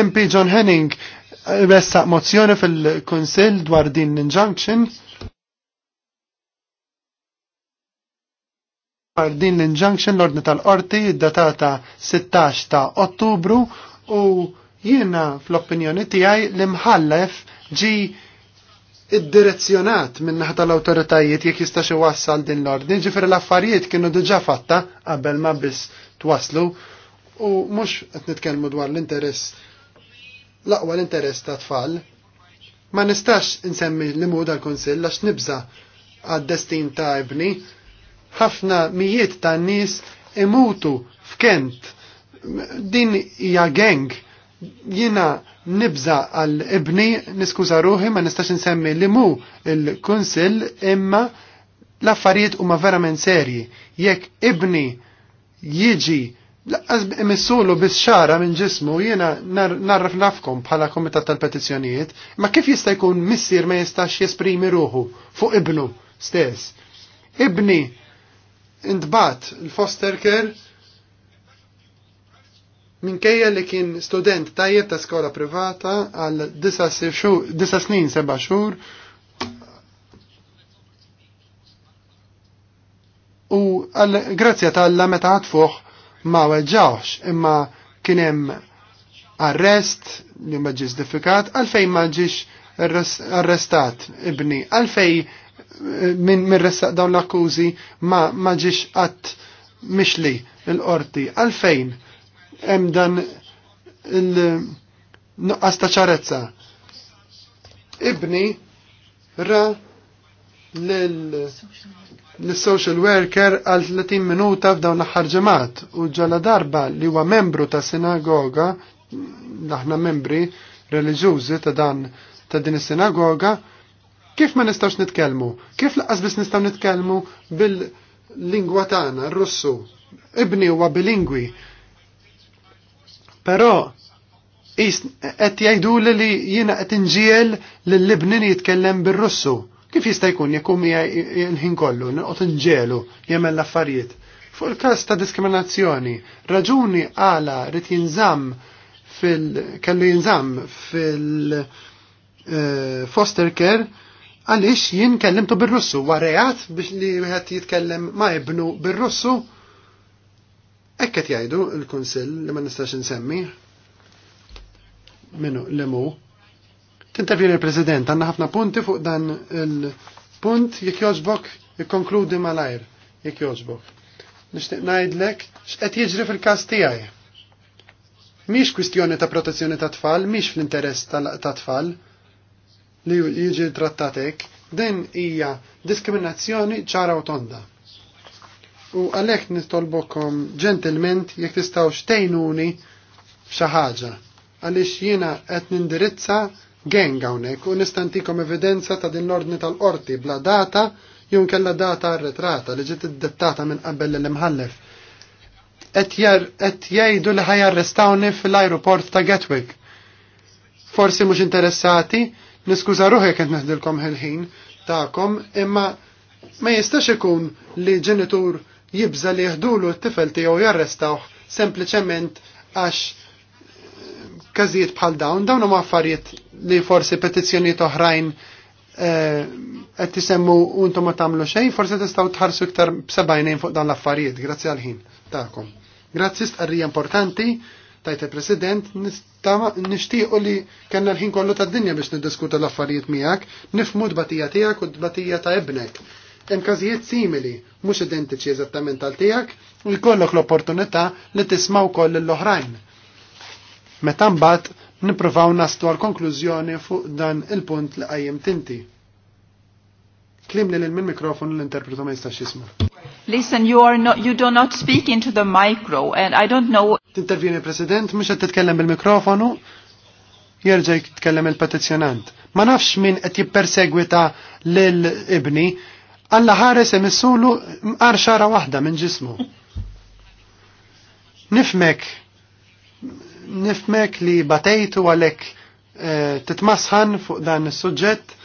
MP John Henning eh, ressaq mozzjoni fil-Kunsil dwar din l-injunction. Dwar din l-injunction l-ordni tal-qorti id-datata 16 ta' ottubru u jiena fl-opinjoni tiegħi l-imħallef ġi id-direzzjonat minnaħa tal-autoritajiet jekk jista' xi wassal din l-ordni, ġifier l-affarijiet kienu diġà fatta qabel ma biss twaslu u mhux qed nitkellmu dwar l-interess l-aqwa l-interess ta' tfal. Ma nistax insemmi l mu dal-Konsill għax nibża għad-destin ta' ibni. Ħafna mijiet ta' nies imutu f'Kent. Din hija gang Jiena nibza għal ibni niskuża ruħi ma nistax insemmi li mu il-kunsil imma l-affarijiet huma verament serji. Jekk ibni jiġi Laqqas emissulu bis xara minn ġismu jiena narraf nafkom bħala komitat tal-petizzjonijiet, ma kif jista' jkun missier ma jistax jesprimi ruħu fuq ibnu stess. Ibni intbat il-foster care Minkejja li kien student tajjeb ta' skola privata għal disa snin seba' xhur u għal grazzja tal-la meta għatfuħ ma weġġawx imma kien hemm arrest li ma ġiex diffikat għalfejn ma ġiex arrestat ibni għalfej minn eh, min dawn l-akkużi ma ma ġiex qatt mixli l-qorti għalfejn hemm dan il-nuqqas ta' ċarezza. Ibni ra l-social worker għal 30 minuta f'dawn l-aħħar ġemat u ġala darba li huwa membru ta' sinagoga, aħna membri reliġjużi ta' dan ta' din is-sinagoga, kif ma nistgħux nitkellmu? Kif laqas biss nistgħu nitkellmu bil-lingwa tagħna, r-Russu? Ibni huwa bilingwi Però qed jgħidu li jiena qed inġiel lil Libnin jitkellem bir-Russu. Kif jista' jkun jekk hum il-ħin kollu noqgħod inġelu jagħmel l-affarijiet. Fuq il-każ ta' diskriminazzjoni, raġuni għala rid jinżamm fil kellu jinżamm fil eh, foster care għaliex jien kellimtu bir-Russu warejat biex li wieħed jitkellem ma' ibnu bir-Russu Ekket qed jgħidu l-Kunsill li ma nistax insemmi minnu l-emu. Tintervjeni l-President, għanna ħafna punti fuq dan il-punt jekk jogħġbok ikkonkludi malajr jekk jogħġbok. Nixtieq ngħidlek x'qed jiġri fil-każ tiegħi. Mhix kwistjoni ta' protezzjoni ta' tfal, mhix fl-interess ta' tfal li jiġi trattatek, din hija diskriminazzjoni ċara u tonda. U għalhekk nistolbokom ġentilment jekk tistaw xtejnuni xaħġa. ħaġa għaliex jiena qed nindirizza gang hawnhekk u nistantikom evidenza ta' din l-ordni tal-qorti bla data jew kella data arretrata li ġiet iddettata minn qabel l-imħallef. Qed jgħidu li arrestawni fl-ajruport ta' Gatwick. Forsi mhux interessati, niskuża ruħi kent neħdilkom ħil-ħin tagħkom, imma ma jistax ikun li ġenitur jibża li jieħdulu t-tifel tijaw jarrestawh sempliċement għax eh, każijiet bħal dawn dawn huma affarijiet li forsi petizzjonijiet oħrajn eh, qed tisemmu untu ma tagħmlu xejn, forsi tistgħu tħarsu iktar b'sebajnejn fuq dan l-affarijiet, grazzi għalħin ħin tagħkom. Grazzi stqarrija importanti, tajt il-President, nixtiequ li kanna l-ħin kollu tad-dinja biex niddiskutu l-affarijiet miegħek, nifmu d-batija tiegħek u d-batija ta' ibnek hemm każijiet simili mhux identiċi eżattament għal tiegħek u jkollok l-opportunità li tisma' wkoll lill-oħrajn. Meta mbagħad nippruvaw nastu għal konklużjoni fuq dan il-punt li qajjem tinti. Klimni li minn mikrofon l-interpretu ma jistax jisma. Listen, you are not, you do not speak into the micro and I don't know. Tintervjeni President, mhux qed titkellem bil-mikrofonu, jerġa' jitkellem il-petizzjonant. Ma nafx min qed jippersegwita lill ibni Alla ħares emissulu mqar xara waħda minn ġismu. Nifmek, nifmek li batejtu għalek eh, titmasħan fuq dan is-suġġett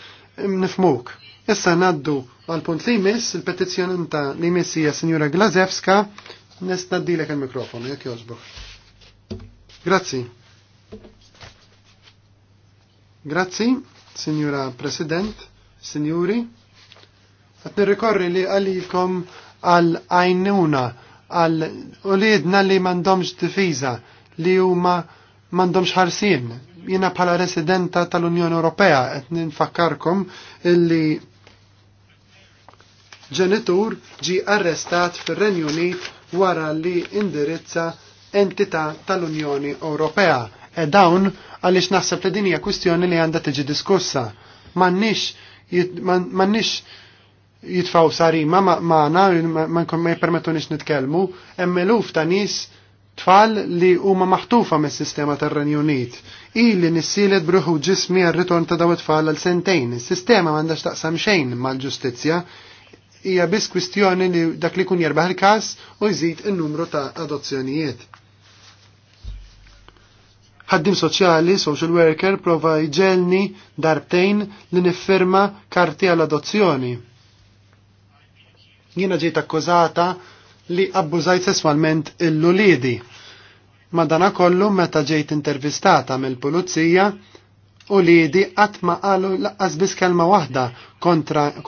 nifmuk. Issa naddu għal punt li jmiss, il-petizjonanta li jmiss hija Sinjura Glazewska, nistnaddilek il-mikrofonu, jekk jogħġbok. Grazzi. Grazzi, Sinjura President, Sinjuri. Qed nirrikorri li għalikom għal għajnuna għal u li m'għandhomx difiza, li huma m'għandhomx ħarsin. Jiena bħala residenta tal-Unjoni Ewropea qed ninfakkarkom illi ġenitur ġi arrestat fir-Renju Unit wara li indirizza entità tal-Unjoni Ewropea. E dawn għaliex naħseb li din hija kwistjoni li għandha tiġi diskussa. M'għandniex m'għandniex jitfaw sarima maħna, ma nix nitkelmu, luf ta' nis tfal li huma maħtufa mis sistema tar-Renju Unit. li nissilet bruħu ġismi għal-ritorn ta' daw tfal għal sentejn. Is-sistema m'għandax taqsam xejn mal-ġustizzja, hija biss kwistjoni li dak li kun jerbaħ il-każ u jżid in-numru ta' adozzjonijiet ħaddim soċjali, social worker, prova jġelni darbtejn li nifferma karti għal adozzjoni jiena ġiet akkużata li abbużajt sesswalment il-lulidi. Madana kollu meta ġejt intervistata mill-pulizija u lidi qatt ma qalu laqqas biss kelma waħda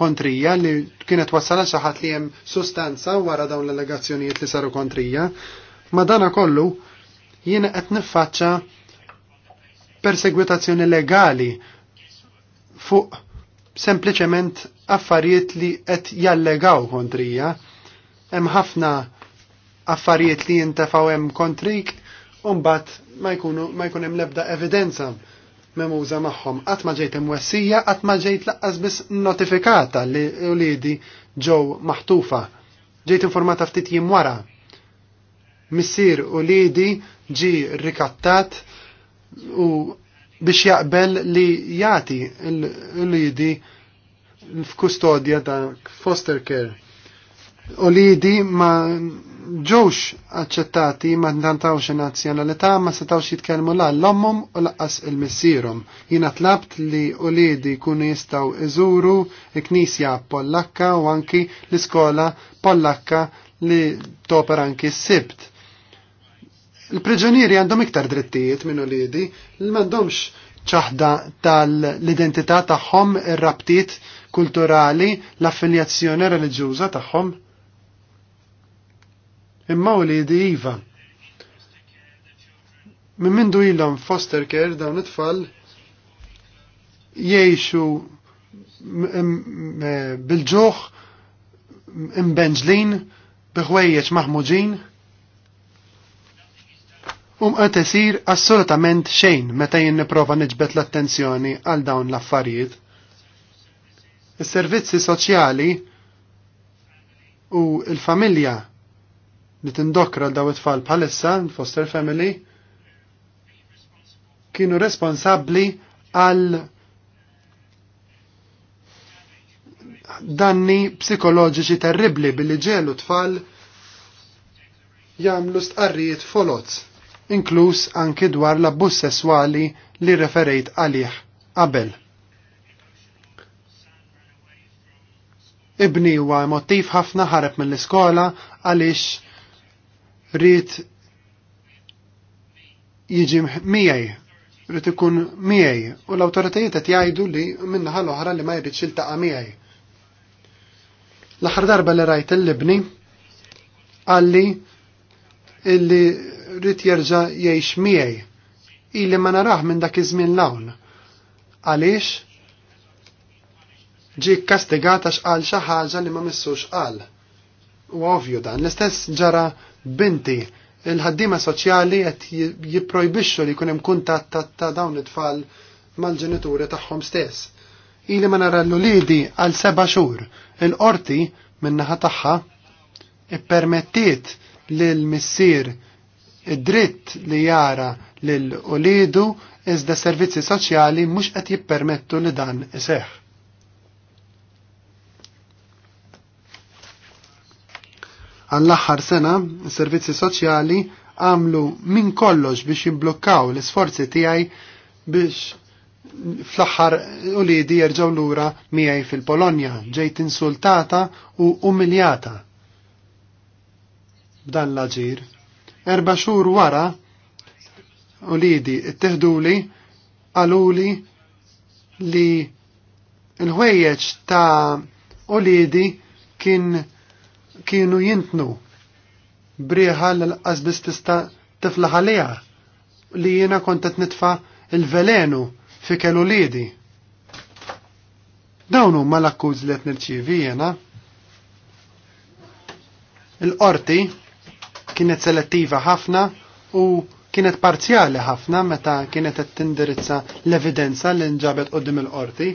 kontrija li kienet wassala xi ħadd li hemm sustanza wara dawn l-allegazzjonijiet li saru kontrija. Madana kollu jiena qed niffaċċa persegwitazzjoni legali fuq sempliċement affarijiet li qed jallegaw kontrija. Hemm ħafna affarijiet li jintefaw hemm kontrik u mbagħad ma jkun hemm l-ebda evidenza memuża magħhom. Qatt ma ġejt imwessija, qatt ma ġejt laqqas biss notifikata li uliedi ġew maħtufa. Ġejt informata ftit jiem wara. Missier uliedi ġi rikattat u biex jaqbel li jati l-uliedi f'kustodja ta' foster care. U li di ma ġewx accettati ma ntantawx nazzjonalità ma setawx jitkellmu la l ommum u laqqas il-missierhom. Jiena tlabt li uliedi jkunu jistgħu iżuru l-Knisja Pollakka u anki l-iskola Pollakka li toper anki s-sibt. Il-priġunieri għandhom iktar drittijiet minn uliedi, li m'għandhomx ċaħda tal-identità tagħhom ir-rabtiet kulturali, l-affiljazzjoni reliġjuża tagħhom. Imma u li iva. Min mindu ilhom foster care dawn it-tfal jgħixu bil-ġuħ imbenġlin biħwejjeċ maħmuġin Um mqed isir assolutament xejn meta jien nipprova niġbet l-attenzjoni għal dawn l-affarijiet. Is-servizzi soċjali u l-familja li tindokra daw it-tfal bħalissa, foster family, kienu responsabbli għal danni psikoloġiċi terribli billi ġelu tfal jamlu stqarrijiet folot, inkluż anki dwar l-abbuż sesswali li referejt għalih qabel. Ibni huwa emottiv ħafna ħareb mill-iskola għaliex rrit jiġi miegħi rrit ikun miegħi u l-awtoritajiet qed jgħidu li minna ħal oħra li ma jridx iltaqa' miegħi. L-aħħar darba li rajt il-libni għalli illi rrit jerġa' jgħix miegħi ili ma naraħ minn dak iż-żmien l Għaliex? ġi kastigata xqal xi ħaġa li ma missux qal. U ovvju dan, l-istess ġara binti il-ħaddima soċjali qed jipprojbixxu li jkun hemm kuntatt ta' dawn it-tfal mal-ġenituri tagħhom stess. Ili ma nara l-lidi għal seba xhur. Il-qorti min-naħa tagħha ippermettiet lill missier id-dritt li jara lil ulidu iżda servizzi soċjali mhux qed jippermettu li dan iseħħ. Għall-aħħar sena, s-servizzi soċjali għamlu minn kollox biex jimblokkaw l-isforzi tiegħi biex fl-axħar u li di jerġaw lura miegħi fil-Polonja, ġejt insultata u umiljata. B'dan l-aġir. Erba xhur wara u li di ittihduli għaluli li l-ħwejjeġ ta' u li kien kienu jintnu briħa l-qas biss tista' li jiena kont qed nitfa' il-velenu fi kellu lidi. Dawn huma l-akkuż li qed jena. jiena. Il-qorti kienet selettiva ħafna u kienet parzjali ħafna meta kienet qed tindirizza l-evidenza li nġabet qudiem il-qorti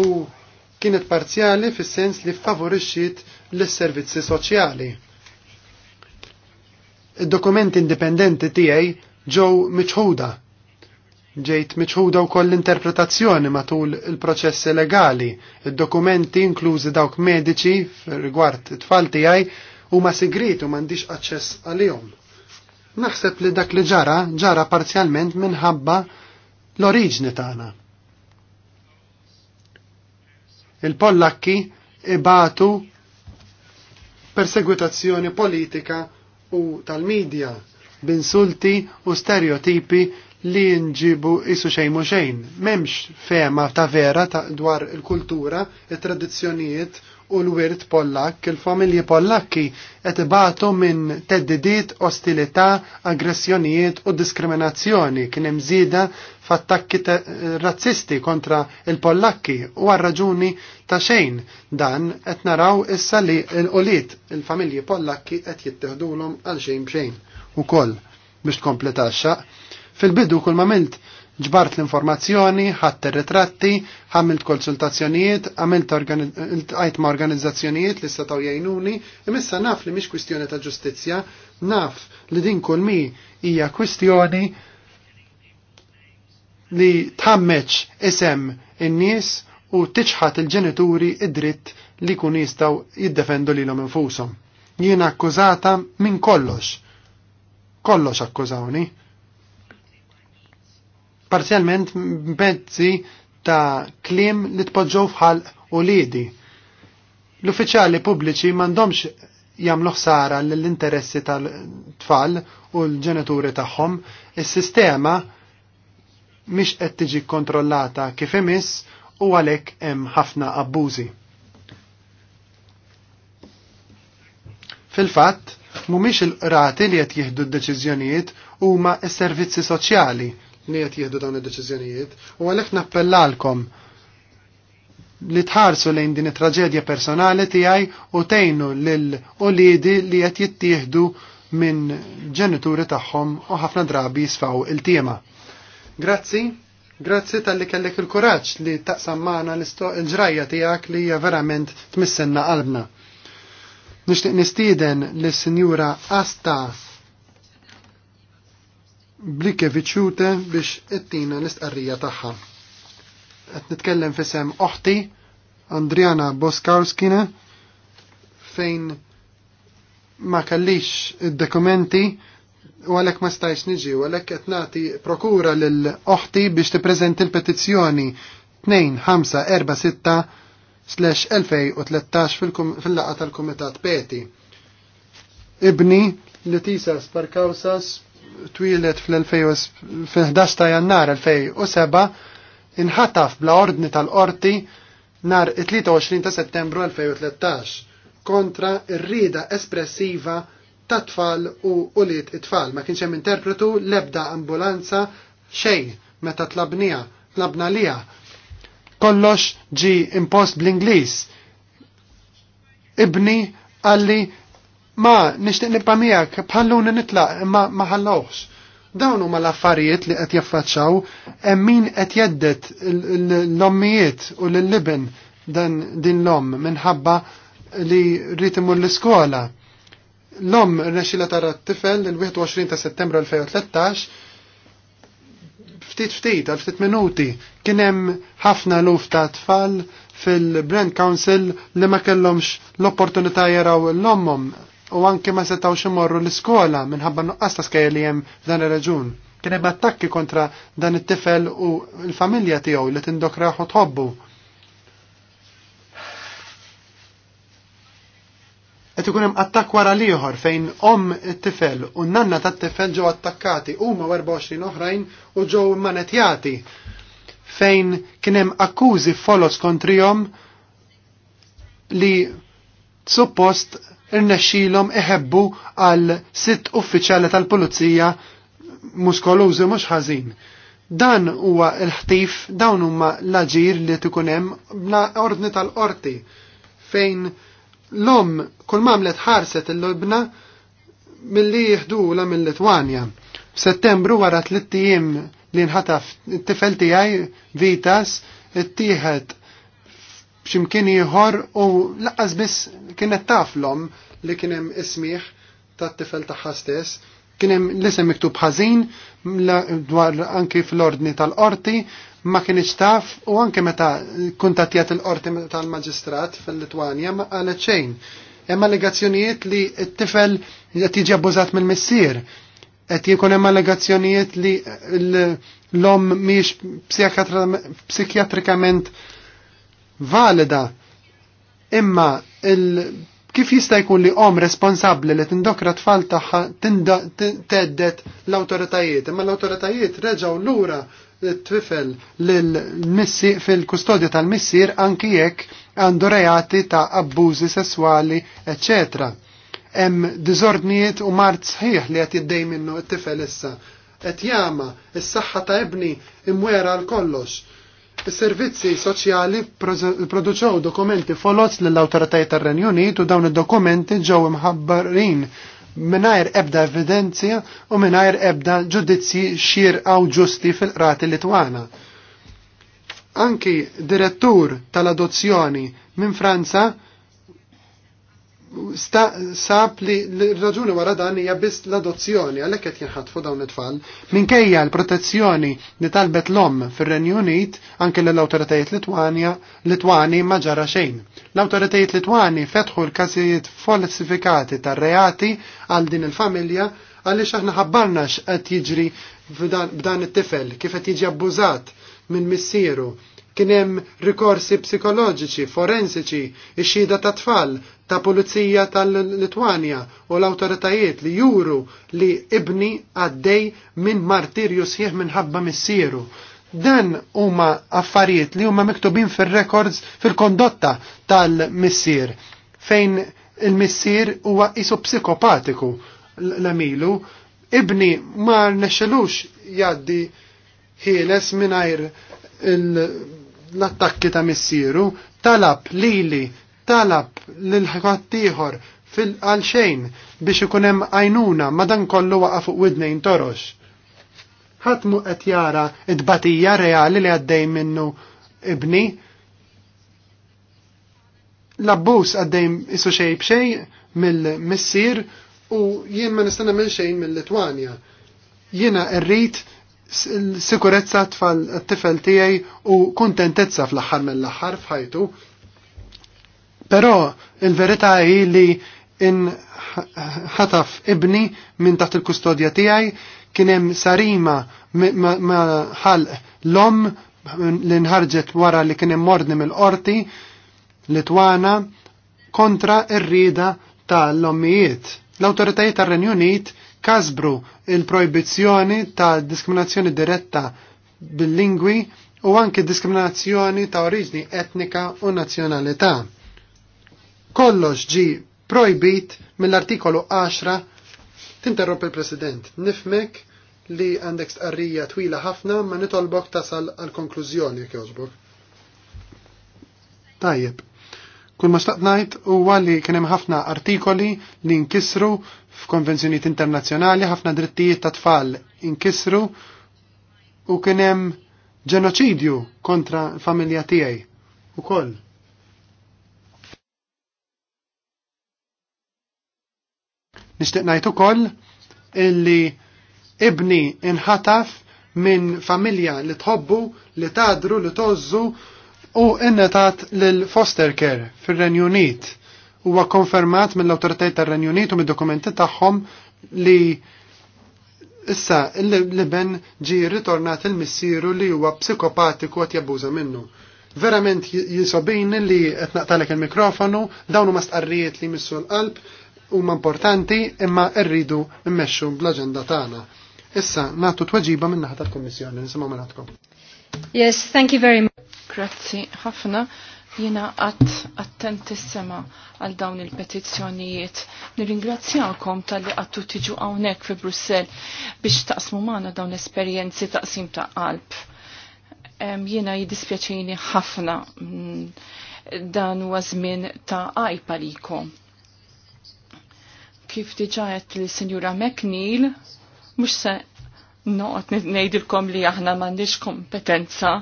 u kienet parzjali fis-sens li favorixxiet l-servizzi soċjali. Id-dokumenti indipendenti tiegħi ġew miċħuda. Ġejt miċħuda wkoll l-interpretazzjoni matul il-proċessi legali. Id-dokumenti inklużi dawk mediċi rigward it-tfal tiegħi huma sigrit u m'għandix aċċess għalihom. Naħseb li dak li ġara ġara parzjalment minħabba l-oriġni tagħna. Il-Pollakki ibatu persegwitazzjoni politika u tal-medja b'insulti u stereotipi li nġibu isu xejn mu xejn. Memx fema ta' vera ta' dwar il-kultura, il-tradizzjonijiet u l-wirt Pollak, il-familji Pollakki qed ibatu minn teddidiet, ostilità, aggressjonijiet u diskriminazzjoni kien hemm żieda f'attakki razzisti kontra il-Pollakki u għal raġuni ta' xejn dan qed naraw issa li l-quliet il-familji Pollakki qed jittieħdulhom għal xejn b'xejn ukoll biex tkompletaxxa. Fil-bidu kull ma milt ġbart l-informazzjoni, ħadd ir-ritratti, ħamilt konsultazzjonijiet, għamilt għajt ma' organizzazzjonijiet li setgħu jgħinuni, imissa naf li mhix kwistjoni ta' ġustizzja, naf li din kull mi hija kwistjoni li tħammeċ isem in-nies u tiċħat il-ġenituri id-dritt li kun jistaw jiddefendu li l-om infusom. Jien akkużata minn kollox. Kollox akkużawni parzialment mezzi ta' klim li tpoġġow fħal u lidi. L-uffiċjali pubbliċi m'għandhomx jagħmlu ħsara lill-interessi tal-tfal u l-ġenituri tagħhom, is-sistema mhix qed tiġi kontrollata kif imiss u għalhekk hemm ħafna abbużi. Fil-fatt, mhumiex il-qrati li qed jieħdu d-deċiżjonijiet huma s-servizzi soċjali li qed jieħdu dawn id-deċiżjonijiet u għalhekk nappellalkom li tħarsu lejn din it-traġedja personali tiegħi u tejnu l uliedi li qed jittieħdu minn ġenituri tagħhom u ħafna drabi jisfaw il-tiema. Grazzi, grazzi tal-li kellek il-kuraġġ li taqsam maħna l-ġrajja tiegħek li hija verament tmissenna qalbna. Nixtieq nistieden l sinjura Asta Blikeviċute biex ittina l-istqarrija tagħha. Għet nitkellem fisem oħti Andriana Boskarskina fejn ma kellix id-dokumenti u għalhekk ma stajx niġi u għalhekk qed nagħti prokura lil oħti biex tippreżenti l-petizzjoni 2546/2013 fil-laqa tal-Kumitat Peti. Ibni Letisa Sparkausas twilet fl-2011 ta' jannar 2007 inħataf bla ordni tal-qorti nar 23 ta' settembru 2013 kontra rrida espressiva ta' tfal u ulit it-tfal. Ma kienx hemm interpretu lebda ambulanza xejn meta tlabnija, tlabna lija. Kollox ġi impost bl-Ingliż. Ibni għalli ma nixtieq nibqa' miegħek bħalluni nitlaq ma ma ħallawx. Dawn huma l-affarijiet li qed jaffaċċaw hemm min qed jeddet l-ommijiet u l-liben dan din l-om minħabba li rrid imur l-iskola. L-om rnexxila tara t-tifel il-21 ta' Settembru 2013 ftit ftit għal ftit minuti kien hemm ħafna luf ta' tfal fil-Brand Council li ma kellhomx l-opportunità jaraw l-ommhom u anke ma setawx imorru l-iskola minħabba nuqqas ta' skajja li hemm f'dan ir-raġun. Kien hemm attakki kontra dan it-tifel u l-familja tiegħu li tindok raħu tħobbu. Qed ikun hemm attakk wara l-ieħor fejn om it-tifel u n-nanna tat-tifel ġew attakkati huma 24 oħrajn u ġew manetjati fejn kien hemm akkużi folos kontrihom li suppost irnexxilhom iħebbu għal sitt uffiċjali tal-pulizija muskolużi mhux ħażin. Dan huwa l-ħtif, dawn huma l-aġir li tkun hemm bla ordni tal-qorti fejn l-om kull mamlet ħarset il-lobna milli jieħdu la mill-Litwanja. F'Settembru wara tliet li nħataf it-tifel tiegħi Vitas ittieħed b'ximkien ieħor u laqqas biss kienet taflhom li kien hemm ta' tat-tifel tagħha stess kien hemm l-isem miktub ħażin dwar anki fl-ordni tal-qorti ma kienx taf u anke meta kuntatjat il-qorti tal-maġistrat fil-Litwanja ma qalet xejn. Hemm allegazzjonijiet li t-tifel qed jiġi abbużat mill-missier. Qed jkun hemm allegazzjonijiet li l-om mhix psikjatrikament valida imma il Kif jista' jkun li om responsabbli li tindokra tfal tagħha teddet l-awtoritajiet, imma l-awtoritajiet reġgħu lura t-tifel l-missi fil-kustodja tal-missir anki jekk għandu reati ta' abbużi sessuali, etc. Hemm diżordnijiet u mart sħiħ li qed jiddej minnu t-tifel issa. Qed jama s-saħħa ta' ibni imwera l kollox Is-servizzi soċjali produċew dokumenti foloz lill-awtoritajiet tar-Renju Unit u dawn id-dokumenti ġew imħabbarin mingħajr ebda evidenzja u mingħajr ebda ġudizzji xir u ġusti fil-qrati Litwana. Anki direttur tal-adozzjoni minn Franza sab li l-raġuni wara dan hija biss l-adozzjoni għalhekk qed jinħatfu dawn it-tfal. Minkejja l-protezzjoni li talbet l-om fir-Renju Unit anke l-awtoritajiet Litwanja Litwani ma ġara xejn. L-awtoritajiet Litwani fetħu l-każijiet falsifikati tar-reati għal din il-familja għaliex aħna ħabbarna x'qed jiġri b'dan it-tifel kif qed jiġi abbużat minn missieru Kien hemm rikorsi psikoloġiċi, forensiċi, ix-xhieda ta' tfal, ta' pulizija tal-Litwanja u l-awtoritajiet li juru li ibni għaddej minn martirju sħiħ minħabba missieru. Dan huma affarijiet li huma miktubin fir-records fil-kondotta tal-missier fejn il-missier huwa isu psikopatiku l-amilu ibni ma nexxelux jaddi ħieles mingħajr il- l-attakki ta' missieru, talab lili, talab l-ħattijħor fil-għalxejn biex ikunem għajnuna madan kollu waqa fuq widnejn torox. ħatmu qed jara id-batija reali li għaddej minnu ibni. L-abbus għaddej isu xej bxej mill-missir u jien ma nistana minn xejn mill-Litwanja. Jiena irrit er sikurezza tfal t-tifel tiegħi u kuntentezza fl-aħħar mill-aħħar f'ħajtu. Però il-verità hi li in ħataf ibni minn taħt il-kustodja tiegħi kien hemm sarima ma l-om li nħarġet wara li kien hemm mordni mill-qorti Litwana kontra r-rida tal-ommijiet. l autoritajiet tar-Renju Unit kasbru il-projbizzjoni ta' diskriminazzjoni diretta bil-lingwi u anke diskriminazzjoni ta' oriġni etnika u nazzjonalità. Kollox ġi projbit mill-artikolu 10 tinterrop il-President. Nifmek li għandek stqarrija twila ħafna ma nitolbok tasal għal-konklużjoni kjożbok. Tajjeb. Kull ma staqnajt u għalli kienem ħafna artikoli li nkisru f'konvenzjonijiet internazzjonali ħafna drittijiet ta' tfal inkisru u kien hemm ġenoċidju kontra l-familja tiegħi ukoll. Nixtieq ngħid ukoll illi ibni inħataf minn familja li tħobbu, li tadru, li tożżu u innetat lil foster care fir-Renju Unit huwa konfermat mill-awtoritajiet tar-Renju Unit u mid-dokumenti tagħhom li issa l-liben ġi ritornat il-missieru li huwa psikopatiku qed jabbuża minnu. Verament jisobin li qed naqtalek il-mikrofonu, dawn huma stqarrijiet li missu l-qalb huma importanti imma rridu mmexxu bl-aġenda tagħna. Issa nagħtu tweġiba min naħa tal-Kummissjoni, nisimgħu minnatkom. Yes, thank you very much. Grazzi ħafna jina għat attentissima għal dawn il-petizzjonijiet. Nirringrazzjakom tal-li għattu tiġu għawnek fi Brussel biex taqsmu maħna dawn esperienzi taqsim ta' qalb. Jina jidispjaċini ħafna mm, dan huwa żmien ta' għajpa likom. Kif diġajet li senjura McNeil, mux se noqot nejdilkom li aħna mandiġ kompetenza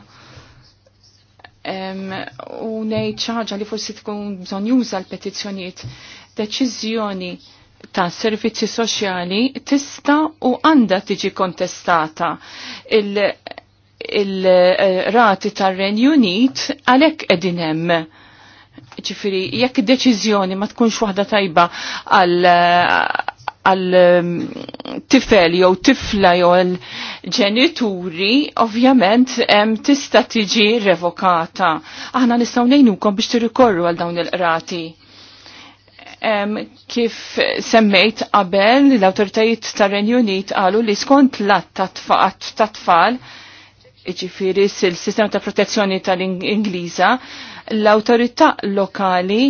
u ngħid xi ħaġa li forsi tkun bżonn juża l-petizzjonijiet deċiżjoni ta' servizzi soċjali tista' u għandha tiġi kontestata il-rati il, tar-Renju Unit għalhekk qegħdin hemm ċifiri, jekk deċizjoni ma tkunx waħda tajba għal għal um, tifel jew tifla jew ġenituri ovvjament tista tiġi revokata. Aħna nistgħu ngħinukom biex tirrikorru għal dawn il-qrati. Kif semmejt qabel l-awtoritajiet tar-Renju Unit qalu li skont l-att ta' tfal ġifiri s-sistema ta' protezzjoni tal-Ingliża, l-autorità lokali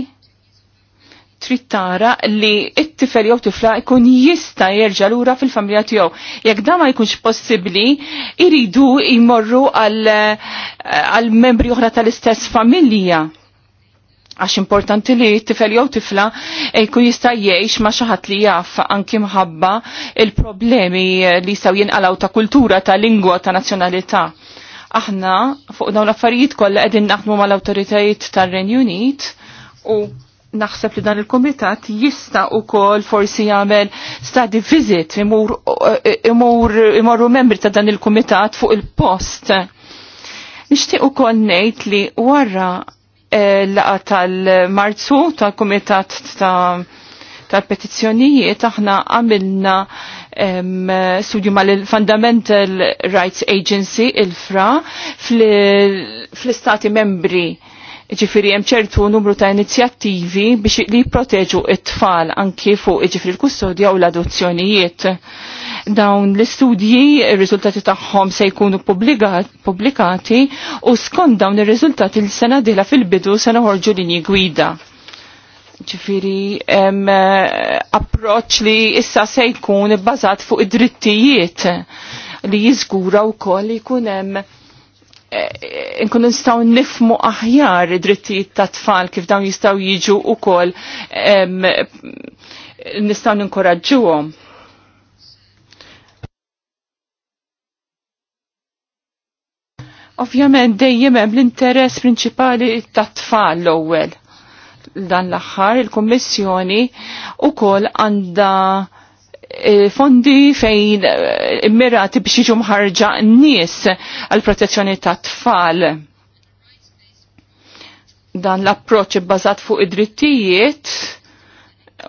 trid tara li t-tifel jew tifla jkun jista' jerġa' lura fil-familja tiegħu. Jekk dan ma jkunx possibbli, iridu jmorru għal membri oħra tal-istess familja għax importanti li t-tifel jew tifla jkun jista' jgħix ma' xi ħadd li jaf anki mħabba il-problemi li jistgħu jinqalgħu ta' kultura, ta' lingwa, ta' nazzjonalità. Aħna fuq dawn l-affarijiet kollha qegħdin naħdmu mal-awtoritajiet tar-Renju Unit u naħseb li dan il-komitat jista' ukoll forsi jagħmel study visit eh, imur imorru membri ta' dan il-komitat fuq il-post. Nixtieq ukoll ngħid li wara eh, laqa tal-Marzu tal-Kumitat tal-Petizzjonijiet aħna għamilna studju mal-Fundamental Rights Agency, il-FRA, fl-istati membri Ġifiri hemm ċertu numru ta' inizjattivi biex li proteġu it-tfal anki fuq ġifiri l-kustodja u l-adozzjonijiet. Dawn l-istudji, il riżultati tagħhom se jkunu pubblikati u skont dawn ir-riżultati l-sena dila fil-bidu se noħorġu linji gwida hemm eh, approċ li issa se jkun bazat fuq id-drittijiet li jizgura u koll jkun hemm nkunu nistaw nifmu aħjar id-drittijiet ta' tfal kif dawn jistgħu jiġu wkoll nistgħu ninkoraġġuhom. Ovvjament dejjem hemm l-interess prinċipali tat-tfal l-ewwel. Dan l-aħħar il-Kummissjoni ukoll għandha Eh, fondi fejn eh, immirati biex jiġu mħarġa n-nies għal protezzjoni ta' tfal. Dan l-approċ bazat fuq id-drittijiet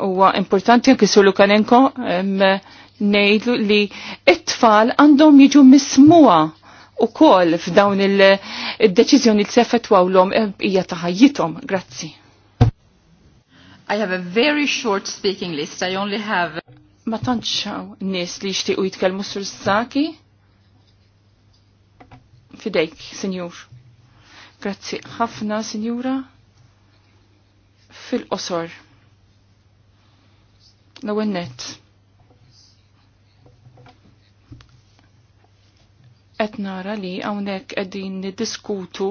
huwa importanti anke sulu kanenko ngħidu li it-tfal għandhom jiġu mismuwa u kol f'dawn il-deċizjoni li sefetwaw l-om eh, ija taħajitom. Grazzi. I have a very short speaking list. I only have ma tantxaw hawn nies li jixtiequ jitkellmu sur saki. Fidejk, senjur. Grazzi ħafna, Sinjura. Fil-qosor. L-ewwel nett. qed nara li hawnhekk qegħdin niddiskutu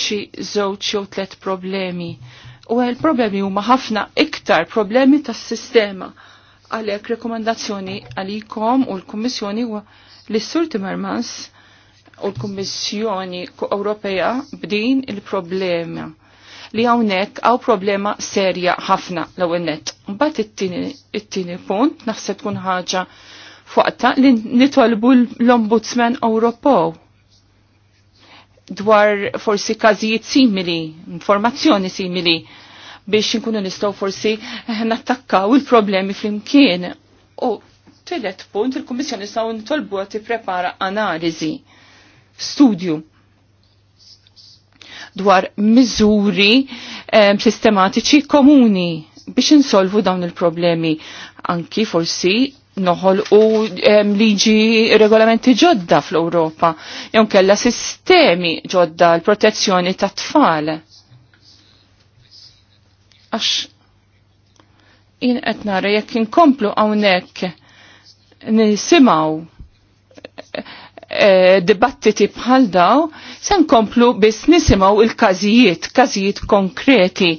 xi żewġ jew tliet problemi. U l-problemi huma ħafna iktar problemi tas-sistema għalek rekomendazzjoni għalikom u l-Kommissjoni u l-Sur Timmermans u l-Kommissjoni Ewropea b'din il-problema li hawnhekk għaw problema serja ħafna l ewwel nett. Mbagħad it-tieni punt naħseb tkun ħaġa fuqta li nitolbu l-Ombudsman Ewropew dwar forsi każijiet simili, informazzjoni simili biex nkunu nistgħu forsi eh, nattakkaw il-problemi flimkien. U telet punt il-Kummissjoni saw nitolbu tipprepara analiżi studju dwar miżuri um, sistematiċi komuni biex insolvu dawn il-problemi. Anki forsi noħol u um, liġi regolamenti ġodda fl-Europa, jew kella sistemi ġodda l-protezzjoni ta' tfal. Għax jien qed nara jekk inkomplu hawnhekk nisimgħu eh, eh, dibattiti bħal daw, se nkomplu biss nisimgħu il-każijiet, każijiet konkreti.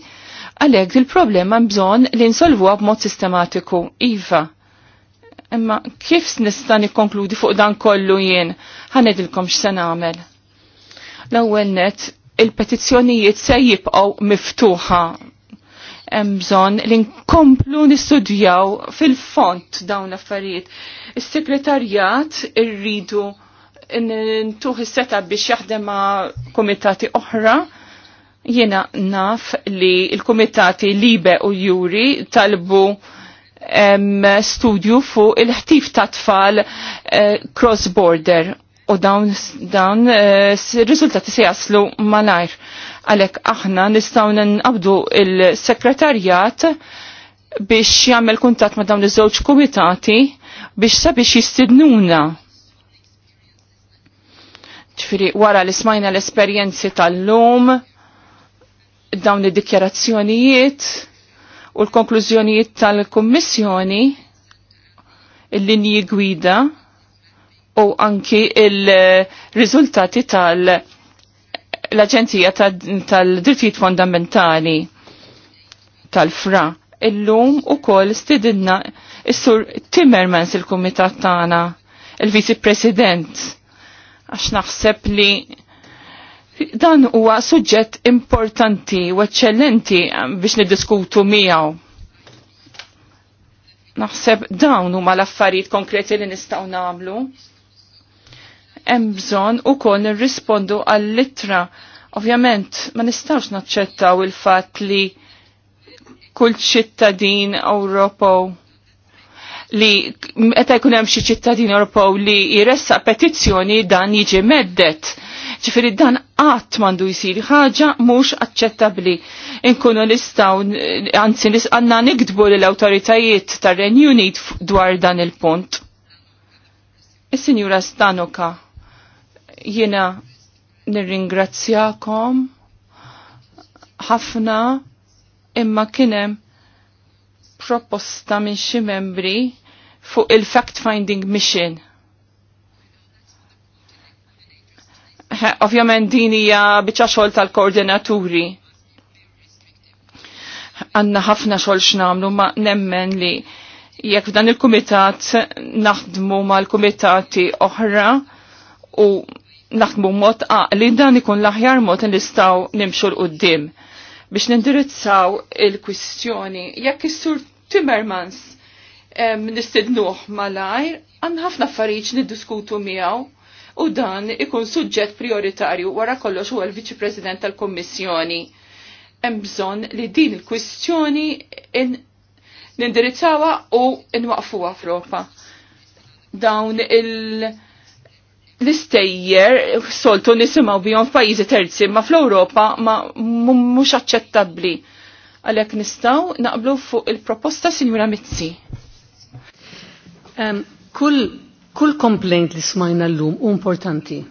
Għalhekk il-problema bżonn li nsolvuha b'mod sistematiku. Iva, imma kif nista' nikkonkludi fuq dan kollu jien? Ħanedilkom x'se nagħmel. L-ewwel net il-petizzjonijiet se jibqgħu miftuħa bżon li nkomplu nistudjaw fil-font dawn l-affarijiet. Is-sekretarjat irridu ntuħ is-seta biex jaħdem ma' komitati oħra. Jiena naf li il-komitati Libe u Juri talbu studju fuq il-ħtif ta' tfal eh, cross-border u dawn, s eh, rizultati se jaslu malajr Għalek aħna nistaw nqabdu il-sekretarjat biex jagħmel kuntatt ma' dawn iż-żewġ kumitati biex sabiex jistidnuna. Ġifieri wara li smajna l-esperjenzi tal-lum, dawn id-dikjarazzjonijiet u l-konklużjonijiet tal-Kummissjoni, il-linji gwida u anki il-riżultati tal-, -tal l-Aġenzija tal-Drittijiet Fondamentali tal-Fra illum u koll stidinna Is-sur Timmermans il-Kumitat tagħna, il vici President, għax naħseb li dan huwa suġġett importanti u eċċellenti biex niddiskutu miegħu. Naħseb dawn huma l-affarijiet konkreti li nistgħu nagħmlu hemm bżonn ukoll nirrispondu għall-ittra. Ovvjament ma nistgħux naċċettaw il-fatt li kull ċittadin Ewropew li meta jkun hemm xi ċittadin Ewropew li jressa petizzjoni dan jiġi meddet. Ġifieri dan qatt m'għandu jsir ħaġa mhux aċċettabbli. Inkunu nistgħu anzi għandna nikdbu lill awtoritajiet tar-Renju Unit dwar dan il-punt. Is-Sinjura Stanoka. Jiena nirringrazzjakom ħafna imma kienem proposta minn xi membri fuq il-fact-finding mission. Ovvjament din hija biċċa xogħol tal-koordinaturi. Għandna ħafna xogħol x'nagħmlu ma nemmen li jekk dan il-kumitat naħdmu mal-kumitati oħra u naħdmu mod li dan ikun l-aħjar mod li staw nimxu l-qoddim biex nindirizzaw il-kwistjoni jekk is-sur Timmermans nistidnuh malajr għan ħafna affarijiet niddiskutu miegħu u dan ikun suġġett prioritarju wara kollox huwa l-Viċi President tal-Kommissjoni. Hemm bżonn li din il-kwistjoni nindirizzawa u nwaqfuha f'Europa. Dawn il- l-istejjer soltu nisimaw bihom f'pajjiżi terzi, ma fl-Ewropa ma mhux aċċettabbli. Għalhekk nistgħu naqblu fuq il-proposta Sinjura Mizzi. Um, kull kull komplejnt li smajna llum u importanti,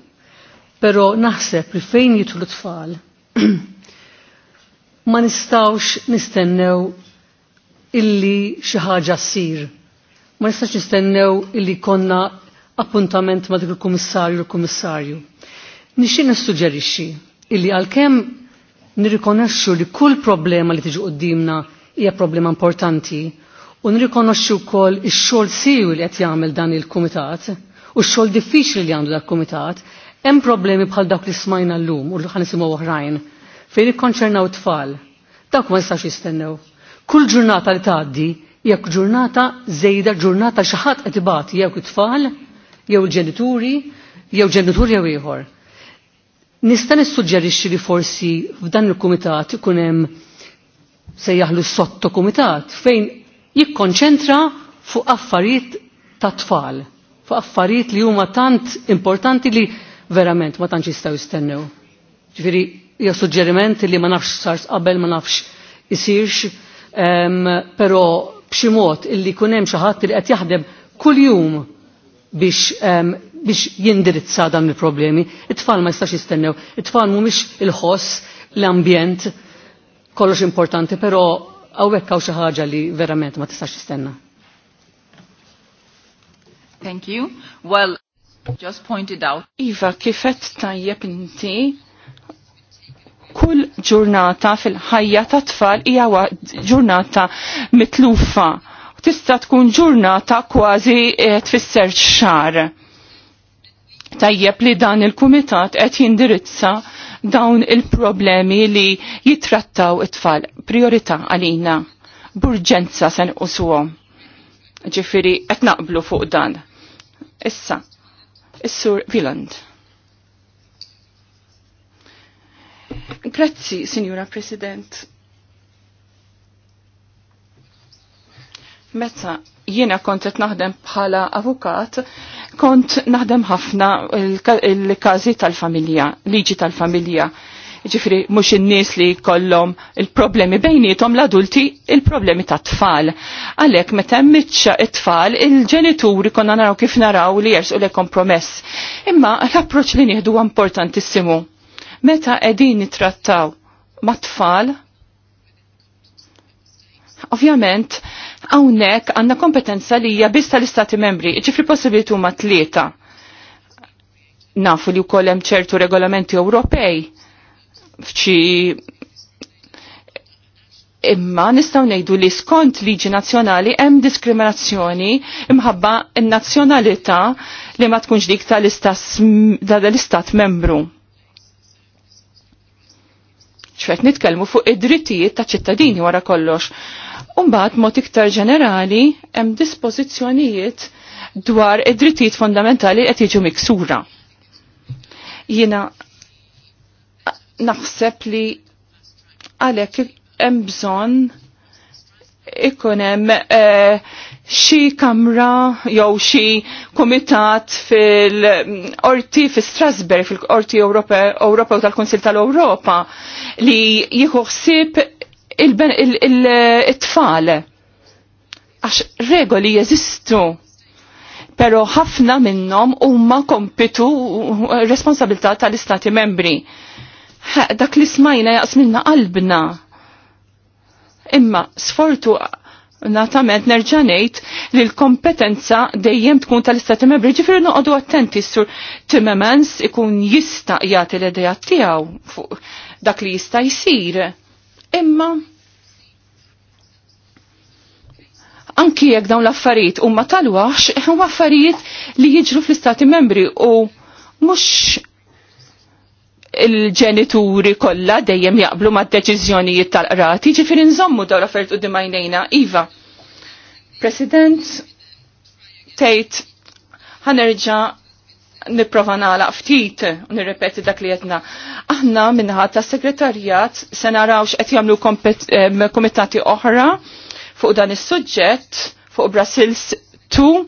però naħseb li fejn jitlu tfal ma nistawx nistennew illi xi ħaġa ssir. Ma nistax nistennew illi konna appuntament ma dik il-Kummissarju l-Kummissarju. Nixin nissuġġerixxi illi għalkemm nirrikonoxxu li kull problema li tiġi qudiemna hija problema importanti u nirrikonoxxu wkoll ix-xogħol siwi li qed jagħmel dan il-kumitat u x-xogħol diffiċli li għandu dak kumitat hemm problemi bħal dawk li smajna llum u li nisimgħu oħrajn fejn ikkonċernaw tfal. Dawk ma jistax jistennew. Kull ġurnata li tgħaddi jekk ġurnata żejda ġurnata xi ħadd qed ibati jew it-tfal jew il-ġenituri, jew ġenituri jew ieħor. Nista' nissuġġerixxi li forsi f'dan il-kumitat ikun hemm se jaħlu sotto kumitat fejn jikkonċentra fuq affarijiet ta' tfal, fuq affarijiet li huma tant importanti li verament ma tantx jistgħu jistennew. Ġifieri hija suġġeriment li ma nafx sar qabel ma nafx isirx, ehm, però b'xi mod illi jkun hemm xi ħadd li qed jaħdem kuljum biex, biex jindirizza dan il-problemi. It-tfal ma jistax jistennew, it-tfal mhumiex il-ħoss, l-ambjent, kollox importanti, però għawek hawn xi ħaġa li verament ma tistax jistenna. Thank you. Well, just pointed out. Iva, kifet tajjeb inti kull ġurnata fil-ħajja ta' tfal hija ġurnata mitlufa tista' tkun ġurnata kważi eh, tfisser xar. Tajjeb li dan il-kumitat qed jindirizza dawn il-problemi li jitrattaw it-tfal priorità għalina burġenza sen usuhom. Ġifiri qed naqblu fuq dan. Issa, is-sur Viland. Grazzi, Signora President. Meta jiena kont qed naħdem bħala avukat, kont naħdem ħafna il-każi tal-familja, liġi tal-familja. Ġifri, mux in-nies li kollom il-problemi bejnietom l-adulti il-problemi ta' tfal. Għalek, meta mitxa it-tfal, il-ġenituri konna naraw kif naraw li jersu le kompromess. Imma l-approċ li nieħdu importantissimu. Meta edin nitrattaw ma' tfal, ovvjament, Hawnhekk għandna kompetenza li hija biss tal-Istati Membri, ġifri possibilitu ma tlieta. Nafu li wkoll hemm ċertu regolamenti Ewropej f'ċi imma nistaw nejdu li skont liġi nazzjonali hemm diskriminazzjoni imħabba n-nazzjonalità li ma tkunx dik tal-istat membru ċfet nitkelmu fuq id-drittijiet ta' ċittadini wara kollox. Umbat mod iktar ġenerali hemm dispożizzjonijiet dwar id-drittijiet fondamentali qed jiġu miksura. Jiena naħseb li għalhekk hemm bżonn ikun hemm eh, xi kamra jew xi komitat fil-orti fi Strasberg fil-Orti Ewropew tal-Kunsil tal-Ewropa li jieħu ħsieb il-tfal. Għax regoli jeżistu, pero ħafna minnhom huma kompitu responsabilità tal-Istati membri. Dak li smajna jaqs minna qalbna. Imma sfortu natament nerġanejt li l-kompetenza dejjem tkun tal-Istati Membri ġifiri noqogħdu attenti sur Timmermans ikun jista' jagħti l-idea tiegħu fuq dak li jista' jsir. Imma anki jekk dawn l-affarijiet huma tal-wax, huma affarijiet li jiġru fl-Istati Membri u mhux il-ġenituri kollha dejjem jaqblu ma' deċiżjonijiet tal-qrati, ġifieri nżommu dawn l-affarijiet qudiem għajnejna. Iva, President tgħid ħanerġa' nipprova nagħlaq ftit u nirrepeti dak li qedna. Aħna minnaħat tas segretarjat se narawx qed jagħmlu komitati oħra fuq dan is-suġġett fuq Brasils 2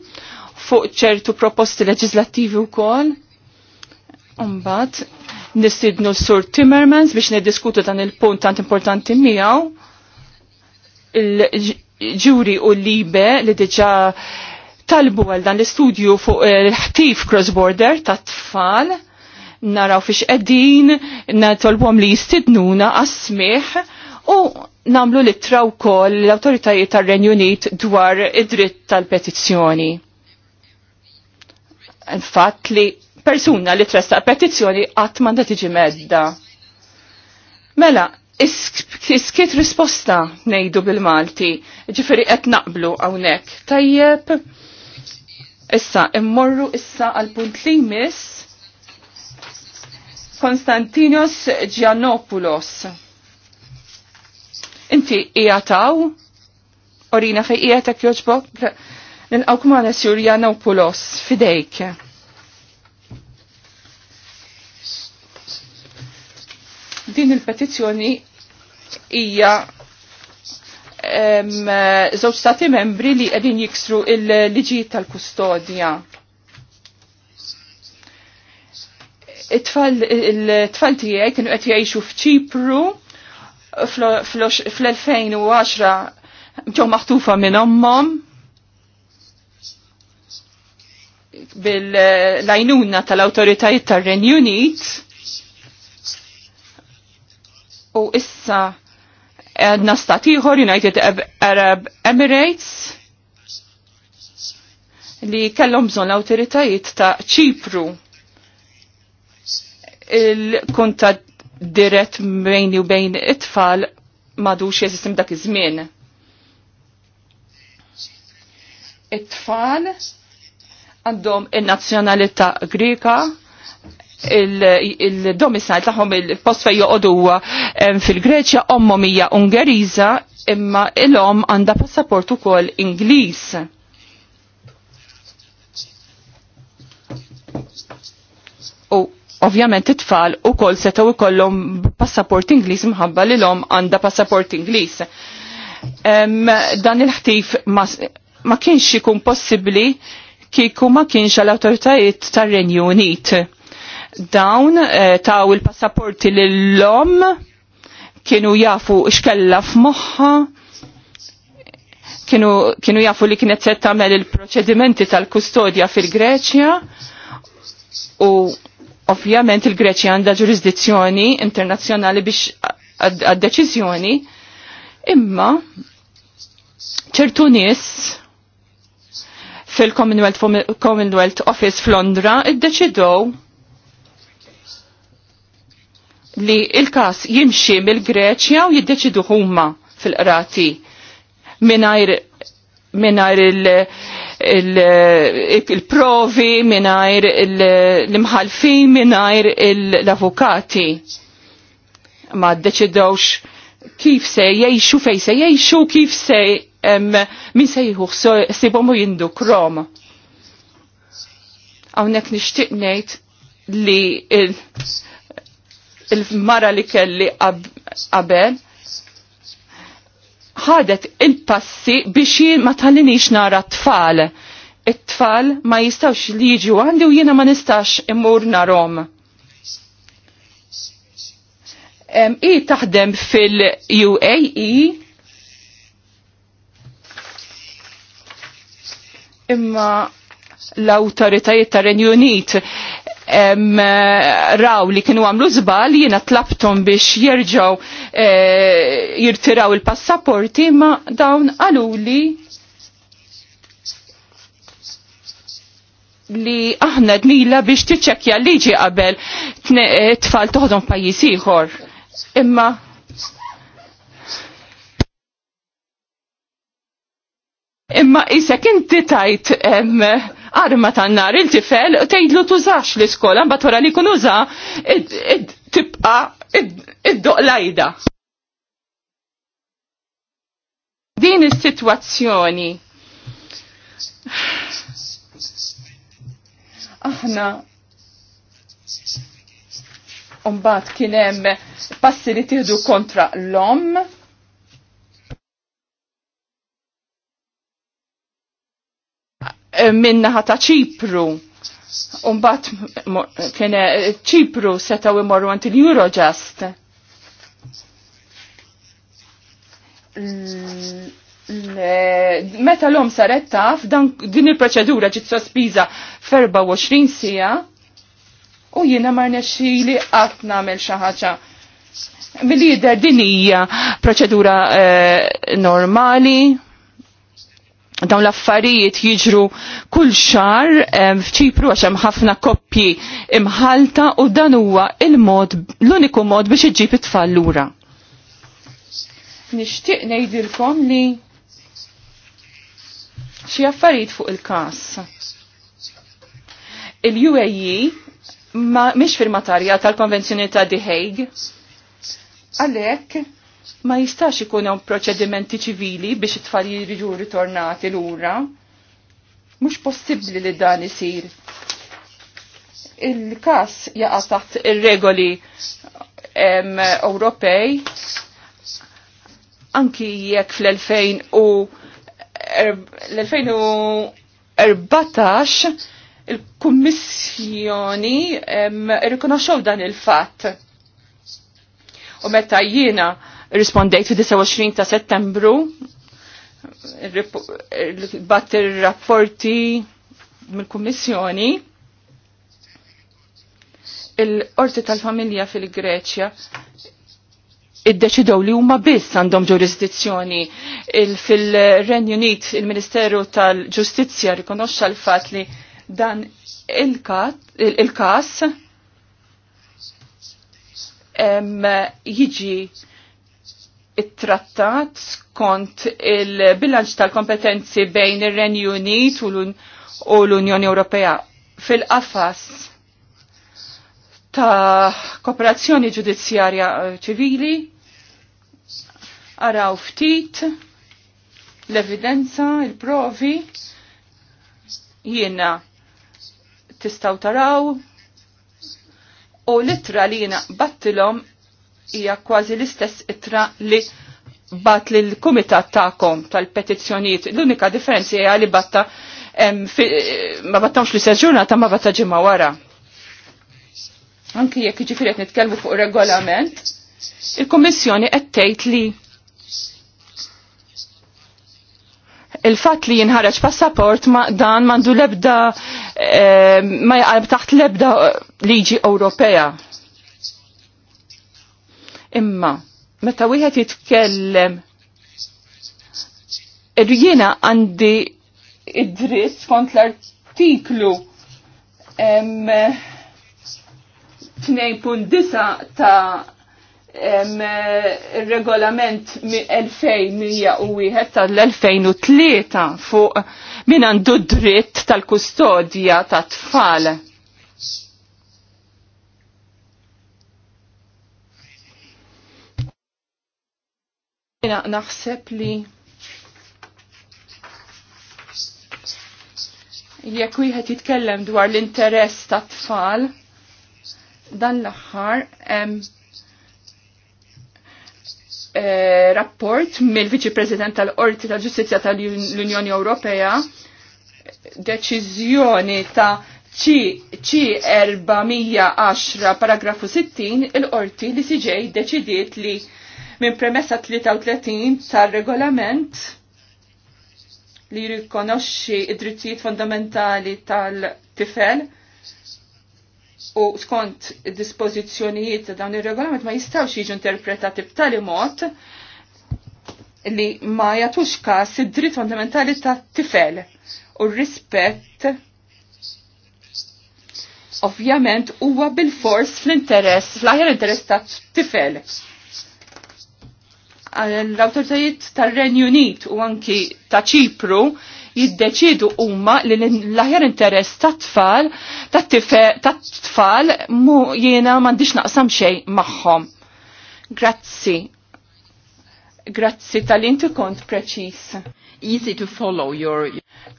fuq ċertu proposti leġislattivi wkoll. Umbat, nistidnu s-sur Timmermans biex nediskutu dan il-punt tant importanti miegħu il-ġuri u libe li diġa talbu għal dan l-istudju fuq il-ħtif eh, cross-border ta' tfal naraw fiex qegħdin natolbhom li jistidnuna għas u namlu traw wkoll l-awtoritajiet tar-Renju Unit dwar id-dritt tal-petizzjoni. Infatt li persuna li tresta petizzjoni qatt m'għandha tiġi medda. Mela, iskiet risposta ngħidu bil-Malti, ġifieri qed naqblu hawnhekk. Tajjeb, issa immorru issa għal punt li mis, Konstantinos Giannopoulos. Inti ijataw? Orina fej ijatak joġbok? Nil-għawkum għana Sjur Giannopoulos, fidejk. Din il-petizzjoni hija żewġ stati membri li qegħdin jiksru il-liġijiet tal-kustodja. it-tfal tiegħi kienu qed jgħixu f'Ċipru fl-2010 ġew maħtufa minn ommhom bil-lajnuna tal-awtoritajiet tar-Renju Unit U issa għedna statiħor United Arab Emirates li kellhom bżonn l-awtoritajiet ta' ċipru il-kunta dirett bejni u bejn it-tfal madux jeżistim dak iż-żmien. It-tfal għandhom in-nazzjonalità Greka il-domicile tagħhom il-post fejn joqogħdu fil-Greċja ommhom hija Ungeriża imma ilhom għandha passaport ukoll Ingliż. U ovvjament it-tfal ukoll setgħu ikollhom passaport Ingliż mħabba li l-om għandha passaport Ingliż. Dan il-ħtif ma kienx ikun possibbli kieku ma kienx għall-awtoritajiet tar-Renju Unit Dawn eh, taw il-passaporti lil-lom kienu jafu xkella f'moħħa kienu, kienu jafu li kienet se tagħmel il-proċedimenti tal-kustodja fil-Greċja u ovvjament il-Greċja għandha ġurisdizzjoni internazzjonali biex għad-deċiżjoni imma ċertu nies fil-Commonwealth Office f'Londra iddeċidow li il-kas jimxi mill-Greċja u jiddeċidu huma fil-qrati minnajr minajr il-provi, il, il minajr l-imħalfin, minajr l-avukati. Ma deċidawx kif se jiexu fej se jiexu, kif se min se se bomu jindu krom. Għawnek nishtiqnejt li il-mara li kelli qabel ħadet il-passi biex ma tallinix nara t-tfal. It-tfal ma jistawx li jiġu għandi u jiena ma nistax imur narom. I taħdem fil-UAE imma l-autoritajiet tar Renju Unit Eh, raw li kienu għamlu zbal jiena tlabtom biex eh, jirtiraw il-passaporti ma dawn għaluli li aħna dnila biex tiċċekja liġi qabel eh, tfal toħdom pajjiż ieħor. Imma Imma isek inti tajt arma ta' nar il-tifel tgħidlu tużax l-iskola mbagħad wara li jkun uża tibqa' id-doq lajda. Din is-sitwazzjoni aħna Umbat kienem passi li tiħdu kontra l-om, Eh, minnaħa ta' ċipru. Umbat kiene eh, ċipru setaw imorru għant il-Eurojust. Meta l-om saret taf, din il-proċedura ġit sospiża 24 sija u jiena marne xili qatt nagħmel xi ħaġa mill-lider din hija proċedura eh, normali dawn l-affarijiet jiġru kull xar f'ċipru għax hemm ħafna koppji imħalta u dan huwa il-mod l-uniku mod biex iġib it-tfal lura. Nixtieq ngħidilkom li xi affarijiet fuq il-każ. Il-UAE ma mhix firmatarja tal-Konvenzjoni ta' The Hague. Għalhekk ma jistax ikun hemm proċedimenti ċivili biex it-tfal jiġu ritornati lura. Mhux possibbli li dan isir. Il-każ jaqa' taħt ir-regoli Ewropej anki jekk fl-2000 u l-2014 il-Kummissjoni rikonoxxew dan il-fatt. U meta jiena rispondejt fid-29 ta' settembru bat il-rapporti mill-Kummissjoni il-Qorti tal-Familja fil-Greċja iddeċidew li huma biss għandhom ġurisdizzjoni fil renju Unit il-Ministeru tal-Ġustizzja rikonoxxa l-fatt li dan il-każ jiġi it-trattat skont il-bilanċ tal-kompetenzi bejn ir-Renju Unit u l-Unjoni Ewropea fil-qafas ta' kooperazzjoni ġudizzjarja eh, ċivili araw ftit l-evidenza, il-provi jiena tistaw taraw u litra li jiena battilom hija kważi l-istess itra li bat li l-kumitat ta'kom tal-petizzjoniet. L-unika differenzi hija li batta ma battawx li ta' ma batta ġimma wara. Anki jekk ġifieri qed nitkellmu fuq regolament, il-Kummissjoni qed tgħid li il-fat li jinħarġ passaport ma dan mandu lebda eh, ma jaqalb taħt lebda liġi Ewropea Imma, meta wieħed jitkellem er jiena għandi id-dritt skont l-artiklu 2.9 ta' regolament 2101 tal-2003 fuq min għandu dritt tal-kustodja tat tfal Jena naħseb li jekk wieħed jitkellem dwar l-interess tat tfal dan l-aħħar hemm eh, rapport mill-Viċi President tal-Qorti tal-Ġustizzja tal-Unjoni Ewropea deċiżjoni ta' C410 paragrafu 60 il-qorti li siġej deċidiet li minn premessa 33 tal-regolament li jirrikonoxxi id-drittijiet fondamentali tal-tifel u skont dispożizzjonijiet ta' dawn ir-regolament ma jistgħux jiġu interpretati b'tali mod li ma jagħtux każ id-dritt fondamentali tat-tifel u r-rispett ovvjament huwa bil-fors fl-interess, fl-aħjar interess ta' tifel l-autoritajiet tar-Renju Unit u anki ta' Ċipru jiddeċidu huma li l-aħjar interess ta' tfal ta' tfal mu jiena m'għandix naqsam xejn magħhom. Grazzi. Grazzi tal-inti kont preċis. Easy to follow your...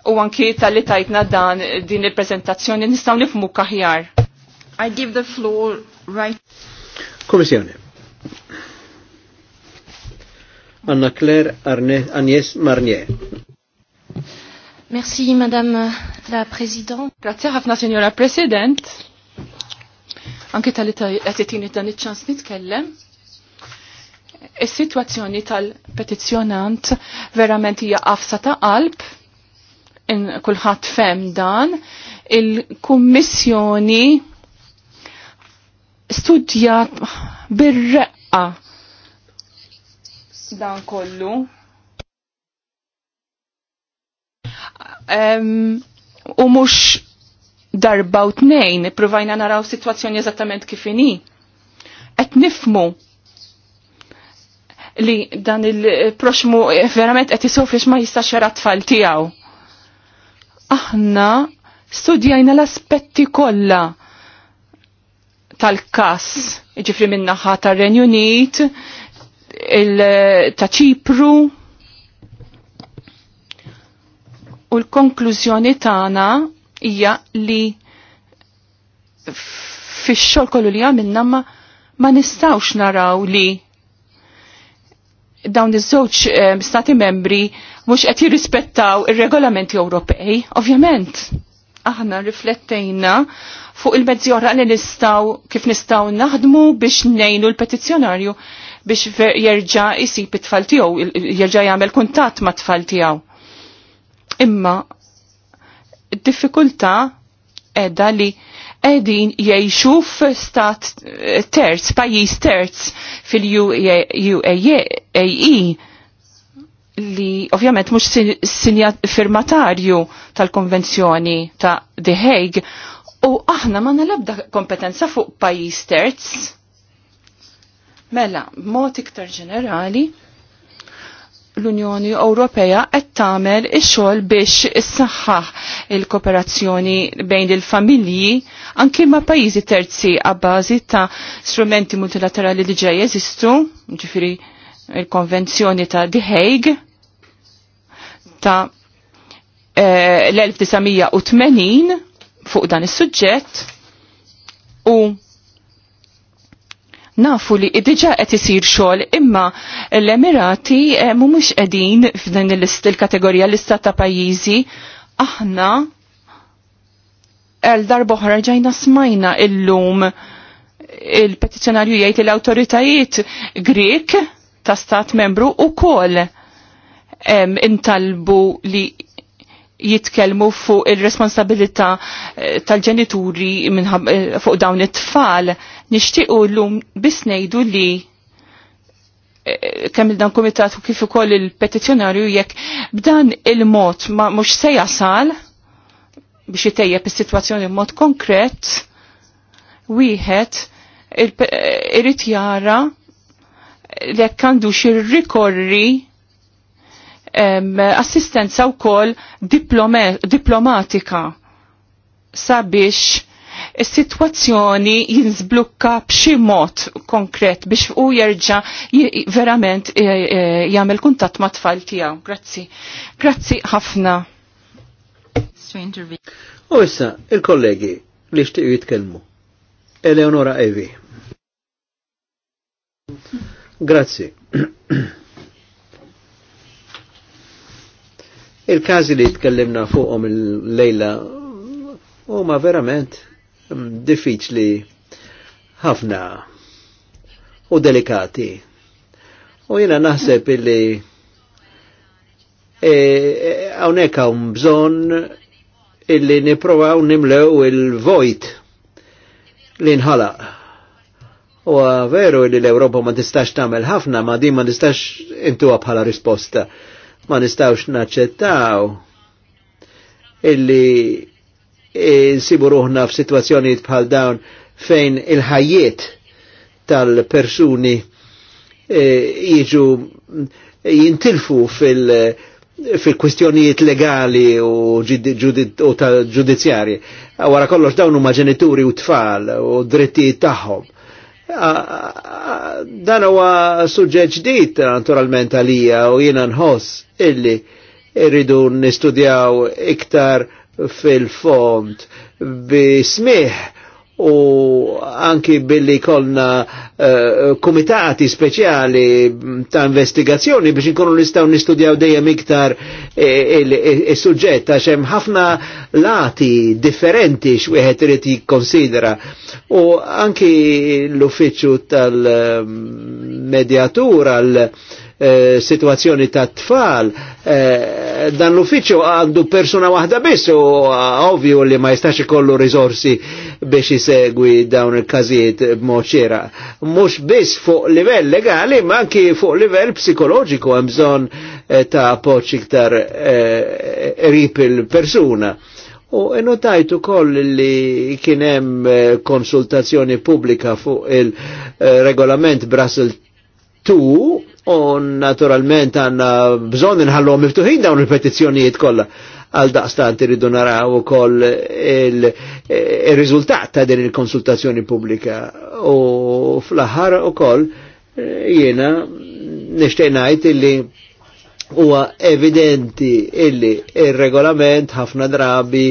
U anki tal-li tajtna dan din il-prezentazzjoni nistaw nifmu kaħjar. I give the floor right... Komissjoni. Anna Claire Agnès Marnier. Merci, Madame la Présidente. Grazie ħafna, Signora President. Anke tal għatetini dan iċ-ċans nitkellem. Is-sitwazzjoni tal-petizzjonant verament hija qafsa ta' qalb, kulħadd fem dan, il-kummissjoni studjat bir-reqqa dan kollu. Um, u mux darba u tnejn, provajna naraw situazzjoni eżattament kifini. Et nifmu li dan il-proxmu verament qed isofrix ma jistax jara tfal tiegħu. Aħna studjajna l-aspetti kollha tal-kas, ġifri minnaħa tar-Renju Unit, ta' ċipru u l-konklużjoni tagħna hija li fix-xogħol kollu li għamilna ma, ma nistgħux naraw li dawn iż-żewġ eh, stati membri mhux qed jirrispettaw ir-regolamenti Ewropej, ovvjament. Aħna riflettejna fuq il-mezzi oħra li nistgħu kif nistgħu naħdmu biex ngħinu l-petizzjonarju biex jerġa' jisib it-tfal tiegħu, jerġa' jagħmel kuntatt ma' tfal tiegħu. Imma id-diffikultà edha li edin jiexu f'stat eh, terz, pajis terz fil-UAE e li ovvjament mux firmatarju tal-konvenzjoni ta' The Hague u aħna ma nalabda kompetenza fuq pajis terz Mela, mod iktar ġenerali, l-Unjoni Ewropea qed tagħmel ix-xogħol biex issaħħaħ il-kooperazzjoni bejn il-familji anki ma' pajjiżi terzi għabbażi ta' strumenti multilaterali li ġej jeżistu, ġifieri il-Konvenzjoni ta' The Hague ta' eh, l-1980 fuq dan is-suġġett u nafu li diġa qed isir xogħol imma l-Emirati eh, mhumiex qegħdin f'din il-kategorija l ista ta' pajjiżi aħna għal darboħra ġajna smajna illum il-petizzjonarju jgħid l-awtoritajiet Grek ta' stat membru u kol intalbu li jitkelmu fuq il-responsabilità eh, tal-ġenituri eh, fuq dawn it-tfal Nixtiequ llum biss ngħidu li eh, kemm dan kumitat u kif ukoll il-petizzjonarju jekk b'dan il-mod ma mhux se jasal biex itejjeb is-sitwazzjoni b'mod konkret wieħed eh, irid jara li jekk għandux irrikorri assistenza wkoll diplomatika sabiex is-sitwazzjoni jinżblukka b'xi mod konkret biex u jerġa' verament e, e, jagħmel kuntatt ma' tfal tiegħu. Grazzi. Grazzi ħafna. U issa, il-kollegi li xtiqju jitkellmu. Eleonora Evi. Grazzi. il każi li tkellimna fuqhom il-lejla huma verament Mm, diffiċli ħafna u delikati. U jena naħseb illi għawnek e, għaw e, bżon illi niprovaw nimlew il-vojt li nħalaq. U veru illi l-Europa ma tistax tamel ħafna, ma di ma tistax intuwa bħala risposta. Ma nistawx naċċettaw illi E, nsibu ruħna f'sitwazzjonijiet bħal dawn fejn il-ħajiet tal-persuni e, jiġu jintilfu fil- kwistjonijiet legali u ġudizzjari. Wara kollox dawn huma ġenituri u tfal u drittijiet tagħhom. Dan huwa suġġeġ ġdid naturalment għalija u jiena nħoss illi irridu nistudjaw iktar fil-fond bi smih u anki billi kolna uh, eh, komitati speċjali ta' investigazzjoni biex nkunu nistaw nistudjaw dejjem iktar eh, is e għax hemm ħafna lati differenti x'wieħed irid jikkonsidra. U anki l-uffiċċju tal eh, medjatura uh, Eh, situazzjoni ta' tfal, eh, dan l-uffiċċju għandu persona waħda biss u eh, ovvju li ma jistax ikollu risorsi biex jisegwi dawn il-każijiet b'mod ċira. Mhux biss fuq livell legali, ma anki fuq livell psikoloġiku hemm bżonn ta' appoġġ iktar rip il-persuna. U notajtu koll li kienem konsultazzjoni pubblika fuq il-regolament Brussels 2 u naturalment għanna bżon nħallhom miftuħin dawn il petizjonijiet kolla għal daqstant irridu naraw u koll il rizultat ta' din il-konsultazzjoni publika. u fl ħar u koll jena ngħid illi huwa evidenti illi il regolament ħafna drabi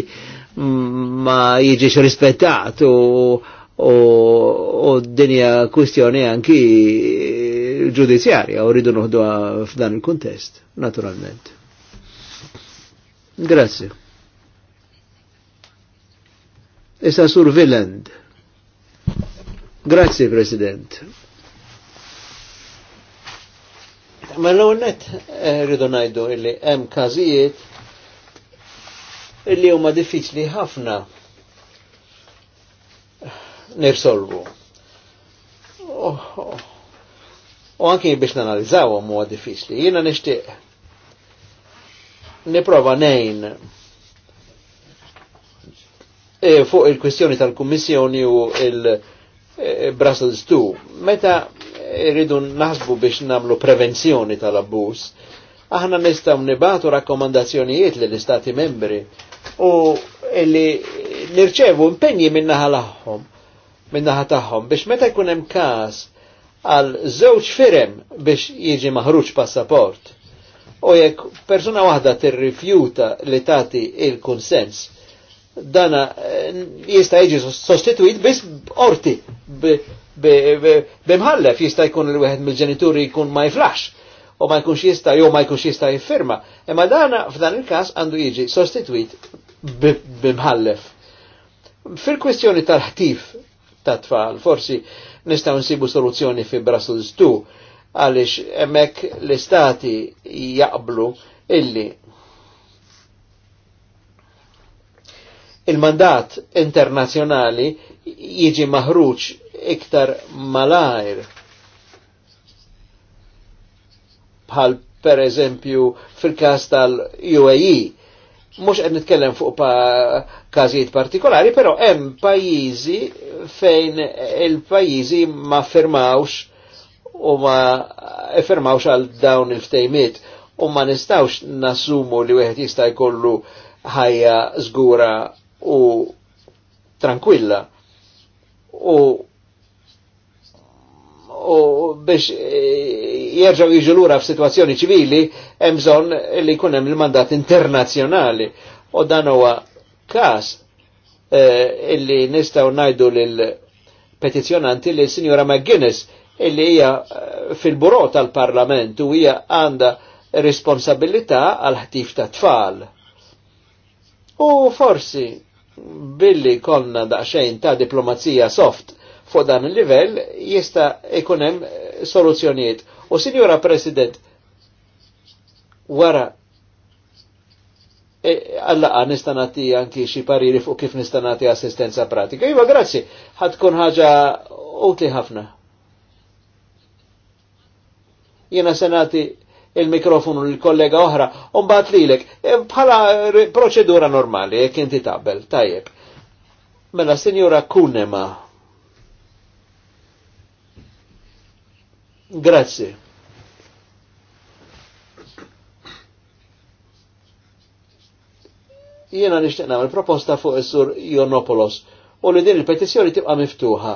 ma jiġix rispettat u u, u dinja kwistjoni anki ġudizzjarja u rridu nuħdu f'dan il-kuntest, naturalment. Grazie. Issa sur Villand. Grazie, President. Ma l net eh, rridu najdu illi hemm kazijiet illi huma diffiċli ħafna nirsolvu. Oh, oh u anki biex nanalizzawhom huwa diffiċli. Jina nixtieq niprova nejn e, eh, fuq il-kwistjoni tal-Kummissjoni u il-Brussels eh, 2. Meta irridu naħsbu biex namlu prevenzjoni tal abbus aħna nistgħu nibatu rakkomandazzjonijiet lill istati membri u li nirċevu impenji minnaħa l minnaħa taħħom biex meta jkun hemm każ għal żewġ firem biex jiġi maħruġ passaport. U jekk persuna waħda tirrifjuta li tagħti il-kunsens, dana eh, jista' jiġi sostituit biss orti bimħallef jista' jkun l wieħed mill-ġenituri jkun ma jiflax u ma jkunx jista' jew ma jkunx jista' jiffirma. Imma dana f'dan il-każ għandu jiġi sostituit bimħallef. Fil-kwestjoni tal-ħtif tat tfal, forsi nistaw nsibu soluzzjoni fi Brussels 2 għalix emmek l-istati jaqblu illi il-mandat internazjonali jiġi maħruċ iktar malajr bħal per eżempju fil-kas tal-UAE mux għed nitkellem fuq pa kazijiet partikolari, pero hemm pajizi fejn il-pajizi ma firmawx u ma firmawx għal dawn il-ftejmiet u ma nistawx nassumu li wieħed jista' jkollu ħajja żgura u tranquilla u u biex e, jerġaw jiġu lura f'sitwazzjoni ċivili hemm li jkun hemm il-mandat internazzjonali. U dan huwa każ e, illi nistgħu ngħidu l petizjonanti li signora McGuinness illi hija e, fil-buro tal-Parlament u hija għandha responsabilità għal ħtif ta' tfal. U forsi billi konna daqsxejn ta' diplomazija soft fuq dan il-livell jista' ikun hemm eh, soluzzjonijiet. U Sinjora President, wara eh, għallaqa e, nista' nagħti anki xi pariri fuq kif nista' nagħti assistenza pratika. Iva, grazzi, ħad tkun ħaġa utli ħafna. Jiena se nagħti il-mikrofonu l-kollega oħra, unbat lilek, eh, bħala proċedura normali, jek inti tabel, tajjeb. Mela, Sinjora Kunema. Grazie. Jiena nixtieq nagħmel proposta fuq is-sur Jonopolos u li din il petizjoni tibqa' miftuħa.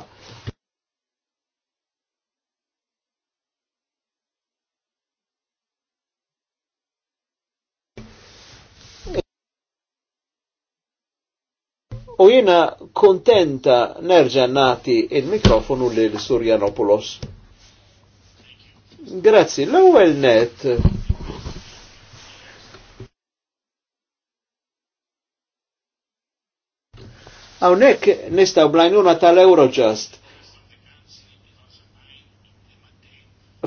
U jiena kontenta nerġa' nagħti il-mikrofonu lil Janopoulos. Grazzi, l-ewwel net. Hawnhekk nistgħu blajnuna tal-Eurojust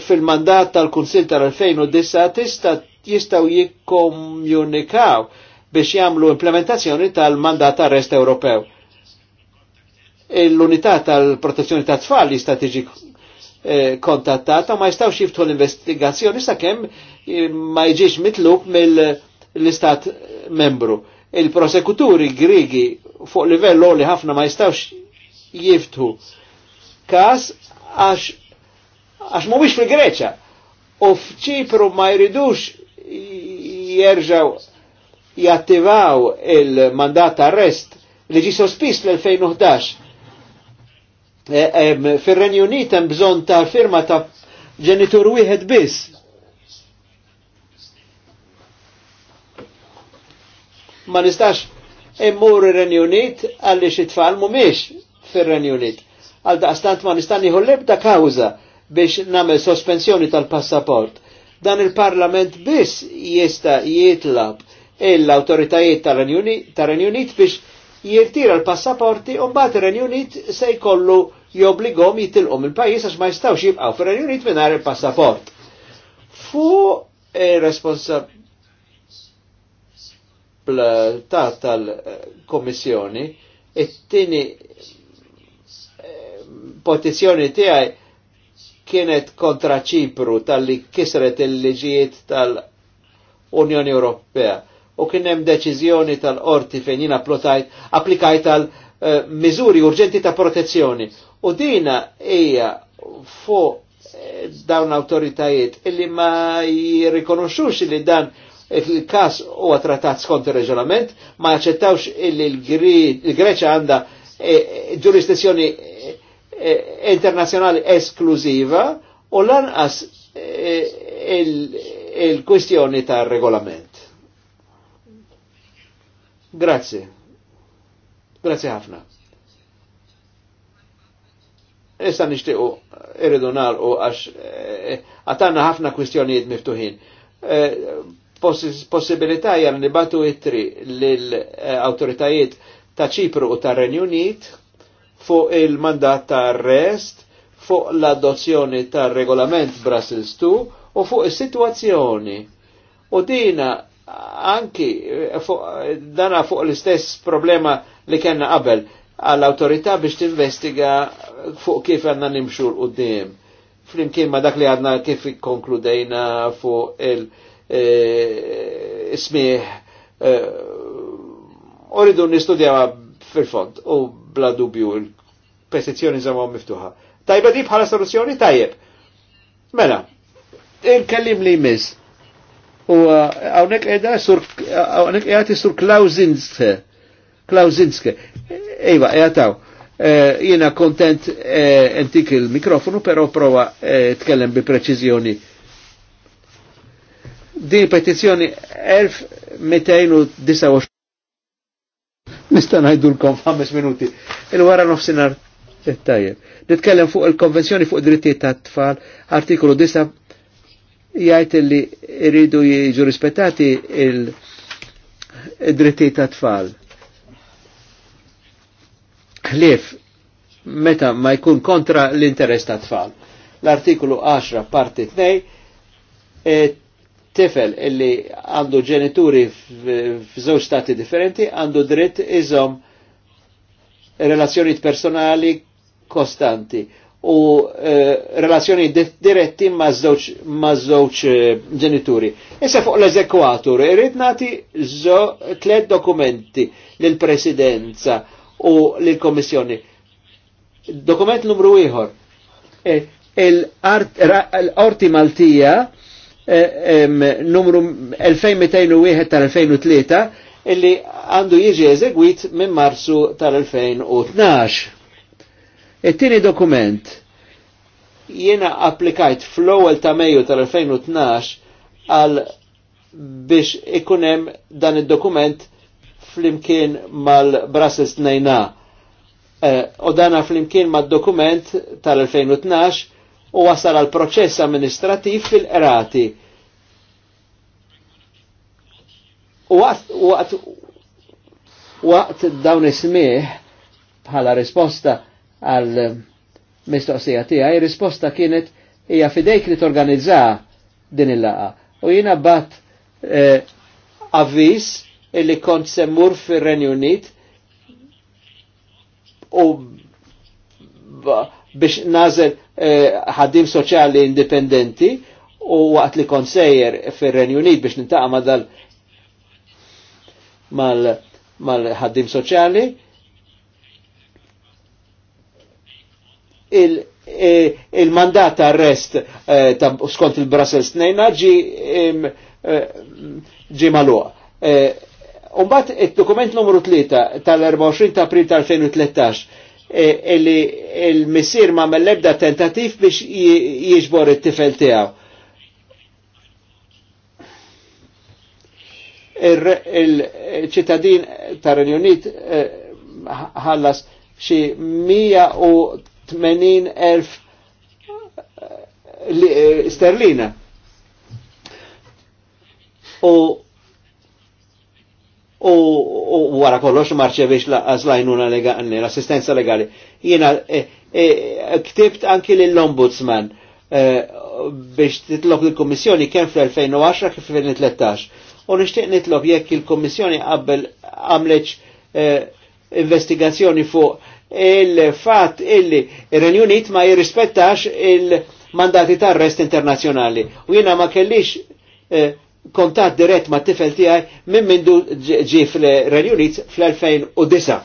fil-mandat tal-Kunsil tal-2009 tista' jistgħu jikkomunikaw biex jagħmlu implementazzjoni tal-mandat tal-Rest Ewropew. E l-unità tal-protezzjoni tat-tfal jista' tiġi Eh, kontattata ma jistaw jiftħu l-investigazzjoni sakemm eh, ma jġiex mitluk mill-istat membru. Il-prosekuturi grigi fuq livell li ħafna ma jistawx jiftħu kas għax għax mumiex fil-Greċa u fċipru ma jridux jerġaw jattivaw il-mandat arrest li ġi sospis l-2011 Eh, Fir-Renju Unit hemm bżonn ta' firma ta' ġenitur wieħed biss. Ma nistax immur ir-Renju Unit għaliex it-tfal mhumiex fir-Renju Unit. Għal daqstant ma nista' nieħu l-ebda kawża biex nagħmel sospensjoni tal-passaport. Dan il-Parlament biss jista' jitlab l-autoritajiet tal-Renju Unit biex jirtira l-passaporti un bat il-Renjunit Unit se jkollu jobligom jitilqom il-pajjiż għax ma jistgħux jibqgħu fir renjunit Unit mingħajr il-passaport. Fu e eh, responsabilità tal-Kommissjoni it tini eh, potizjoni tiegħi kienet kontra ċipru tal-li kisret il-liġijiet tal-Unjoni Ewropea u kien hemm deċiżjoni tal-qorti fejn plotajt applikajt tal eh, miżuri urġenti ta' protezzjoni. U dina hija fuq eh, dawn l-autoritajiet illi ma jirrikonoxux li dan il-kas huwa trattat skont il reġolament ma jaċċettawx illi l-Greċa għandha eh, ġurisdizzjoni internazjonali esklużiva u lanqas il-kwistjoni tar regolament Grazzi. Grazzi ħafna. Issa nishtiqu irridu u għax eh, għatanna ħafna kwistjonijiet miftuħin. Eh, possibilità jgħal nibatu ittri l-autoritajiet eh, ta' ċipru u ta' Renjunit fuq il-mandat ta' arrest, fuq l-adozzjoni ta' regolament Brussels 2 u fuq is-sitwazzjoni. U dina anki eh, eh, dana fuq l-istess problema li kena qabel għall-autorità biex tinvestiga fuq kif għanna nimxu l-qoddim. Flimkien ma dak li għadna kif konkludejna fuq il smieħ e, e, fil-fond u bla dubju il-petizzjoni zamaw miftuħa. Tajba di bħala soluzzjoni tajjeb. Mela, il-kellim li jmiss U għawnek uh, edha sur, għawnek edha sur Klausinske. Klausinske. Iva, edha eh, Jena kontent entik eh, il-mikrofonu, pero prova eh, tkellem bi preċizjoni. Din petizjoni 1229. Nista' ngħidulkom ħames minuti. Il-wara nofsinar. tajjeb. Nitkellem fuq il-Konvenzjoni fuq id-drittijiet tat-tfal, artikolu 9 jgħid li jridu jiġu rispettati il-dritti ta' tfal. Ħlief meta ma jkun kontra l-interess ta' tfal. L-artikolu 10 parti 2 e tifel illi għandu ġenituri f'żewġ stati differenti għandu dritt iżom relazzjonijiet personali kostanti u eh, relazzjoni diretti ma' żewġ eh, ġenituri. Issa fuq l-eżekwatur, irrid nagħti tlet dokumenti l presidenza u l komissjoni Dokument numru ieħor. E, l orti Maltija e, numru 2201 tal-2003 illi għandu jieġi eżegwit minn Marsu tal-2012 It-tieni dokument jiena applikajt fl-ewwel ta' Mejju tal-2012 għal biex ikun hemm dan id-dokument flimkien mal-Brussels 2 eh, U dana flimkien mad-dokument tal-2012 u wasal għal proċess amministrativ fil-qrati. U waqt dawn ismieħ bħala risposta għal eh, mistoqsija tiegħi, risposta kienet hija fidejk li torganizza din il-laqa. U jiena bat eh, avvis illi kont semmur fir-Renju Unit u biex nazel eh, ħaddim eh, soċjali indipendenti u waqt li kont sejjer fir-Renju Unit biex nintaqa' madal mal-ħaddim mal soċjali il-mandat il e, arrest e, ta' skont il-Brussels 2 ġi e, ġi maluqa. Umbat il-dokument numru 3 tal-24 ta' april tal-2013 illi il-missir ma' mell-ebda tentativ biex jiġbor it-tifel tiegħu. il-ċittadin tar Unit ħallas xi 80.000 eh, sterlina. U u wara kollox marċevix laqqas lajnuna legali, l-assistenza legali. Jiena eh, eh, ktibt anki lill-ombudsman biex titlob l kommissjoni kien fl-2010 kif fl-2013. U nixtieq nitlob jekk il-Kommissjoni qabel għamleċ investigazzjoni fuq il-fat illi il-Renju Unit ma jirrispettax il-mandati ta' arrest internazjonali. U jina ma kellix eh, kontat dirett ma' tifel tijaj minn mindu ġi fil-Renju Unit fl-2009.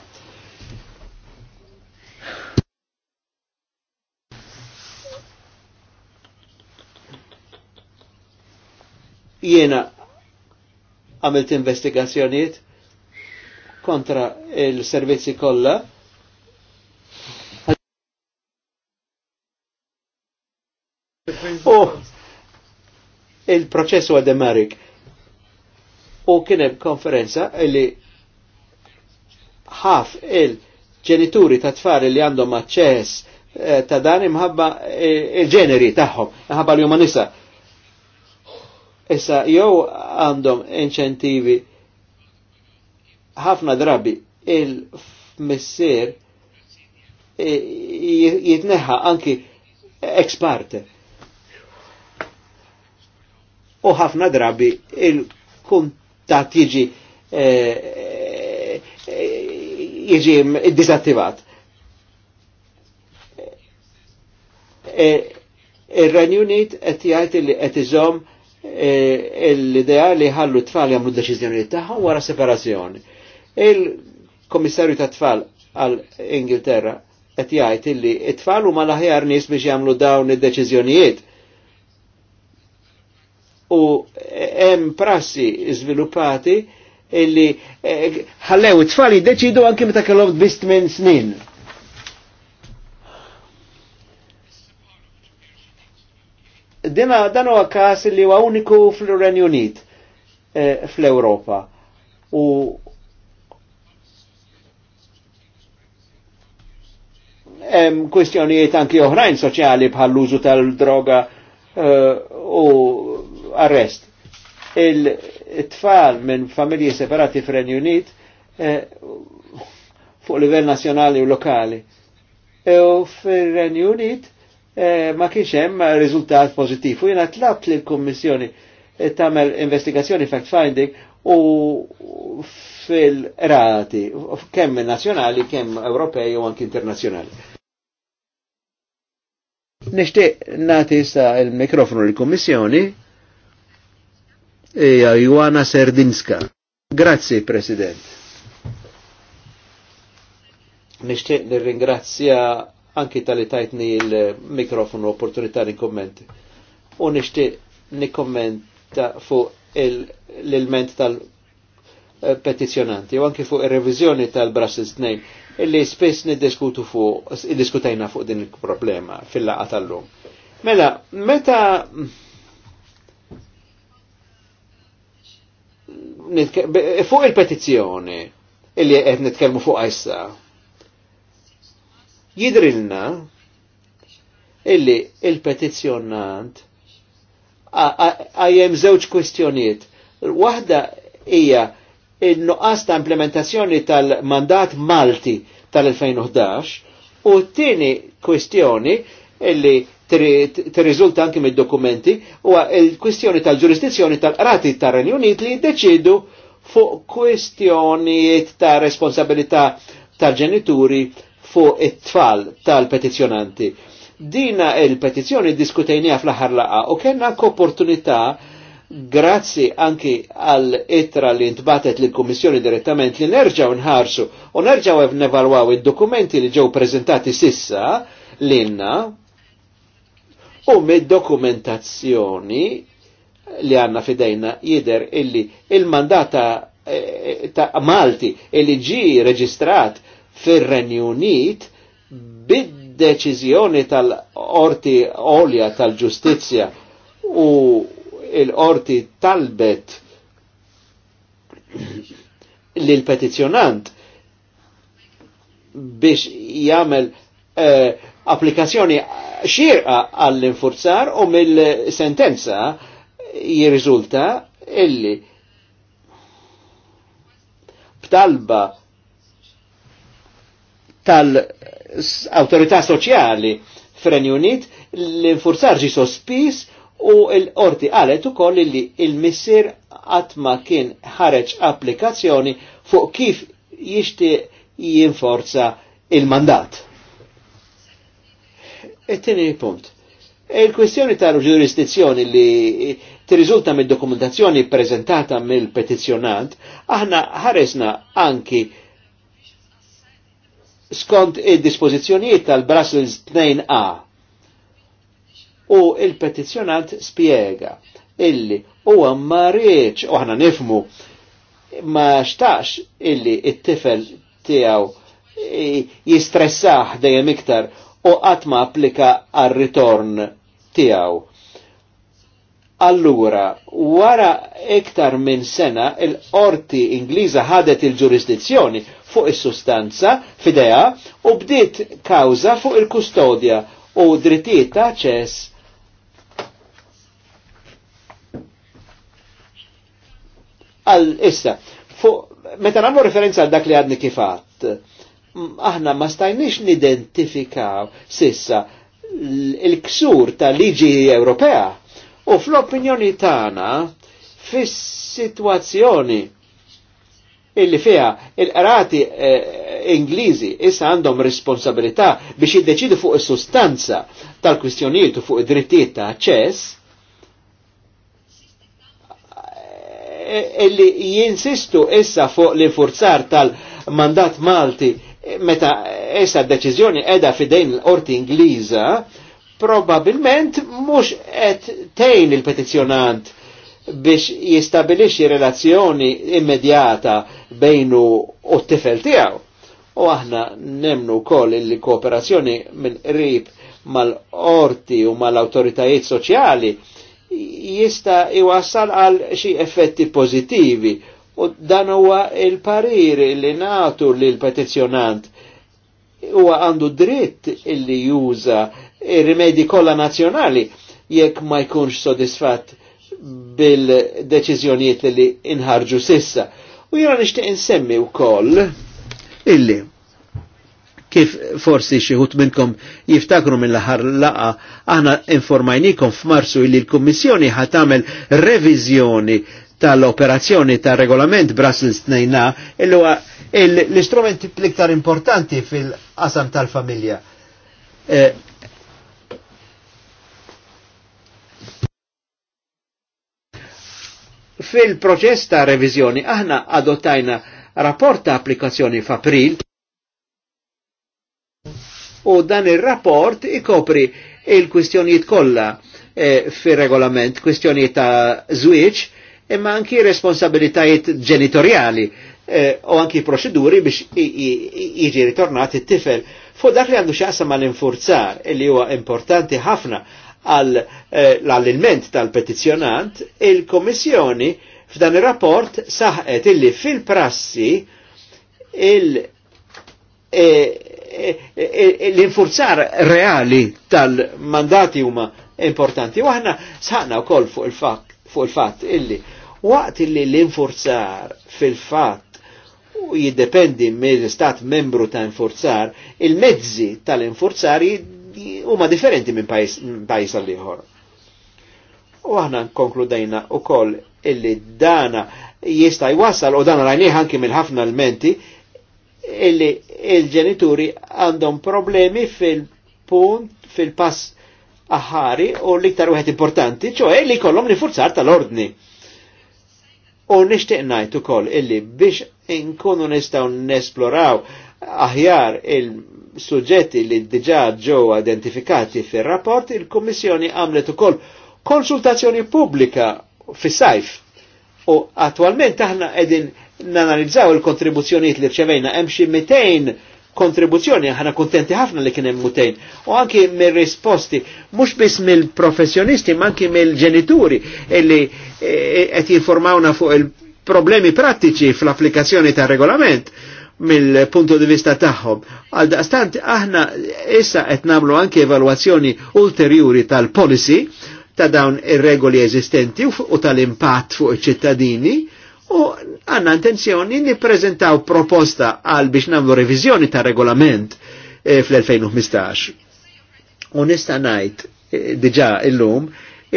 Jena għamilt investigazzjoniet kontra il-servizzi kollha U il proċessu huwa demarik. U kienem hemm konferenza li ħaf il-ġenituri ta' tfal li għandhom aċċess eh, ta' dan imħabba eh, il-ġeneri tagħhom, imħabba l-jum nisa. Issa jew għandhom inċentivi ħafna drabi il-missier eh, jitneħħa anki ex parte u ħafna drabi il-kuntat jiġi eh, eh, jiġi disattivat. Eh, Ir-Renju Unit qed jgħid li qed iżomm l-idea li ħallu t-tfal jagħmlu d-deċiżjonijiet tagħhom wara separazzjoni. Il-Komissarju ta' tfal għal Ingilterra qed jgħid li t-tfal huma l-aħjar nies biex jagħmlu dawn id-deċiżjonijiet u hemm prassi sviluppati illi eh, ħallew it-tfal jiddeċidu anki meta kellhom biss minn snin. Dina dan huwa każ li huwa uniku fl-Renju Unit e, fl-Ewropa. U hemm kwistjonijiet anki oħrajn soċjali bħall-użu tal-droga eh, u arrest. Il-tfal minn familji separati fren Unit eh, fuq livell nazjonali u lokali. E u fren Unit eh, ma kienx hemm riżultat pożittiv. U jiena tlabt li l-Kummissjoni eh, tagħmel investigazzjoni fact-finding u fil-rati, kemm nazjonali, kemm Ewropej u anki internazzjonali. Nishtiq nati sa il-mikrofonu l kummissjoni Eja, Joana Serdinska. Grazzi, President. Nishtiq nirringrazzja anki tal-li tajtni il-mikrofonu opportunità li kommenti. U nishtiq kommenta fuq l-ilment tal-petizjonanti eh, u anki fuq il-revizjoni tal-Brussels 2 illi spess niddiskutu fuq, diskutajna fuq din il-problema fil-laqa tal-lum. Mela, meta fuq il-petizzjoni illi qed nitkellmu fuq issa. Jidrilna illi il-petizzjonant għajem żewġ kwestjonijiet. Waħda hija il-nuqqas ta' implementazzjoni tal-mandat Malti tal-2011 u t-tieni kwestjoni illi t-rizulta anki mid-dokumenti u il-kwistjoni tal-ġurisdizzjoni tal-qrati tar-Renju Unit li jiddeċidu fuq kwistjonijiet ta' responsabilità tal-ġenituri fuq it-tfal tal-petizjonanti. Dina il-petizjoni diskutejnija fl-aħħar laqa u kena anke opportunità Grazzi anki għal itra li intbatet l kummissjoni direttament li nerġaw nħarsu u nerġaw nevalwaw id-dokumenti li ġew prezentati sissa l-inna U mid-dokumentazzjoni li għanna fidejna jider illi il-mandata eh, eh, ta' Malti illi ġi reġistrat fir-Renju Unit bid-deċiżjoni tal-Orti Olja tal-Ġustizzja u l-Orti talbet li l-petizjonant biex jagħmel eh, applikazzjoni xirqa għall-infurzar u mill-sentenza jirriżulta illi b'talba tal-autorità soċjali fren Unit l-infurzar ġi sospis u l-orti għalet u koll l il-missir għatma kien ħareċ applikazzjoni fuq kif jixtieq jinforza il-mandat it-tieni punt. Il-kwestjoni ta' ġurisdizzjoni li t-rizulta mid-dokumentazzjoni prezentata mill-petizzjonant, aħna ħaresna anki skont id-dispożizzjonijiet tal-Brussels 2A. U il-petizzjonant spiega illi huwa għammarieċ u aħna nifmu ma xtax illi it-tifel tiegħu jistressaħ dejjem iktar u għatma applika għal-ritorn tijaw. Allura, wara iktar minn sena il-qorti Ingliża ħadet il-ġurisdizzjoni fuq is-sustanza fidea u bdiet kawża fuq il-kustodja u drittijiet ta' ċess għal issa fuq meta nagħmlu referenza għal dak li għadni kifat aħna ma stajniex nidentifikaw sissa il-ksur tal-liġi Ewropea u fl-opinjoni tagħna fis-sitwazzjoni illi fija il-qrati eh, Ingliżi issa għandhom responsabilità biex jiddeċidu fuq is-sustanza tal-kwistjonijiet u fuq id-drittijiet ta' aċċess, eh, illi jinsistu issa fuq l-infurzar tal-mandat Malti meta essa deċiżjoni edha fidejn l-qorti Ingliża, probabilment mhux qed tgħin il-petizzjonant biex jistabilixxi relazzjoni immedjata bejnu u t-tifel tiegħu. U aħna nemnu wkoll li kooperazzjoni minn qrib mal qorti u mal awtoritajiet soċjali jista iwassal għal xi effetti pożittivi U dan huwa il-parir li natu li l-petizjonant huwa għandu dritt li juża ir-rimedi kollha nazzjonali jekk ma jkunx sodisfatt bil-deċiżjonijiet li inħarġu sissa. U jena nishtiq insemmi u koll illi kif forsi xieħut minnkom jiftakru mill aħħar laqa aħna informajnikom f'Marsu illi l-Kummissjoni ħatamel revizjoni tal-operazzjoni tal-regolament Brussels 2 il illuwa l-istrumenti l-iktar importanti fil-qasam tal-familja. Eh, Fil-proċess ta' revizjoni aħna adottajna rapport ta' applikazzjoni f'April u dan il-rapport ikopri il-kwistjonijiet kollha eh, fir-regolament, kwistjonijiet ta' żwieġ, imma anki responsabilitajiet ġenitorjali eh, u anki proċeduri biex jiġi ritornat it-tifel fuq dak li għandu xaqsa ma l-infurzar li huwa importanti ħafna għall eh, alliment tal-petizjonant, il-Komissjoni f'dan ir-rapport saħqet illi fil-prassi eh, l-infurzar reali tal-mandati huma importanti. Waħna saħna wkoll fuq il-fatt illi Waqt li l inforzar fil-fat u jiddependi mill-stat membru ta' inforzar, il-mezzi tal inforzar huma differenti minn pajis għal ieħor. U aħna konkludajna u koll illi dana jista' jwassal u dan rajnieh anki mill-ħafna l-menti illi il-ġenituri għandhom problemi fil-punt fil-pass aħari u l-iktar wieħed importanti, ċoħe li kollom li forzar tal-ordni. U nishtiq najt ukoll illi biex inkunu nistaw nesploraw aħjar il-suġġetti li diġa ġew identifikati fir-rapport, il-Kummissjoni għamlet ukoll konsultazzjoni pubblika fis-sajf. U attualment aħna qegħdin nanalizzaw il-kontribuzzjonijiet li rċevejna hemm xi 200 kontribuzzjoni, ħana kontenti ħafna li kienem mutejn. U anki mill risposti mux biss mill-professjonisti, ma anki mill-ġenituri, illi e, e, qed jinformawna fuq il-problemi prattiċi fl-applikazzjoni ta' regolament mill-punto di vista tagħhom. Għal daqstant aħna issa qed nagħmlu anke evalwazzjoni ulterjuri tal-policy ta' dawn ir-regoli eżistenti u tal-impatt fuq iċ-ċittadini U għanna intenzjoni niprezentaw proposta għal biex namlu revizjoni ta' regolament e, fl-2015. U nista' ngħid e, diġà illum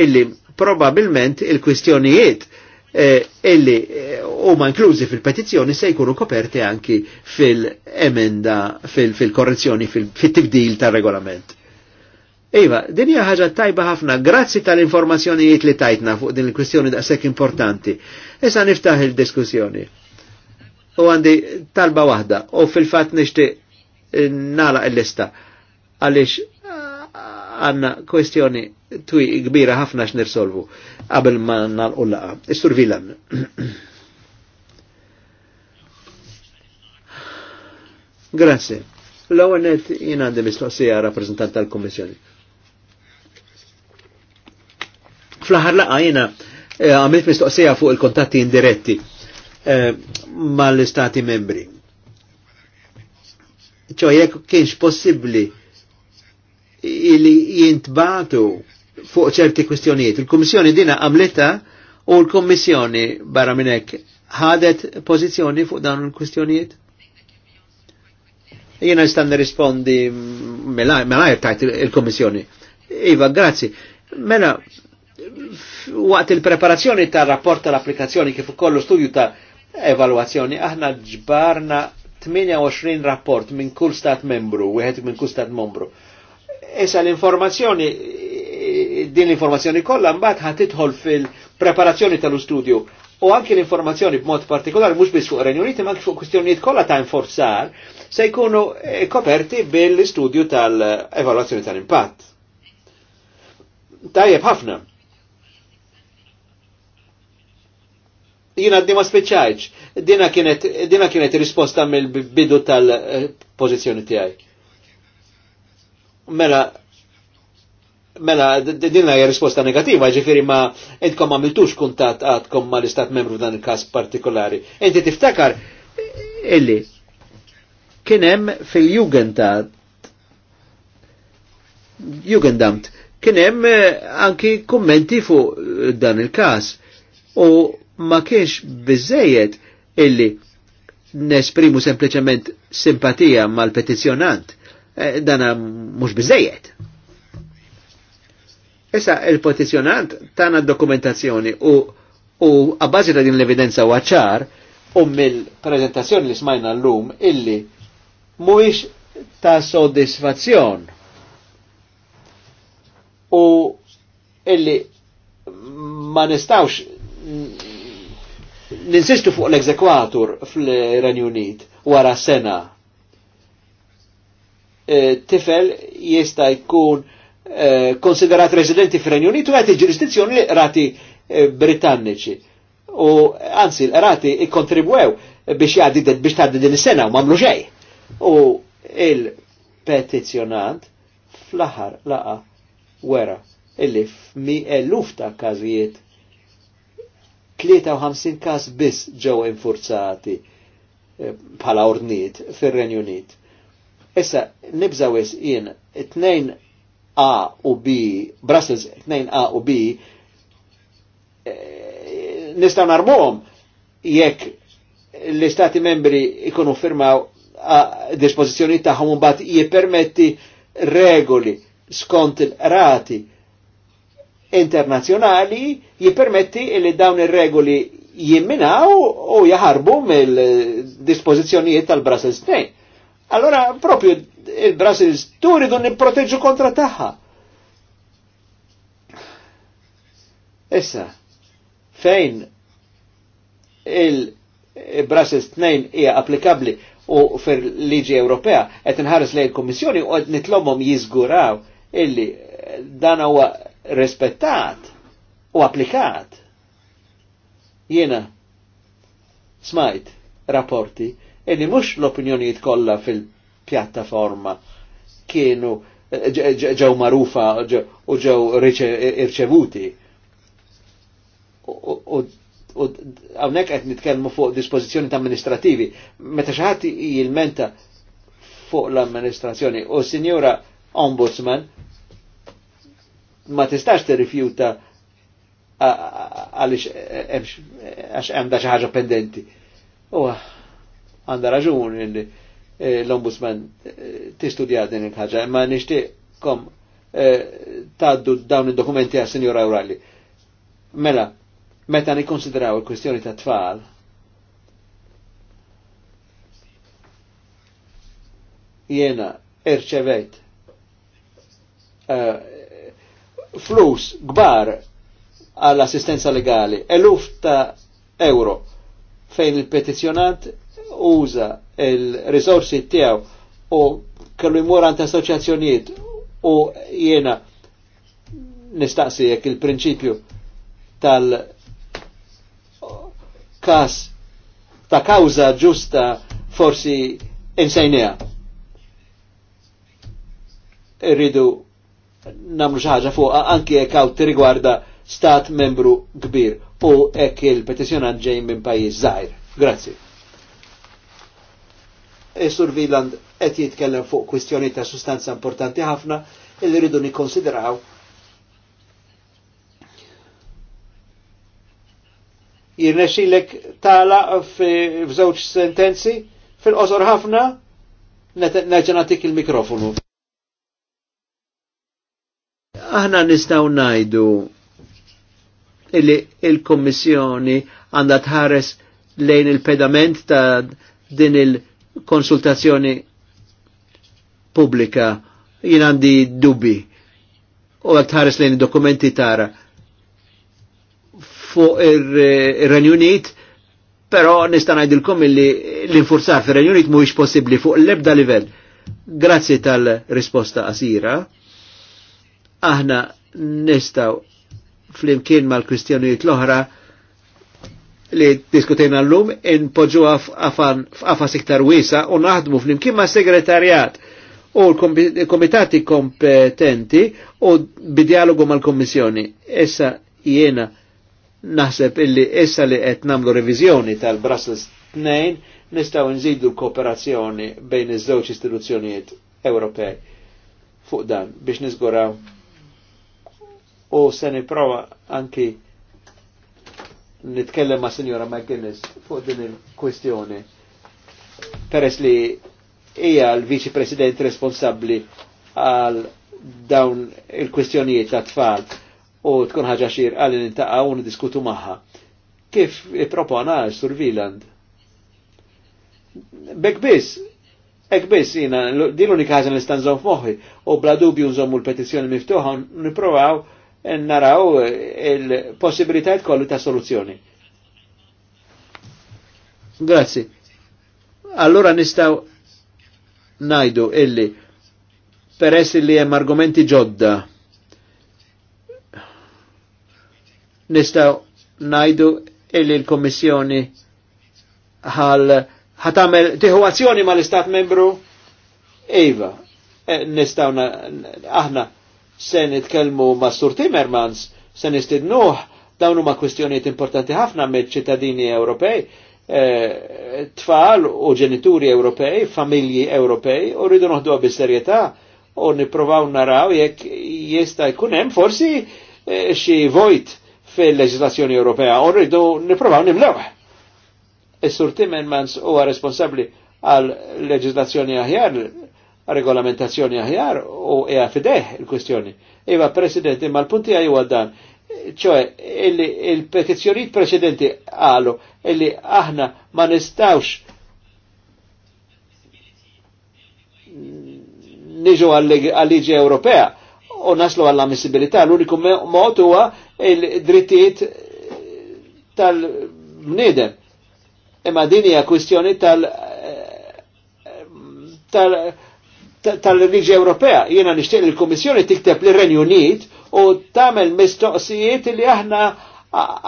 illi probabilment il-kwistjonijiet eh, illi eh, huma inklużi fil-petizzjoni se jkunu koperti anki fil-emenda, fil-korrezzjoni, fil-tibdil fil, fil ta' regolament. Iva, din hija ħaġa tajba ħafna, grazzi tal-informazzjonijiet li tajtna fuq din il-kwistjoni daqshekk importanti. Issa niftaħ il-diskussjoni. U għandi talba waħda, u fil-fatt nixtieq eh, nala l-lista għaliex eh, għanna kwestjoni twi kbira ħafna x'nirsolvu qabel ma nalqu laqa. Istur Vilan. Grazie. L-ewwel nett jien għandi mistoqsija rappreżentant tal-Kummissjoni Fl-aħħar laqa jiena eh, għamilt mistoqsija fuq il-kontatti indiretti eh, mal-istati membri. ċo jekk kienx possibbli li jintbatu fuq ċerti kwistjonijiet. Il-Kummissjoni dina għamlita u l-Kummissjoni barra minnek ħadet pozizjoni fuq dan il-kwistjonijiet? Jena nistan rispondi mela tajt il-Komissjoni. Iva, grazzi. Mela, waqt il-preparazzjoni ta' rapport tal-applikazzjoni kif kollu studju ta' evalwazzjoni aħna ġbarna 28 rapport minn kull stat membru, wieħed minn kull stat membru. Issa l-informazzjoni, din l-informazzjoni kollha mbagħad ħadd tidħol fil-preparazzjoni tal-istudju u anke l-informazzjoni b'mod partikolari mhux biss fuq Renju Uniti ma fuq kwistjonijiet kollha ta' inforzar se jkunu eh, koperti bil-istudju tal-evalwazzjoni tal-impatt. Tajjeb ħafna. jina d-dima spiċajċ. dina kienet, dina kienet risposta mill-bidu tal-pozizjoni eh, tijaj. Mela, mela, dina hija risposta negativa, ġifiri ma ma għamiltux kuntat għadkom ma l-istat membru dan il-kas partikolari. Inti tiftakar, illi, kienem fil-jugendat, jugendamt, kienem eh, anki kommenti fuq dan il-kas. U ma kienx biżejjed illi nesprimu sempliċement simpatija mal-petizjonant. Eh, dana mhux biżejjed. Issa il-petizjonant tana dokumentazzjoni u u għabbażi ta' din l-evidenza waċar u mill-prezentazzjoni li smajna l-lum illi mhuwiex ta' soddisfazzjon u illi ma nistawx ninsistu fuq l-eżekwatur fl-Iran Unit wara sena. E, tifel jista' jkun e, konsiderat residenti fl-Iran Unit u għati ġurisdizzjoni li rati e, britanniċi. U l rati ikkontribwew biex jgħaddi biex tgħaddi din is-sena u mamlu xej. U il-petizjonant fl-aħħar laqa wera illi f'mi eluf ta' każijiet 53 kas biss ġew infurzati eh, bħala ornit fir-Renju Unit. Issa nibżaw jien 2 A u B, Brussels 2 A u B eh, nistaw narmuhom jekk l-istati membri ikunu firmaw dispożizzjoni tagħhom mbagħad jippermetti regoli skont il-rati internazjonali jipermetti li dawn ir-regoli jimminaw u jaħarbu mill-dispożizzjonijiet tal-Brussels 2. Allora propju il-Brussels turidu nipproteġu kontra taħħa. Issa, fejn il-Brussels 2 hija applikabli u fir liġi Ewropea qed inħares lejn il-Kummissjoni u qed nitlobhom jiżguraw illi dan huwa rispettat u applikat. Jena smajt rapporti illi mhux l-opinjonijiet kollha fil-pjattaforma kienu eh, ġew marufa u ġew irċevuti. U hawnhekk qed nitkellmu fuq ta' amministrativi. Meta xi ħadd jilmenta fuq l-amministrazzjoni u sinjura Ombudsman ma tistax tirrifjuta għalix eh, eh, għax għanda xaħġa ħaġa pendenti. U għanda raġun li eh, l-ombudsman tistudja din il-ħaġa, imma nixtieqkom taddu dawn id-dokumenti għas signora Eurali. Mela, meta konsideraw il-kwestjoni ta' tfal, jena irċevejt flus gbar għall-assistenza legali, eluf ta' euro fejn il-petizjonant uża il risorsi tiegħu u kellu jmur għand assoċjazzjonijiet u jiena nistaqsi jekk il-prinċipju tal kas ta' kawza ġusta forsi insejnija. Irridu namlu xaħġa fuqa anki jekk għaw riguarda stat membru kbir u hekk il-petizjonant ġej minn pajjiż żgħir. Grazzi. E, Sur Viland qed jitkellem fuq kwistjoni ta' sustanza importanti ħafna illi rridu nikkonsidraw jirnexilek tala f'żewġ sentenzi fil-qosor ħafna neġanatik il-mikrofonu aħna nistaw najdu illi il-Kommissjoni għandha tħares lejn il-pedament ta' din il-konsultazzjoni pubblika jien għandi dubbi u għak tħares lejn dokumenti tara fuq ir-Renju Unit, però nista' ngħidilkom illi l-infurzar fir renjunit Unit mhuwiex possibbli fuq l-ebda livell. Grazzi tal-risposta qasira aħna nistaw fl-imkien mal-Kristjanijiet l-oħra li diskutejna l-lum inpoġu f'qafas iktar wisa u naħdmu fl-imkien ma' segretarjat u l-komitati kompetenti u bidjalogu mal-Kommissjoni. Essa jiena naħseb illi essa li qed namlu revizjoni tal-Brussels 2 nistgħu nżidu kooperazzjoni bejn iż-żewġ istituzzjonijiet Ewropej fuq dan biex niżguraw u se niprova anki nitkellem ma' Sinjora McGuinness fuq din il-kwistjoni. Peress li hija l-Viċi President responsabbli għal dawn il-kwistjonijiet ta' tfal u tkun ħaġa xir għal nintaqa u diskutu magħha. Kif ippropona sur Viland? Bek biss, ek biss jina, din l-unika ħaġa li stanżom u bla dubju nżommu l-petizzjoni miftuħa u nipprovaw naraw il-possibilitajt kollu ta' soluzzjoni. Grazzi. Allora nistaw najdu illi per peress li hemm argumenti ġodda nistaw najdu illi l-Kommissjoni għal ħatamel tieħu azzjoni mal-Istat membru Iva, eh, nistaw aħna se nitkellmu ma' Sur Timmermans, se nistidnuh, dawn huma kwistjonijiet importanti ħafna me ċittadini Ewropej, eh, tfal u ġenituri Ewropej, familji Ewropej, u rridu noħdu bis-serjetà u nipprovaw naraw jekk jista' jkun hemm forsi eh, xi vojt fil-leġislazzjoni Ewropea, u rridu nipprovaw nimlewh. Is-Sur Timmermans huwa responsabbli għal leġislazzjoni aħjar regolamentazzjoni aħjar u eja fideħ il-kwestjoni. Iva, President, ma l-punti għaj dan, ċoħe, il-petizjoniet presidenti għalu, illi aħna ma nistawx niġu għal-liġi Ewropea u naslu għall-ammissibilità. L-uniku mod huwa il-drittijiet tal-bniedem. Imma din hija kwistjoni tal- eh, tal tal-Liġi Ewropea. Jiena nixtieq il kummissjoni tikteb lir renju Unit u tagħmel mistoqsijiet li aħna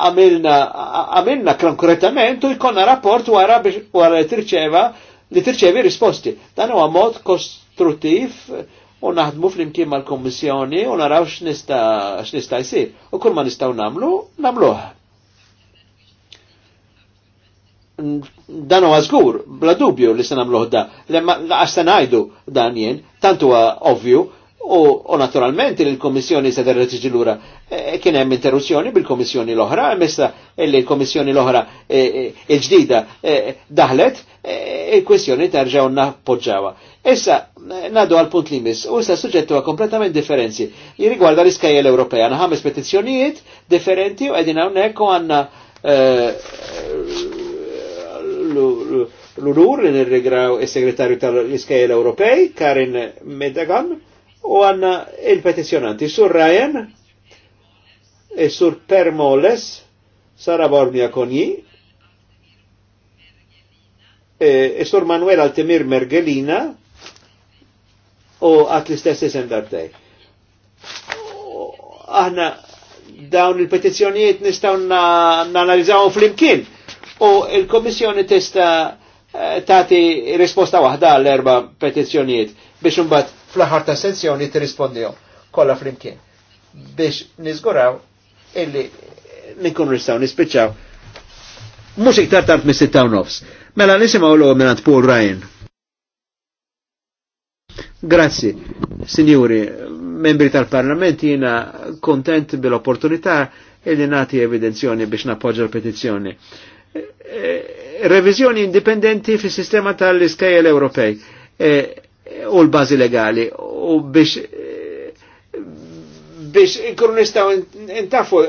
għamilna konkretament u jkollna rapport wara biex wara li tirċeva li tirċevi risposti. Dan huwa mod kostruttiv u naħdmu flimkien mal kummissjoni u naraw x'nista' x'nista' jsir. U kull ma nistgħu nagħmlu, nagħmluha dan huwa żgur, bla dubju li se nagħmluh da, lemma għax se ngħidu dan jien, tant huwa ovvju, u naturalment il-Komissjoni se derret ġilura e, e, kien hemm interruzzjoni bil-Komissjoni l-oħra, e, messa li l-Komissjoni l-oħra il-ġdida daħlet, il-kwestjoni terġaw nappoġġawa. Issa, nadu għal punt li mis, u issa suġġettu kompletament differenzi. Jirigwarda l iskajja Ewropea, għanna ħames petizzjonijiet differenti u għedin hawnhekk u għanna l-unur li nirregraw il-segretarju tal iskajel Ewropej, Karin Medagan, u għanna il-petizjonanti, sur Ryan, e sur Per Moles, Sara Bornia Konji, e, e sur Manuel Altemir Mergelina, u għat l-istess sendartej. darbdej. Aħna dawn il-petizjonijiet nistaw na, analizzaw fl-imkien u il-Komissjoni tista eh, tati risposta waħda l erba petizzjonijiet biex imbagħad fl-aħħar ta' sezzjoni kolla kollha flimkien biex niżguraw illi nikun ristaw nispiċċaw mhux iktar tard mis sittaw nofs. Mela nisimgħu l minnant Paul Ryan. Grazzi, sinjuri, membri tal-Parlament, jiena kontent bil-opportunità illi nati evidenzjoni biex nappoġġa l-petizzjoni. Eh, revizjoni indipendenti fis sistema tal-iskajel Ewropej eh, u l-bazi legali u biex eh, biex inkunu nistaw intafu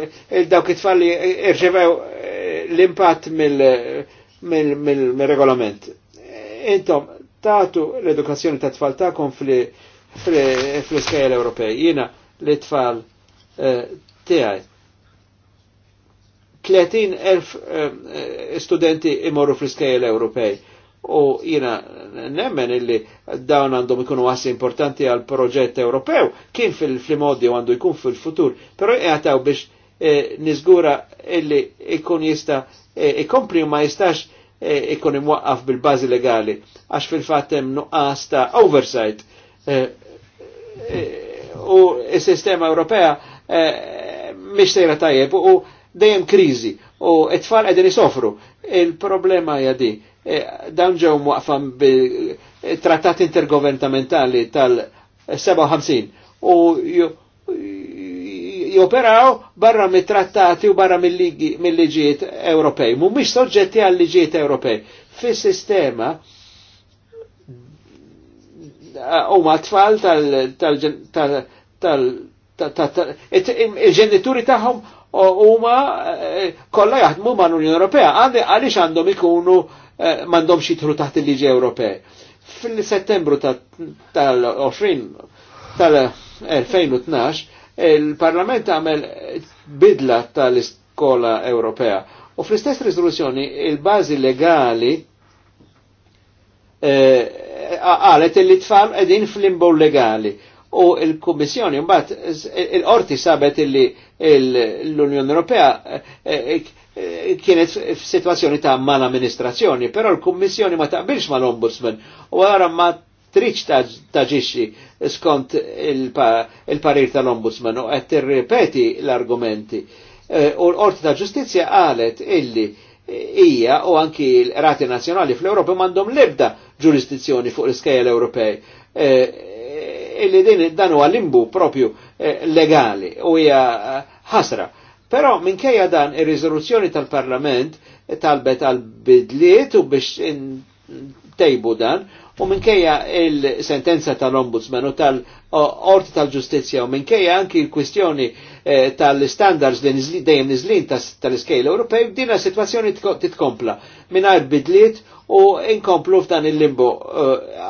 dawk it-tfalli irġevew l-impatt mill-regolament. Intom, tatu l-edukazzjoni ta' tfal ta'kom fl-iskajel Ewropej. Jina l-tfal tiegħi 30.000 eh, studenti imorru fl-iskejjel Ewropej. U jina nemmen illi dawn għandhom ikunu għassi importanti għal proġett Ewropew, kien fil-flimoddi għandu jkun fil-futur, pero jgħataw biex eh, nizgura illi ikun jista eh, ikompli ma jistax eh, ikun imwaqqaf bil-bazi legali, għax fil-fatem nuqqas ta' oversight. U s-sistema Ewropea mish sejra tajjeb u dejjem kriżi u it-tfal qegħdin isofru. Il-problema hija di dawn ġew waqfam bil-trattat intergovernamentali tal-57 u joperaw barra mit-trattati u barra mill-liġijiet Ewropej. Mhumiex soġġetti għall liġijiet Ewropej. Fis-sistema huma tfal tal-ġenituri tagħhom huma eh, kollha jaħdmu mal unjoni Ewropea għaliex għandhom ikunu eh, m'għandhomx jitru taħt il-liġi Ewropej. Fil-Settembru tal-20 tal-2012 il-Parlament għamel bidla tal-Iskola Ewropea u fl-istess riżoluzzjoni il-bażi legali eh, għalet il tfal edin fl-imbow legali u il-Kummissjoni mbagħad il-qorti sabet illi l-Unjoni Ewropea eh, eh, eh, kienet f'sitwazzjoni ta' mal-amministrazzjoni, però l-Kummissjoni ma taqbilx mal-Ombudsman u għara ma triċ taġiċi skont il-parir tal-Ombudsman u għed ripeti l-argumenti. U l-Qorti ta' Ġustizja qalet illi ija u anki l-Rati Nazjonali fl-Europa mandom lebda ġurisdizzjoni fuq l-iskajja l-Ewropej Illi din dan huwa limbu propju eh, legali u hija eh, ħasra. Però minkejja dan ir-riżoluzzjoni tal-Parlament talbet għal bidliet u biex tejbu dan u minkejja il-sentenza tal-Ombudsman u tal-Orti tal ġustizzja u minkejja anki il-kwistjoni eh, tal-standards li dejjem nizlin tal-iskejl Ewropej, dina situazzjoni titkompla mingħajr bidliet u inkomplu f'dan il limbu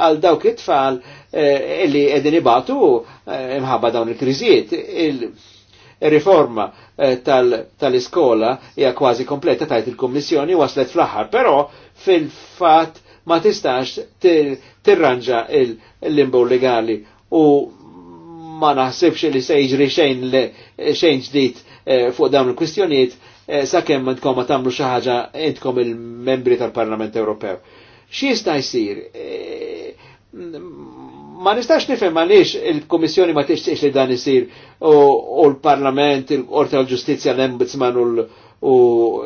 għal dawk it-tfal Eh, illi edin ibatu eh, imħabba dawn il-kriżiet. Il-riforma eh, tal-iskola hija kważi kompleta tajt il-Kommissjoni waslet fl-aħħar, però fil-fatt ma tistax tirranġa l limbo legali u ma naħsibx li se jiġri xejn xejn ġdid fuq dawn il-kwistjonijiet sakemm intkom ma tagħmlu xi ħaġa intkom il-membri tal-Parlament Ewropew. X'jista jsir? ma nistax nifhem għaliex il-Kummissjoni ma tixtiex li dan isir u l-Parlament, il-Qorta l-Ġustizzja, l-Ombudsman u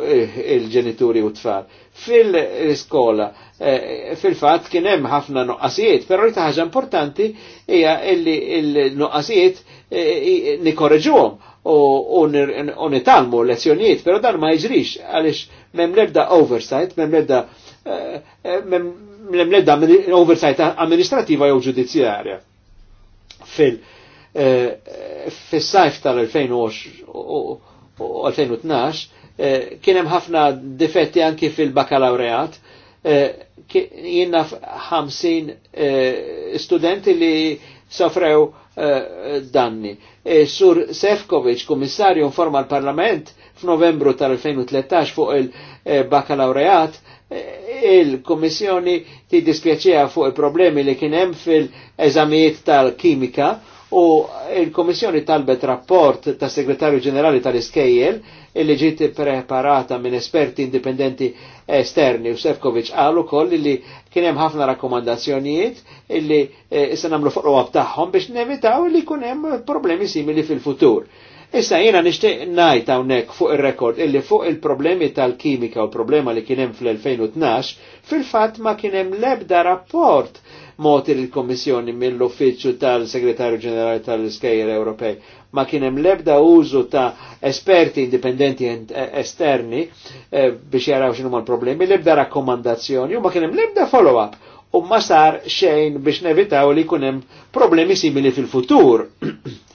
il-ġenituri u tfal. Fil-iskola, eh, fil-fatt kien hemm ħafna nuqqasijiet, però li ħaġa importanti hija illi il-nuqqasijiet eh, nikorreġuhom u nitalmu lezzjonijiet, però dan ma jiġrix għaliex mem lebda oversight, mem lebda eh, l-emledda oversight amministrativa jew ġudizzjarja. Fil- eh, fis-sajf tal-2012 eh, kien hemm ħafna difetti anki fil-bakalawreat eh, jienna 50 studenti li sofrew danni. E Sur Sefkovic, kummissarju informa l-Parlament f'Novembru tal-2013 fuq il-bakalawreat, il-Komissjoni ti dispjaċeja fuq il-problemi li kien hemm fil-eżamijiet tal-kimika u il-Komissjoni talbet rapport ta' Segretarju Ġenerali tal-Iskejjel illi ġiet preparata minn esperti indipendenti esterni u Sefkovic għal ukoll li kien hemm ħafna rakkomandazzjonijiet illi eh, issa nagħmlu follow-up tagħhom biex nevitaw li jkun hemm problemi simili fil-futur. Issa jena nishtiq najt hawnhekk fuq ir-rekord illi fuq il-problemi tal-kimika u problema li kien hemm fl-2012 fil-fatt ma kien hemm l-ebda rapport moti il-Komissjoni mill-Uffiċċju tal-Segretarju Ġenerali tal-Iskejjer Ewropej. Ma kien hemm l-ebda użu ta' esperti indipendenti e- esterni eh, biex jaraw x'inhuma l-problemi, l-ebda rakkomandazzjoni u ma kien hemm l-ebda follow-up u ma sar xejn biex nevitaw li jkun hemm problemi simili fil-futur.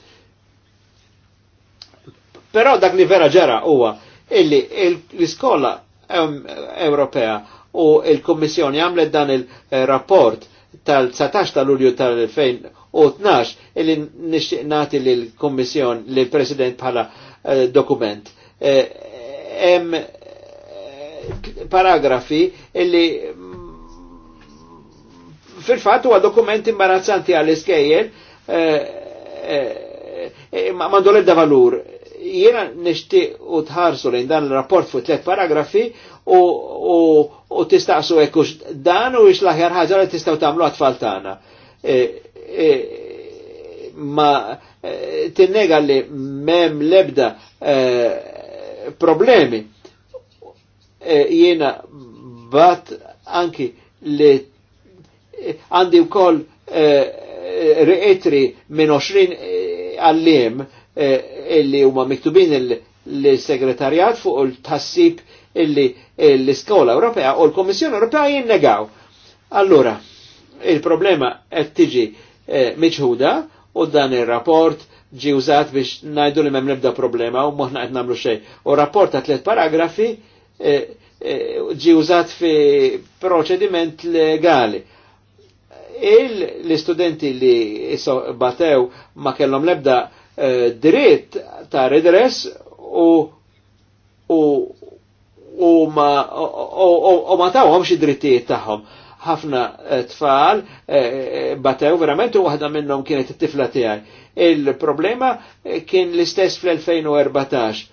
Però dak li vera ġara huwa illi l-iskola Ewropea u l kommissjoni għamlet dan il-rapport tal-19 tal-Ulju tal-2012 illi nixtieq nagħti lill-Kommissjon l president bħala eh, dokument. Hemm eh, eh, paragrafi illi fil-fatt huwa dokument imbarazzanti għall-iskejjel mandu da valur Jena nishti u tħarsu lejn dan il-rapport fu tlet paragrafi u, u, u tistaqsu ekkux dan u ix laħjar ħaġa li tistaw tamlu għatfall tana. E, e, ma e, tinnega li mem lebda e, problemi e, jena bat anki li għandi u koll e, reetri minn 20 għallim Eh, illi huma miktubin il segretarjat fuq il-tassib illi l-Iskola Ewropea u l-Kommissjoni Ewropea jinnegaw. Allura, il-problema qed tiġi eh, miċħuda u dan ir-rapport ġi użat biex najdu li mem nebda problema u moħna qed nagħmlu xejn. U rapport ta' tliet paragrafi eh, ġi użat fi proċediment legali l-istudenti li batew ma kellhom lebda Eh, dritt ta' redress u u u ma u ma tawhomx id-drittijiet tagħhom. Ħafna eh, tfal eh, batew verament u waħda minnhom kienet it-tifla tijaj. Il-problema kien l-istess fl-2014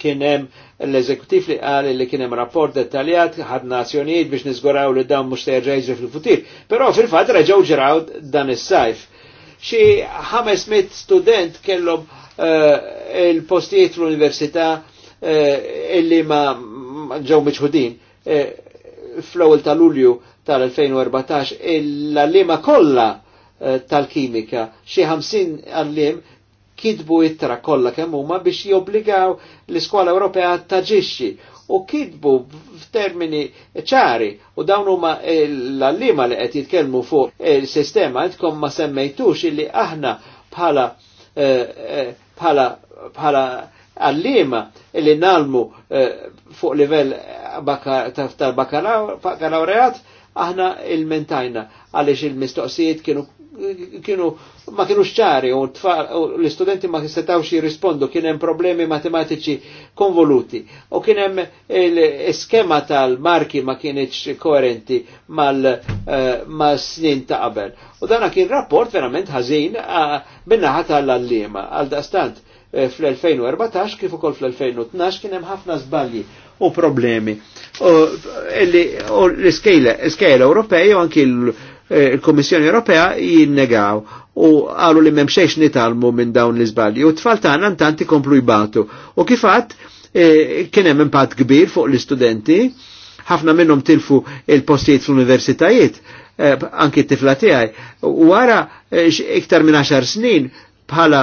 kien hemm l-eżekutiv li qal li kien hemm rapport dettaljat ħad nazzjonijiet biex niżguraw li dawn mhux terġa' fil futir Però fil-fatt reġgħu ġraw dan is-sajf xi 500 student kellhom eh, il-postijiet l-università eh, illi ma ġew miċħudin eh, fl-ewwel ta' Lulju tal-2014 il allima kollha tal-kimika xi 50 għallim kitbu ittra kollha kemm huma biex jobbligaw l-Iskola Ewropea taġixxi u kitbu f'termini ċari u dawn huma eh, l-allima li qed jitkellmu fuq eh, il-sistema għandkom ma semmejtux illi aħna bħala eh, bħala bħala għallima illi nalmu fuq livell tal bakalawreat aħna il-mentajna għaliex il-mistoqsijiet kienu kienu ma kienu ċari u l-istudenti ma setawx jirrispondu kien hemm problemi matematiċi konvoluti u kien hemm l-iskema tal-marki ma kienieċ koerenti mal-snin eh, ta' qabel. U dana kien rapport verament ħażin minnaħa tal-allima għal dastant eh, fl-2014 kif ukoll fl-2012 kien hemm ħafna żbalji u problemi. U eh, l-iskejla Ewropej u anki l Eh, il-Kommissjoni Ewropea jinnegaw u għalu li memxiex nitalmu minn dawn l-izbalji u tfal tagħna ntanti komplu jibatu. U kifat kienem eh, kien hemm impatt kbir fuq l-istudenti, ħafna minnhom tilfu il-postijiet fl-universitajiet, eh, anki t-tifla tiegħi. Wara għara iktar minn 10 snin bħala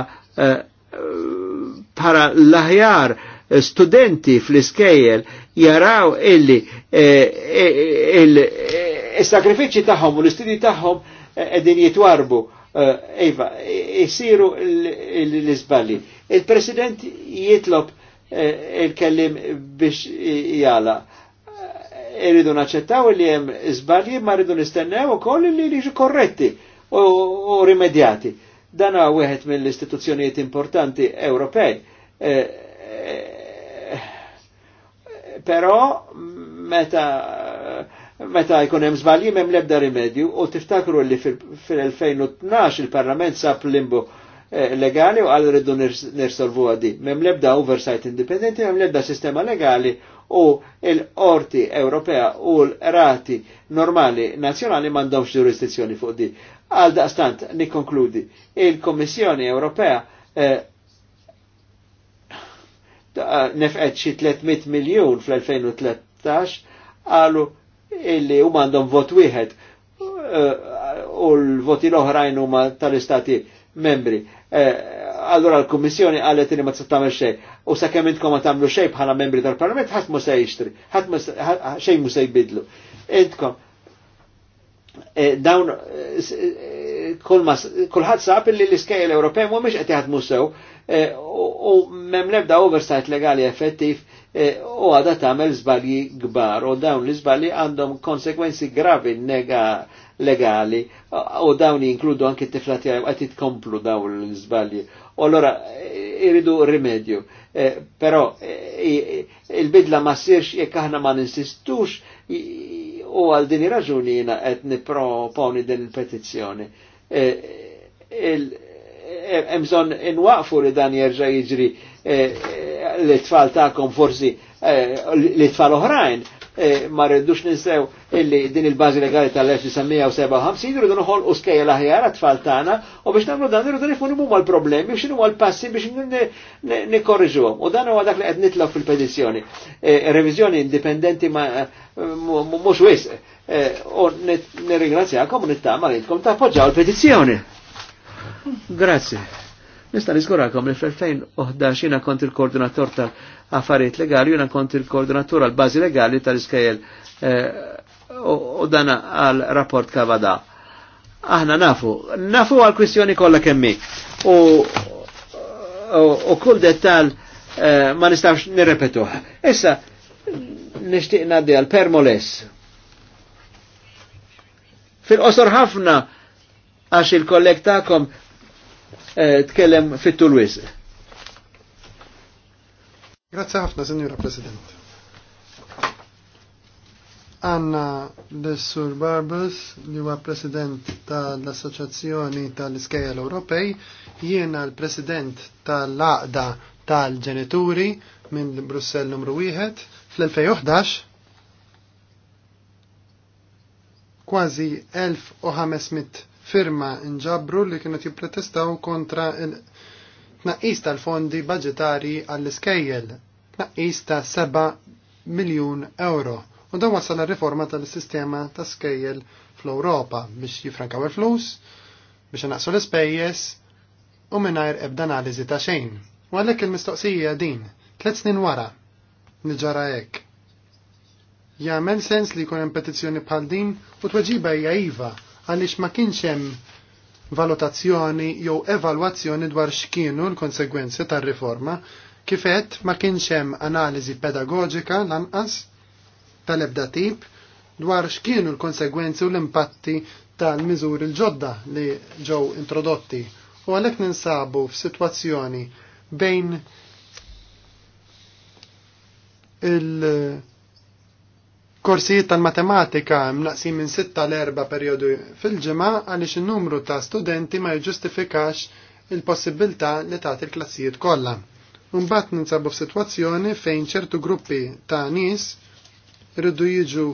bħala l-aħjar studenti fl-iskejjel jaraw illi il-sakrifiċi taħħom u l-istudji taħħom edin eh, jitwarbu. Ejva, eh, jisiru l-izballi. Il-President jitlob eh, il-kellim biex jala. Irridu naċċettaw li hemm iżbalji ma rridu nistennew ukoll li jiġu korretti u rimedjati. Dan huwa wieħed mill-istituzzjonijiet importanti Ewropej. Però meta Meta jkun hemm żbalji hemm l-ebda rimedju u tiftakru li fil-2012 il-Parlament sab limbu eh, legali u għal rridu nirsolvu għaddi. Mem lebda oversight independenti, mem lebda sistema legali u l-orti Ewropea u l-rati normali nazjonali mandomx jurisdizzjoni fuq di. Għal daqstant, nikonkludi, il komissjoni Ewropea eh, nefqet xi 300 miljon fl-2013 għalu illi huma għandhom vot wieħed uh, u l-voti l-oħrajn huma tal-istati membri. Eh, allora l-Kummissjoni qalet li ma tagħmel xej u sakemm intkom ma tagħmlu xej bħala membri tal-Parlament ħadd mhux se jixtri, ħadd xejn mhux se jbidlu. Intkom eh, dawn eh, kulħadd sab li l-iskejjel Ewropej mhumiex qed jaħdmu sew u memlebda l-ebda oversight legali effettiv E, u għada tamel zbalji gbar u dawn li zbalji għandhom konsekwenzi gravi nega legali u dawn jinkludu anki t tiflati tijaw għati dawn li zbalji u allora iridu rimedju e, pero e, il-bidla ma sirx jekk aħna ma ninsistux u għal din raġuni jina qed niproponi din il-petizzjoni. Hemm bżonn inwaqfu li dan jerġa' jiġri Eh, eh, l-tfal ta'kom forsi eh, l-tfal oħrajn ma rridux ninsew illi din il-bazi legali tal-1957 rridu nħol u skejja laħjar aħjar għat-tfal tagħna u biex nagħmlu dan irridu nifu nimhuma l-problemi biex nimhuma l-passi biex nikkorriġuhom. U dan huwa dak li qed nitlaw fil-petizzjoni. Reviżjoni indipendenti ma mhux wisq. U nirringrazzjakom u nittama li tkom tappoġġaw l petizzjoni Grazie. Nista' niżgurakom li fl-2011 jiena kont il-koordinator tal-affarijiet legali, jiena kont il-koordinatur għal bażi legali tal-iskejjel eh, u dan għal rapport Kavada. Aħna nafu, nafu għal kwistjoni kollha kemmi. U kull dettal eh, ma nistax nirrepetuħ. Issa, nishtiq naddi għal permoles. Fil-qosor ħafna għax il-kollektakom Eh, tkellem fit-tul wisq. Grazie ħafna, Signora President. Anna Dessur Barbus li huwa President tal-Assoċjazzjoni tal-Iskejjel Ewropej, jiena l-President tal-Aqda tal-Ġenituri minn Brussell numru 1 fl-2011 kważi 1500 firma nġabru li kienet jipprotestaw kontra il-tnaqqis tal-fondi budgetari għall-iskejjel, tnaqqis ta' 7 miljun euro. U dan wasal riforma tal-sistema ta' skejjel fl-Europa biex jifrankaw il-flus, biex naqsu l-ispejjes u minnajr ebda analiżi ta' xejn. U għalhekk il-mistoqsija din, tliet snin wara, niġara hekk. Jagħmel sens li jkun hemm petizzjoni bħal din u tweġiba hija iva għaliex ma kienx hemm valutazzjoni jew evalwazzjoni dwar x'kienu l-konsegwenzi tar-riforma, kifet ma kienx hemm analiżi pedagogika lanqas tal-ebda tip dwar x'kienu l-konsegwenzi u l-impatti tal-miżuri il ġodda li ġew introdotti u għalhekk ninsabu f'sitwazzjoni bejn il- Korsijiet tal-matematika mnaqsin minn 6 l-4 periodu fil-ġimgħa għaliex in-numru ta' studenti ma jġustifikax il-possibilità li tagħti l-klassijiet kollha. Mbagħad ninsabu f'sitwazzjoni fejn ċertu gruppi ta' nies irridu jiġu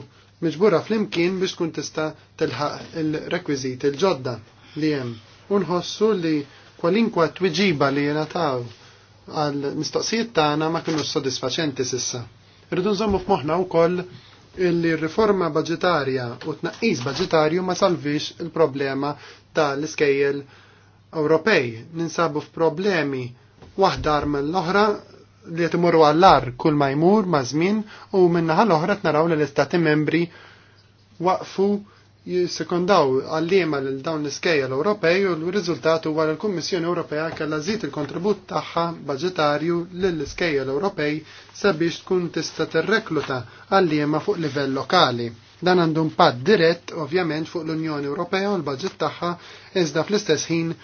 miġbura fl-imkien biex tkun tista' tilħaq il-rekwiżiti l-ġodda li hemm. Unħossu li kwalinkwa twiġiba li jingħataw għal mistoqsijiet tagħna ma kienux sodisfaċenti sissa. Irridu nżommu f'moħħna wkoll illi riforma budgetarja u tnaqqis budgetarju ma salvix il-problema tal-iskejjel Ewropej. Ninsabu f'problemi waħdar mill-oħra li qed imorru għall-ar kull ma jmur ma' żmien u minnaħa l-oħra naraw li l-istati membri waqfu jissekondaw għallima l-dawn l l Ewropej u l-riżultat huwa l-Kummissjoni Ewropea kellha żid il-kontribut tagħha baġitarju lill-iskejjel Ewropej sabiex tkun tista' tirrekluta għallima fuq livell lokali. Dan għandu impatt dirett ovvjament fuq l-Unjoni Ewropea u l-baġit tagħha iżda fl-istess ħin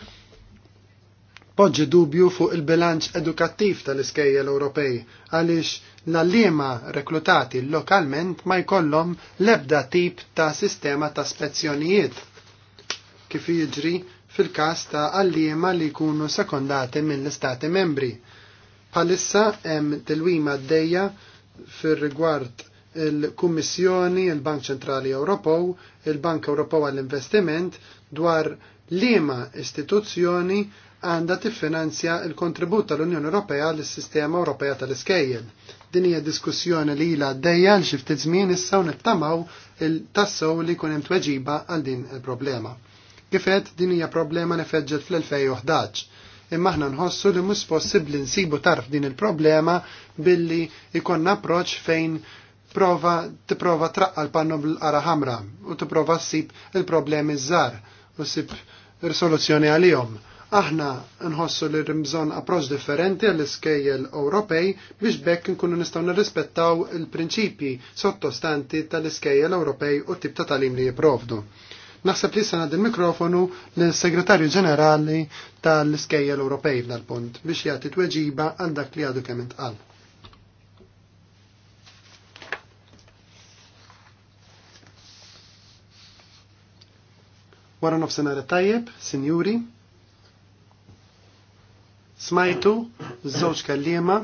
poġġi dubju fuq il-bilanċ edukattiv tal-iskejjel Ewropej għaliex l-allima reklutati lokalment ma jkollhom lebda tip ta' sistema ta' spezzjonijiet kif jiġri fil-każ ta' allima li jkunu sekondati mill-Istati membri. Bħalissa hemm tilwima d-dejja fir-rigward il-Kummissjoni, il-Bank Ċentrali Ewropew, il-Bank Ewropew għall-Investiment dwar liema istituzzjoni għanda tiffinanzja il-kontribut tal-Unjoni Ewropea l sistema Ewropea tal-Iskejjel. Din hija diskussjoni li ilha għaddejja l xi ftit żmien issa nittamaw tassew li jkun hemm tweġiba għal din il-problema. Kifet din hija problema nifeġġet fl-2011 imma aħna nħossu li mhux possibbli nsibu tarf din il-problema billi ikonna approċ fejn prova tipprova traqqa l-pannu bl-qara ħamra u tipprova ssib il-problemi żgħar u ssib soluzzjoni għalihom Aħna nħossu li rimżon approċ differenti għall iskejjel Ewropej biex bekk nkunu nistgħu nirrispettaw il-prinċipji sottostanti tal-iskejjel Ewropej u tip ta' talim li jipprovdu. Naħseb li sanad il-mikrofonu l-Segretarju Ġenerali tal-Iskejjel Ewropej f'dal-punt biex jagħti tweġiba għal dak li għadu kemm intqal. Wara nofsinhar tajjeb, sinjuri, Smajtu żewġ kellima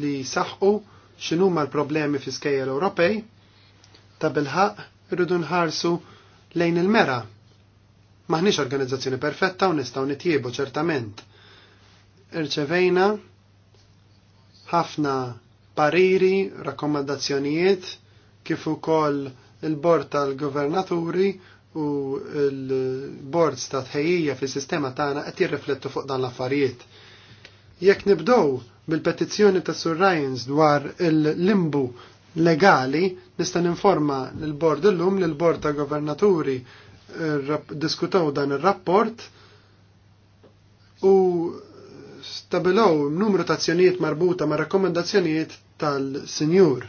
li saħqu x'inhuma l-problemi fi skejjel Ewropej ta' bilħaq irridu nħarsu lejn il-mera. Maħniex organizzazzjoni perfetta u nistgħu nitjiebu ċertament. Irċevejna ħafna pariri, rakkomandazzjonijiet, kif ukoll il-bord tal-governaturi u l-bords ta' tħejjija fis sistema tagħna qed jirriflettu fuq dan l-affarijiet. Jekk nibdow bil-petizzjoni ta' Sur Ryans dwar il-limbu legali, nista' ninforma l-bord illum l bord ta' governaturi eh, diskutaw dan ir-rapport u stabilaw numru ta' azzjonijiet marbuta ma' rakkomandazzjonijiet tal-Sinjur.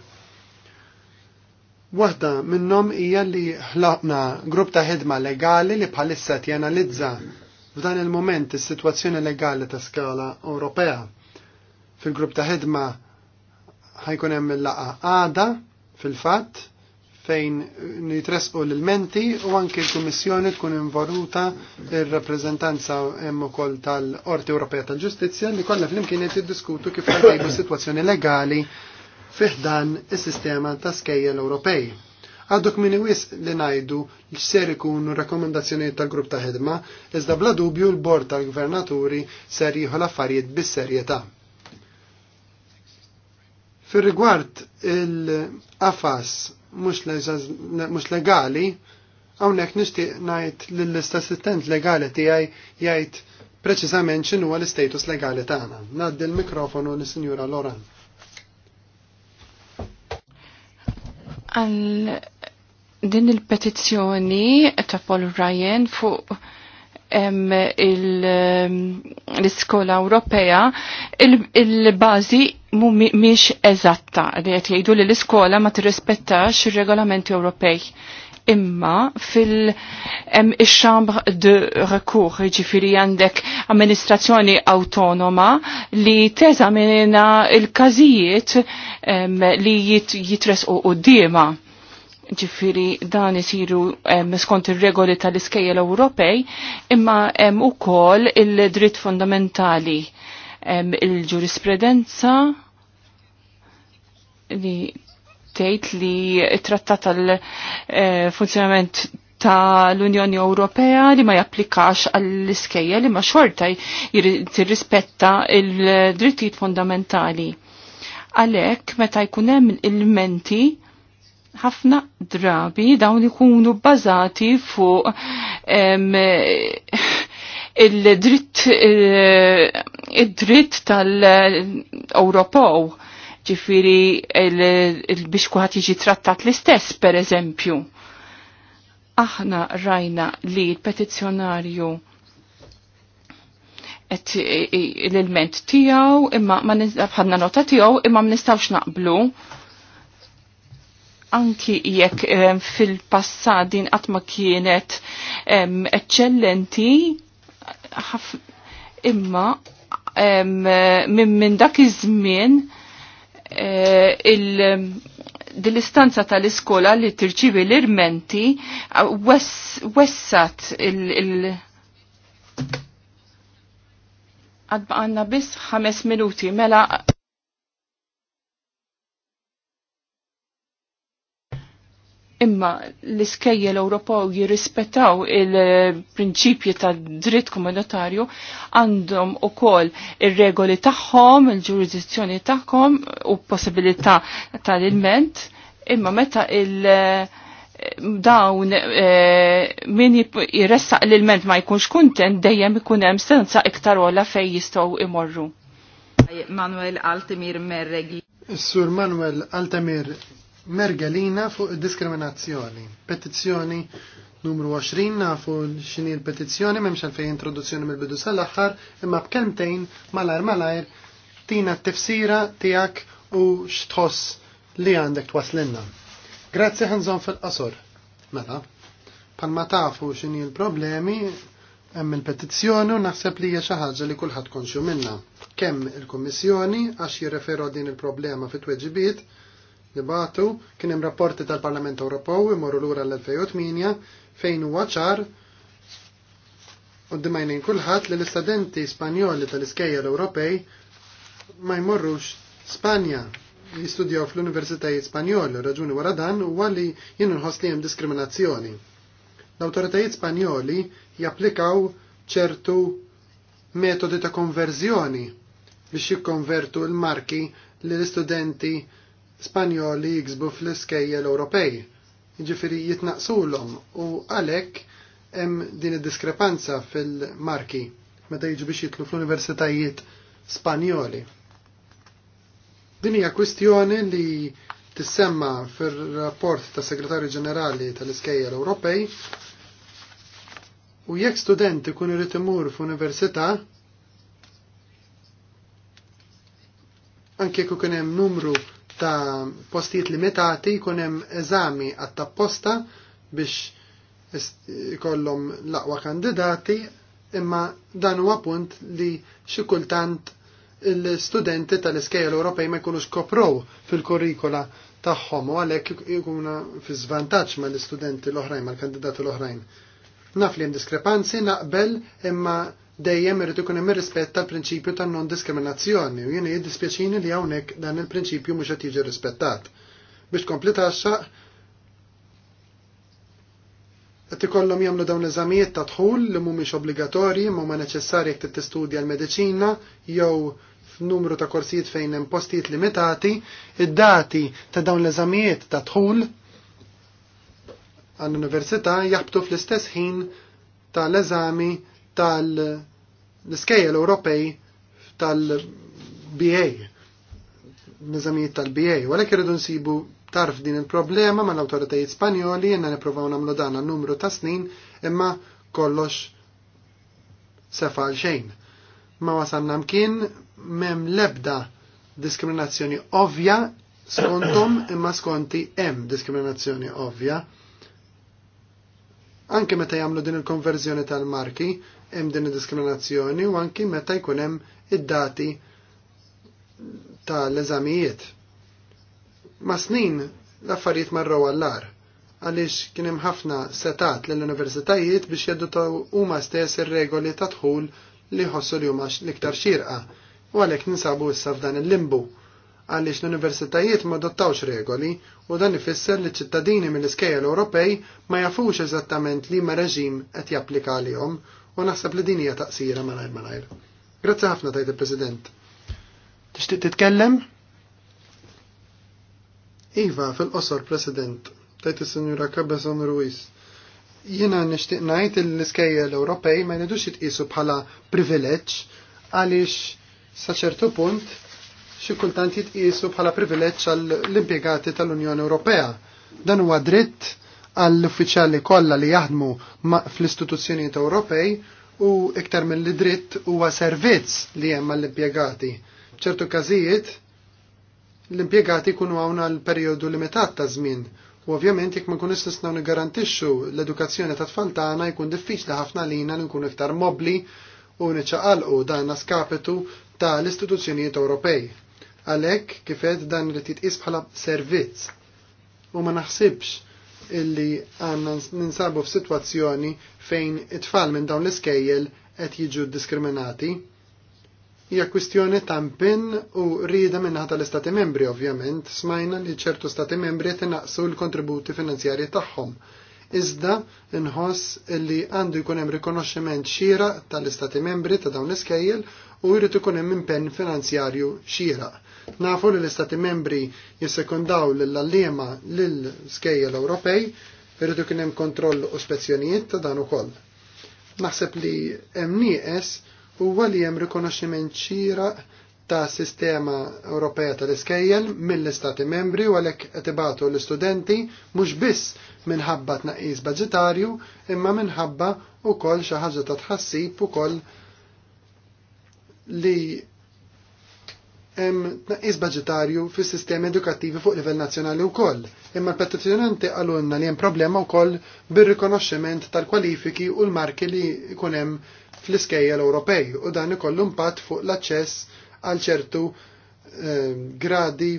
Waħda minnhom hija li ħlaqna grupp ta' ħidma legali li bħalissa tjanalizza F'dan il-moment is-sitwazzjoni legali ta' skala Ewropea fil-grupp ta' ħidma ħajkun hemm il-laqa għada fil-fatt fejn nitresqu l-menti u anke l-Kummissjoni tkun involuta ir-rappreżentanza hemm ukoll tal-Qorti Ewropea tal-Ġustizzja li kollha flimkien qed jiddiskutu kif qed sitwazzjoni legali fiħdan is-sistema ta' skejjel Ewropej għadduk minni wis li najdu li ser ikunu rakkomandazzjonijiet tal-grupp ta' ħedma, iżda bla dubju l-bord tal-gvernaturi ser jieħu l-affarijiet bis-serjetà. Fir-rigward il-qafas mhux legali, hawnhekk nixtieq ngħid lill-assistent legali tiegħi jgħid preċiżament x'inhuwa l-istatus legali tagħna. Ngħaddi l-mikrofonu lis-Sinjura Loran. għal din il-petizzjoni ta' Paul Ryan fuq l-iskola Ewropea il-bazi mhumiex eżatta li qed jgħidu li l-iskola ma tirrispettax ir-regolamenti Ewropej imma fil ix-xambr de rekur, ġifiri għandek amministrazzjoni autonoma li minna il-kazijiet li jitres u d-dima. Ġifiri dan isiru skont ir-regoli tal-iskejjel Ewropej, imma hemm ukoll il-dritt fundamentali il-ġurisprudenza li tgħid li trattat tal-funzjonament eh, tal-Unjoni Ewropea li ma japplikax għall-iskejja li ma xorta jirrispetta il-drittijiet fundamentali. Għalek, meta jkun il-menti, ħafna drabi dawn ikunu bazati fuq il-dritt eh, il-dritt tal-Ewropew ġifiri biex kuħat jiġi trattat l-istess, per eżempju. Aħna rajna li l-petizjonarju l-ilment tijaw, imma ma nizabħadna nota tijaw, imma ma nistawx naqblu. Anki jekk fil-passadin għatma kienet eccellenti, imma minn dak iż-żmien Eh, dil-istanza tal-iskola li tirċivi l-irmenti eh, wessat il- Għadba għanna bis ħames minuti, mela imma l-iskejjel Ewropew jirrispettaw il-prinċipji ta' dritt komunitarju għandhom ukoll ir-regoli tagħhom, il-ġurisdizzjoni tagħhom u possibilità tal-ilment, imma meta il- dawn e, min jirressaq l-ilment ma jkunx kuntent dejjem ikun hemm senza iktar ola fej jistgħu imorru. Manuel Altemir Merregi. Sur Manuel Altemir Mergelina fuq diskriminazzjoni. Petizzjoni numru 20 nafu xini l-petizzjoni m'hemmx għalfejn introduzzjoni mill-bidu sal-aħħar, imma b'kelmtejn malajr malajr tina t-tifsira tiegħek u x'tħoss li għandek twaslinna. Grazzi ħanżon fil qasur Mela, ma tafu x'inhi l-problemi hemm il-petizzjoni u naħseb li hija xi ħaġa li kulħadd konxu minnha. Kemm il-Kummissjoni għax jirreferu din il-problema fit-tweġibiet nibatu kien hemm rapporti tal-Parlament Ewropew imorru lura l-2008 fejn huwa ċar Uddimajnin kulħadd li l-istudenti Spanjoli tal-iskejjel Ewropej ma jmorrux Spanja jistudjaw fl-Universitajiet Spanjoli raġuni wara dan huwa li jien inħoss hemm diskriminazzjoni. L-awtoritajiet Spanjoli japplikaw ċertu metodi ta' konverżjoni biex jikkonvertu l-marki li l-istudenti Spanjoli jiksbu fl-iskejjel Ewropej, jiġifieri jitnaqsulhom u għalhekk hemm din id-diskrepanza fil-marki meta jiġu biex jitlu fl-universitajiet Spanjoli. Din hija kwistjoni li tissemma fir-rapport ta' Segretarju Ġenerali tal-Iskejjel Ewropej u jekk student ikun irid imur f'università anke jekk hemm numru ta' postijiet limitati jkun hemm eżami għatta posta biex kollom l-aqwa kandidati imma dan huwa punt li xi kultant l-studenti tal-iskejjel Ewropej ma jkunux koprow fil-kurrikula tagħhom u għalhekk jkunu fi żvantaġġ mal-istudenti l-oħrajn mal-kandidati l-oħrajn. Naf li hemm diskrepanzi naqbel imma dejjem irid ikun hemm ir-rispett tal-prinċipju tan non-diskriminazzjoni u jiena jiddispjaċini li hawnhekk dan il-prinċipju mhux qed jiġi rispettat. Biex tkompli taxxaq qed ikollhom jagħmlu dawn l-eżamijiet ta' dħul li mhumiex obbligatorji ma huma neċessarji jekk tistudja l-mediċina jew f'numru ta' korsijiet fejn hemm postijiet limitati, id-dati ta' dawn l-eżamijiet ta' dħul għall-università jaħbtu fl-istess ħin tal-eżami tal-iskejjel Ewropej tal-BA, nizamijiet tal-BA, għalek irridu nsibu tarf din il-problema ma l-autoritajiet spanjoli jenna niprofaw namlu dan numru ta' snin imma kollox sefa xejn. Ma wasanna mkien mem lebda diskriminazzjoni ovvja skontom imma skonti hemm diskriminazzjoni ovvja. Anke meta jagħmlu din il-konverżjoni tal-marki, hemm din id-diskriminazzjoni u anki meta jkun hemm id-dati tal-eżamijiet. Ma snin l-affarijiet marraw għallar għaliex kien hemm ħafna setat lill-universitajiet biex jeddutaw huma stess ir-regoli ta' dħul li ħossu li huma l-iktar xirqa u għalhekk ninsabu issa f'dan il-limbu għaliex l-universitajiet ma dottawx regoli u dan ifisser li ċittadini mill-iskejjel Ewropej ma jafux eżattament li ma reġim qed japplika għalihom u naħseb li din hija taqsira malajr malajr. Grazzi ħafna tajt il-President. Tixtieq titkellem? Iva, fil-qosor, President, tajt il-Sinjura Cabezon Ruiz. Jiena nixtieq ngħid l-iskejjel Ewropej ma jnedux jitqisu bħala privileġġ għaliex sa ċertu punt xi kultant jitqisu bħala privileġġ għall impjegati tal-Unjoni Ewropea. Dan huwa dritt għall-uffiċjali kollha li jaħdmu fl-istituzzjonijiet Ewropej u iktar mill dritt huwa servizz li hemm għall-impjegati. ċertu każijiet l-impjegati jkunu hawn għal perjodu limitat ta' żmien u ovvjament jekk ma nkunux nistgħu nigarantixxu l-edukazzjoni ta' tfal tagħna jkun diffiċli ħafna lina li nkunu iktar mobbli u niċċaqalqu dan skapitu ta' l-istituzzjonijiet Ewropej. Għalhekk kifed dan li titqis bħala servizz u ma naħsibx illi għanna ninsabu f'sitwazzjoni fejn it-tfal minn dawn l-iskejjel qed jiġu diskriminati. Hija kwistjoni ta' mpin u rida minnaħa tal-Istati Membri ovvjament, smajna li ċertu Stati Membri qed inaqsu l-kontributi finanzjarji tagħhom. Iżda inħoss li għandu jkun hemm rikonoxximent xira tal-Istati Membri ta' dawn l-iskejjel u jrid ikun hemm impenn finanzjarju xieraq Nafu li l-Istati membri jissekundaw l-allima l-skejjel Ewropej, irridu kien hemm kontroll u spezzjonijiet ta' dan ukoll. Naħseb li hemm nieqes huwa li hemm rikonoxximent xieraq ta' sistema Ewropea tal-iskejjel mill-Istati membri u għalhekk qed ibatu l-istudenti mhux biss minħabba tnaqqis budgetarju imma minħabba wkoll xi ħaġa ta' tħassib ukoll li hemm tnaqqis budgetarju fis-sistemi edukattivi fuq livell nazzjonali wkoll, imma l-petizzjonanti għalunna li hemm problema wkoll bir-rikonoxximent tal-kwalifiki u l-marki li jkun hemm fl-iskejjel Ewropej u dan ikollu impatt fuq l-aċċess għal ċertu eh, gradi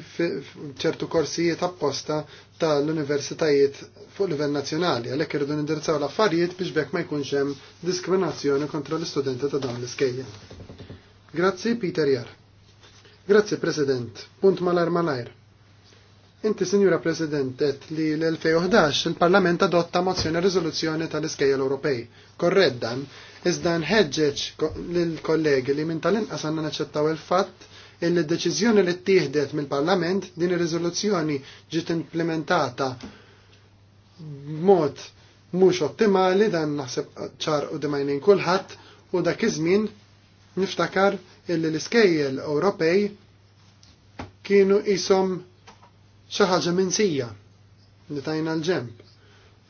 ċertu korsijiet apposta tal-universitajiet fuq livell nazzjonali, għalhekk irridu nindirizzaw l-affarijiet biex bekk ma jkunx hemm diskriminazzjoni kontra l-istudenti ta' dawn l-iskejja. Grazzi Peter Jar. Grazzi, President. Punt malar malajr. Inti, Sinjura President, et li l-2011 il-Parlament adotta mozzjoni e riżoluzzjoni tal-iskejjel Ewropej. Korreddan, iżda nħeġġeġ lill-kollegi li minn tal-inqas għandna naċċettaw il-fatt illi d-deċiżjoni li ttieħdet mill-Parlament din ir-riżoluzzjoni ġiet implementata b'mod mhux ottimali dan naħseb ċar u dimajnin kulħadd u dak iż-żmien niftakar illi l-iskejjel Ewropej kienu isom xi ħaġa minsija li tajna l-ġemp.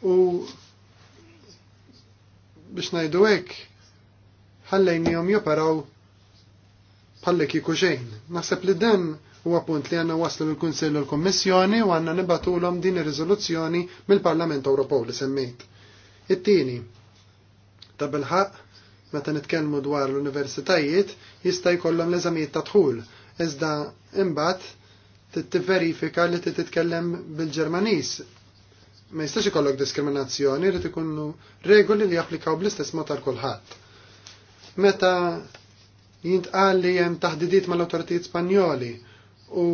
U biex ngħidu hekk jom joparaw bħalli kieku xejn. Naħseb li dan huwa punt li għanna waslu l-Kunsill u l-Kommissjoni u għanna nibatulhom din ir-riżoluzzjoni mill-Parlament Ewropew li semmejt. It-tieni, ta' bil meta nitkellmu dwar l-universitajiet jista' jkollhom l-eżamijiet ta' dħul iżda imbagħad tivverifika li titkellem bil-Ġermaniż. Ma jistax ikollok diskriminazzjoni, jrid ikunu regoli li japplikaw bl-istess mod għal kulħadd. Meta jintqal li hemm taħdidiet mal awtoritajiet Spanjoli u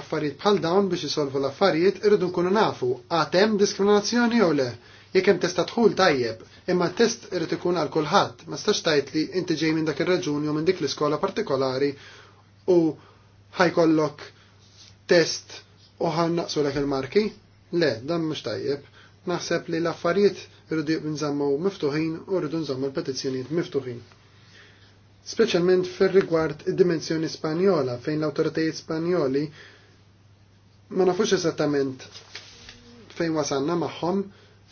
affarijiet bħal dawn biex isolvu l-affarijiet irridu nkunu nafu għad hemm diskriminazzjoni jew le. Jekk hemm testa tħul tajjeb, imma test irid ikun għal kulħadd, ma stax tajt li inti ġej minn dak ir-raġuni jew minn dik l-iskola partikolari u ħajkollok test u ħannaqsu l il-marki? Le, dan mhux tajjeb. Naħseb li l-affarijiet rridu nżammu miftuħin u rridu nżammu l-petizzjonijiet miftuħin. Speċjalment fir-rigward id-dimensjoni Spanjola fejn l-awtoritajiet Spanjoli ma nafux eżattament fejn wasanna magħhom,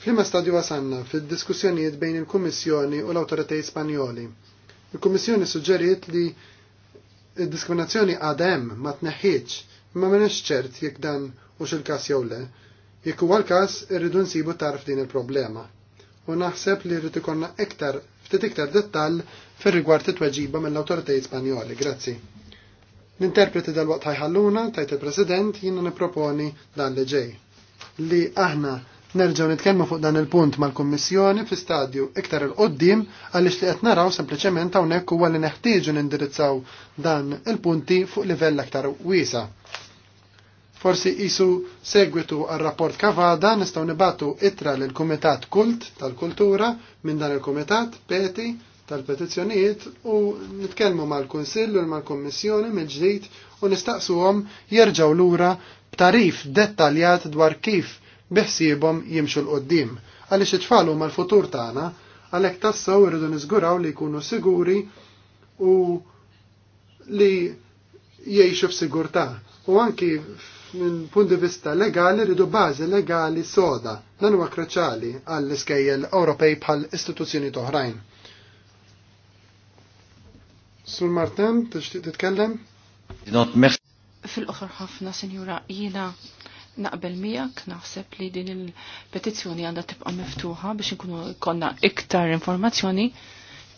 fl stadju wasanna fid-diskussjonijiet bejn il-Kummissjoni u l autoritajiet Spanjoli. Il-Kummissjoni suġġeriet li id-diskriminazzjoni għadem ma tneħħiċ ma menix ċert jekk dan u xil-kas jew le. Jekk huwa l-kas irridu nsibu tarf din il-problema. U naħseb li rrid ikonna iktar ftit iktar dettall fir-rigward it-tweġiba mill-awtoritajiet Spanjoli. Grazzi. L-interpreti dal-waqt ħajħalluna tajt il-President jiena nipproponi dan li ġej. Li aħna Nerġgħu nitkellmu fuq dan il-punt mal-Kummissjoni fi stadju iktar il-qoddim għaliex li qed naraw sempliċement hawnhekk huwa li neħtieġu nindirizzaw dan il-punti fuq livell aktar wiesa. Forsi isu segwitu għal-rapport Kavada nistgħu nibatu itra lil kumitat Kult tal-Kultura minn dan il-Kumitat Peti tal-petizzjonijiet u nitkellmu mal-Kunsill u mal-Kommissjoni mill-ġdid u nistaqsuhom jerġgħu lura b'tarif dettaljat dwar kif biħsibom jimxu l-qoddim għaliex itfalu mal l-futur tagħna għalhekk tassew irridu niżguraw li jkunu siguri u li jgħixu f'sigurtà. U anki minn punt di vista legali rridu bażi legali soda dan huwa kruċjali għall-iskejjel Ewropej bħal istituzzjoni oħrajn. Sur Martin, tixtieq titkellem? Fil-oħra ħafna, senjura jiena naqbel miegħek naħseb li din il-petizzjoni għandha tibqa' miftuħa biex inkunu konna iktar informazzjoni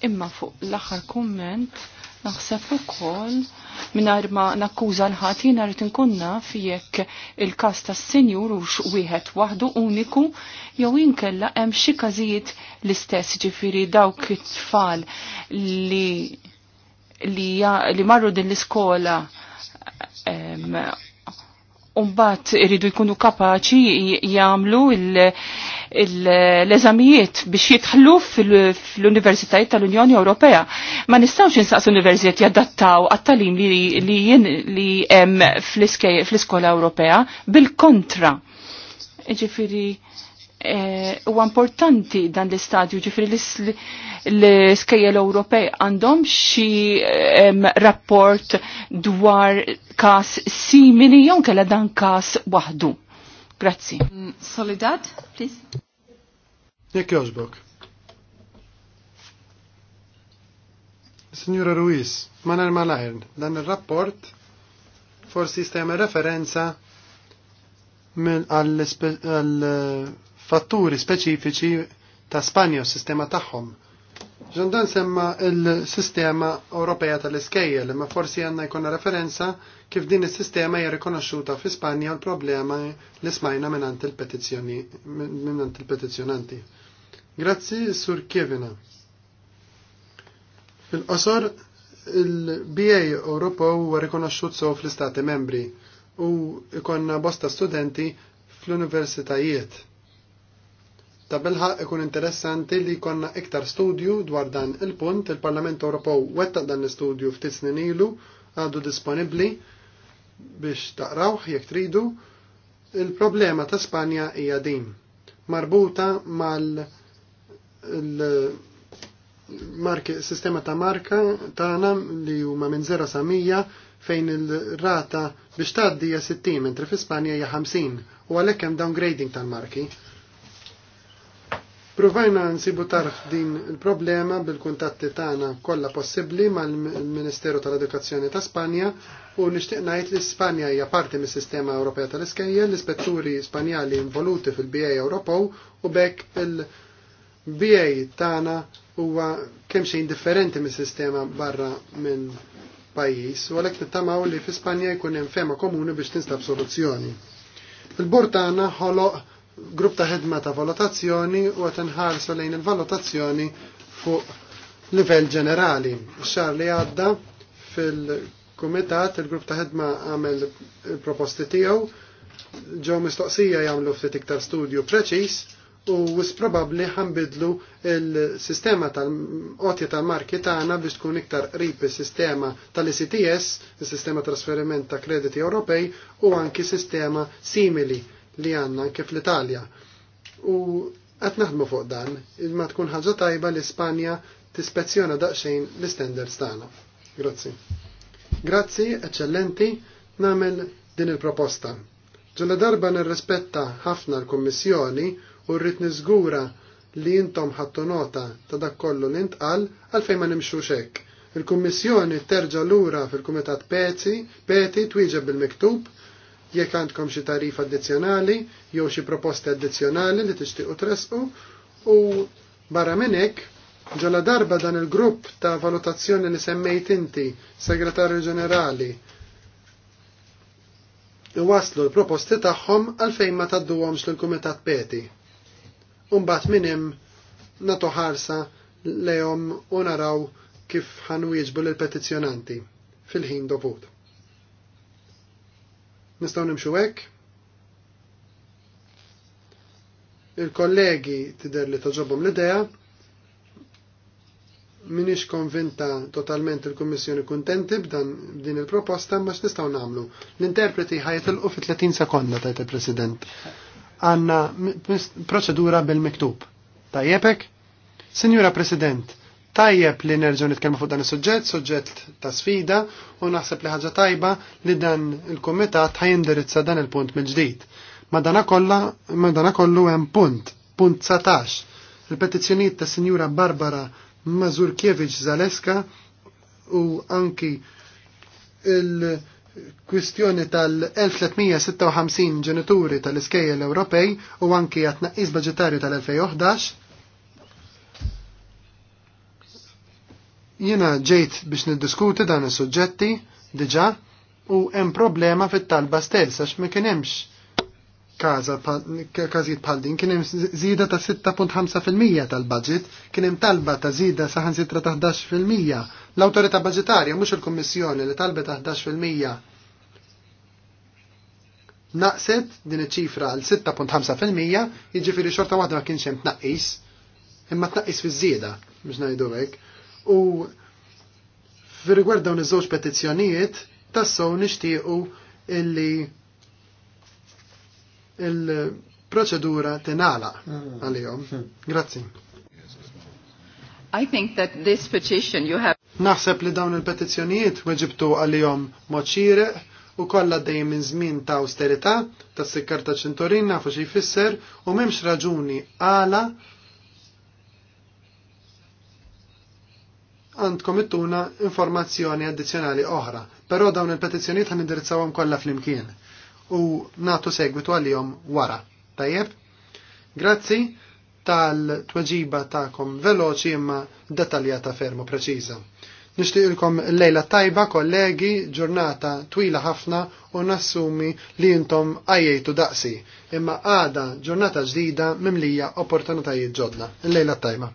imma fuq l-aħħar kumment naħseb ukoll mingħajr ma nakkuża l-ħadd jiena rrid inkun naf jekk il-każ tas-sinjur hux wieħed waħdu uniku jew inkella hemm xi każijiet l-istess ġifieri dawk it-tfal li li, li marru din l-iskola Umbat iridu jkunu kapaċi jagħmlu l-eżamijiet biex jitħlu fl-Universitajiet tal-Unjoni Ewropea. Ma nistgħux insaqs universitajiet jadattaw għat-talim li jien li hemm fl-iskola Ewropea bil-kontra. Ġifieri Eh, huwa importanti dan l-istadju ġifri l l Ewropej għandhom xi rapport dwar kas simili jew kella dan kas waħdu. Grazzi. Mm, Solidad, please. Jekk jogħġbok. Signora Ruiz, Manar Malajr, dan il-rapport forsi jista' referenza għall fatturi speċifiċi ta' Spanja u s-sistema tagħhom. Ġondan semma il-sistema Ewropea tal-iskejja li ma forsi għanna jkunna referenza kif din is-sistema hija rikonoxxuta fi Spanja u l-problema li smajna minant il-petizzjonanti. Grazzi, Sur Kevina. Fil-qosor, il-BA Ewropew huwa rikonoxxut so fl-Istati membri u ikonna bosta studenti fl-universitajiet Ta' belħa ikun interessanti li konna iktar studju dwar dan il-punt, il-Parlament Ewropew wettaq dan l-studju ftit snin ilu, għadu disponibbli biex taqrawh jekk tridu. Il-problema ta' Spanja hija din, marbuta mal marke, sistema ta' marka tagħna li huma minn 0 sa 100 fejn il-rata biex tgħaddi hija 60 mentri fi Spanja hija 50 u għalhekk hemm downgrading tal-marki Provajna nsibu tarf din il-problema bil-kuntatti tagħna kollha possibbli mal-Ministeru tal-Edukazzjoni ta' Spanja u nixtieq ngħid li Spanja hija parti mis-Sistema Ewropea tal iskejja l-ispetturi Spanjali involuti fil-BA Ewropew u bekk il-BA tagħna huwa kemm xejn differenti mis-sistema barra minn pajjiż u għalhekk nittamaw li fi Spanja jkun hemm fema komuni biex tinstab soluzzjoni. il bortana tagħna ħoloq grupp ta' ħedma ta' valutazzjoni u għat nħarsu lejn il-valutazzjoni fuq livell ġenerali. Xar li għadda fil-kumitat il-grupp ta' ħedma għamel il-proposti tiegħu, ġew mistoqsija jagħmlu ftit iktar studju preċis u wis probabli ħambidlu il-sistema tal-qotja tal-marki tagħna biex tkun iktar qrib is-sistema tal-ICTS, is-sistema trasferiment ta' krediti Ewropej u anki sistema simili li għanna anke fl-Italja. U qed naħdmu fuq dan, ma tkun ħaġa tajba li Spanja tispezzjona daqsxejn l-standards tagħna. Grazzi. Grazzi, eccellenti, nagħmel din il-proposta. Ġella darba nirrispetta ħafna l-Kommissjoni u rrid niżgura li intom ħattu nota ta' dak kollu li ntqal għalfejn ma nimxu xek. Il-Kummissjoni terġa' lura fil-Kumitat Peti, Peti twieġeb bil-miktub jekk għandkom xi tarif addizzjonali jew xi proposti addizzjonali li tixtiequ tresqu u barra minn hekk ġola darba dan il-grupp ta' valutazzjoni li semmejt inti, segretarju ġenerali, iwaslu l-proposti tagħhom għalfejn ma tadduhomx lill-Kumitat Peti. Umbagħad minn hemm nagħtu ħarsa lejhom u naraw kif ħanwieġbu lill-petizzjonanti fil-ħin doput. Nistgħu nimxu hekk? Il-kollegi tidher li toġobhom l-idea minix konvinta totalment il-Kommissjoni kuntenti b'dan b'din il-proposta ma x'nistgħu nagħmlu. L-interpreti ħajtilqu fi 30 sekonda tajt il-President. Għandna proċedura bil-miktub. Tajjebek? Sinjura President, Tajjeb li nerġgħu nitkellmu fuq dan is-suġġett, suġġett ta' sfida, u naħseb li ħaġa tajba li dan il-kumitat ħajindirizza dan il-punt mill-ġdid. Madana kollu hemm punt, punt 19. Il-petizzjonijiet ta' Sinjura Barbara Mazurkiewicz Zaleska u anki il-kwistjoni tal-1356 ġenituri tal-iskejjel Ewropej u anki għatnaqis budgetarju tal-2011 Jiena ġejt biex niddiskuti dan is-suġġetti diġà u hemm problema fit-talba stess għax ma kien hemmx każijiet bħal din kien hemm żieda ta' 6.5% tal-budget, kien hemm talba ta' żieda sa' ħansitra ta' 11%. L-awtorità budġetarja mhux il-Kummissjoni li talbet ta' 11% naqset din iċ-ċifra għal 6.5% jiġifieri xorta waħda ma kienx hemm tnaqqis imma tnaqqis fiż-żieda biex ngħidu hekk U fir dawn iż-żewġ petizzjonijiet tassew nixtiequ illi il-proċedura tinala mm. għalihom. Mm. Grazzi. I think that this petition you have Naħseb li dawn il-petizzjonijiet weġibtu għalihom moċire u kollha dejjem minn żmien ta' austerità tas-sikkar ta' Ċinturin nafu xi jfisser u m'hemmx raġuni għala għandkom ittuna informazzjoni addizzjonali oħra, però dawn il-petizzjonijiet għan kolla kollha flimkien u natu segwitu għalihom wara. Tajjeb? Grazzi tal-tweġiba ta'kom veloċi imma dettaljata fermo preċiża. Nishtiqilkom lejla tajba, kollegi, ġurnata twila ħafna u nassumi li jintom għajjajtu daqsi. Imma għada ġurnata ġdida mimlija opportunitajiet ġodda. Lejla tajba.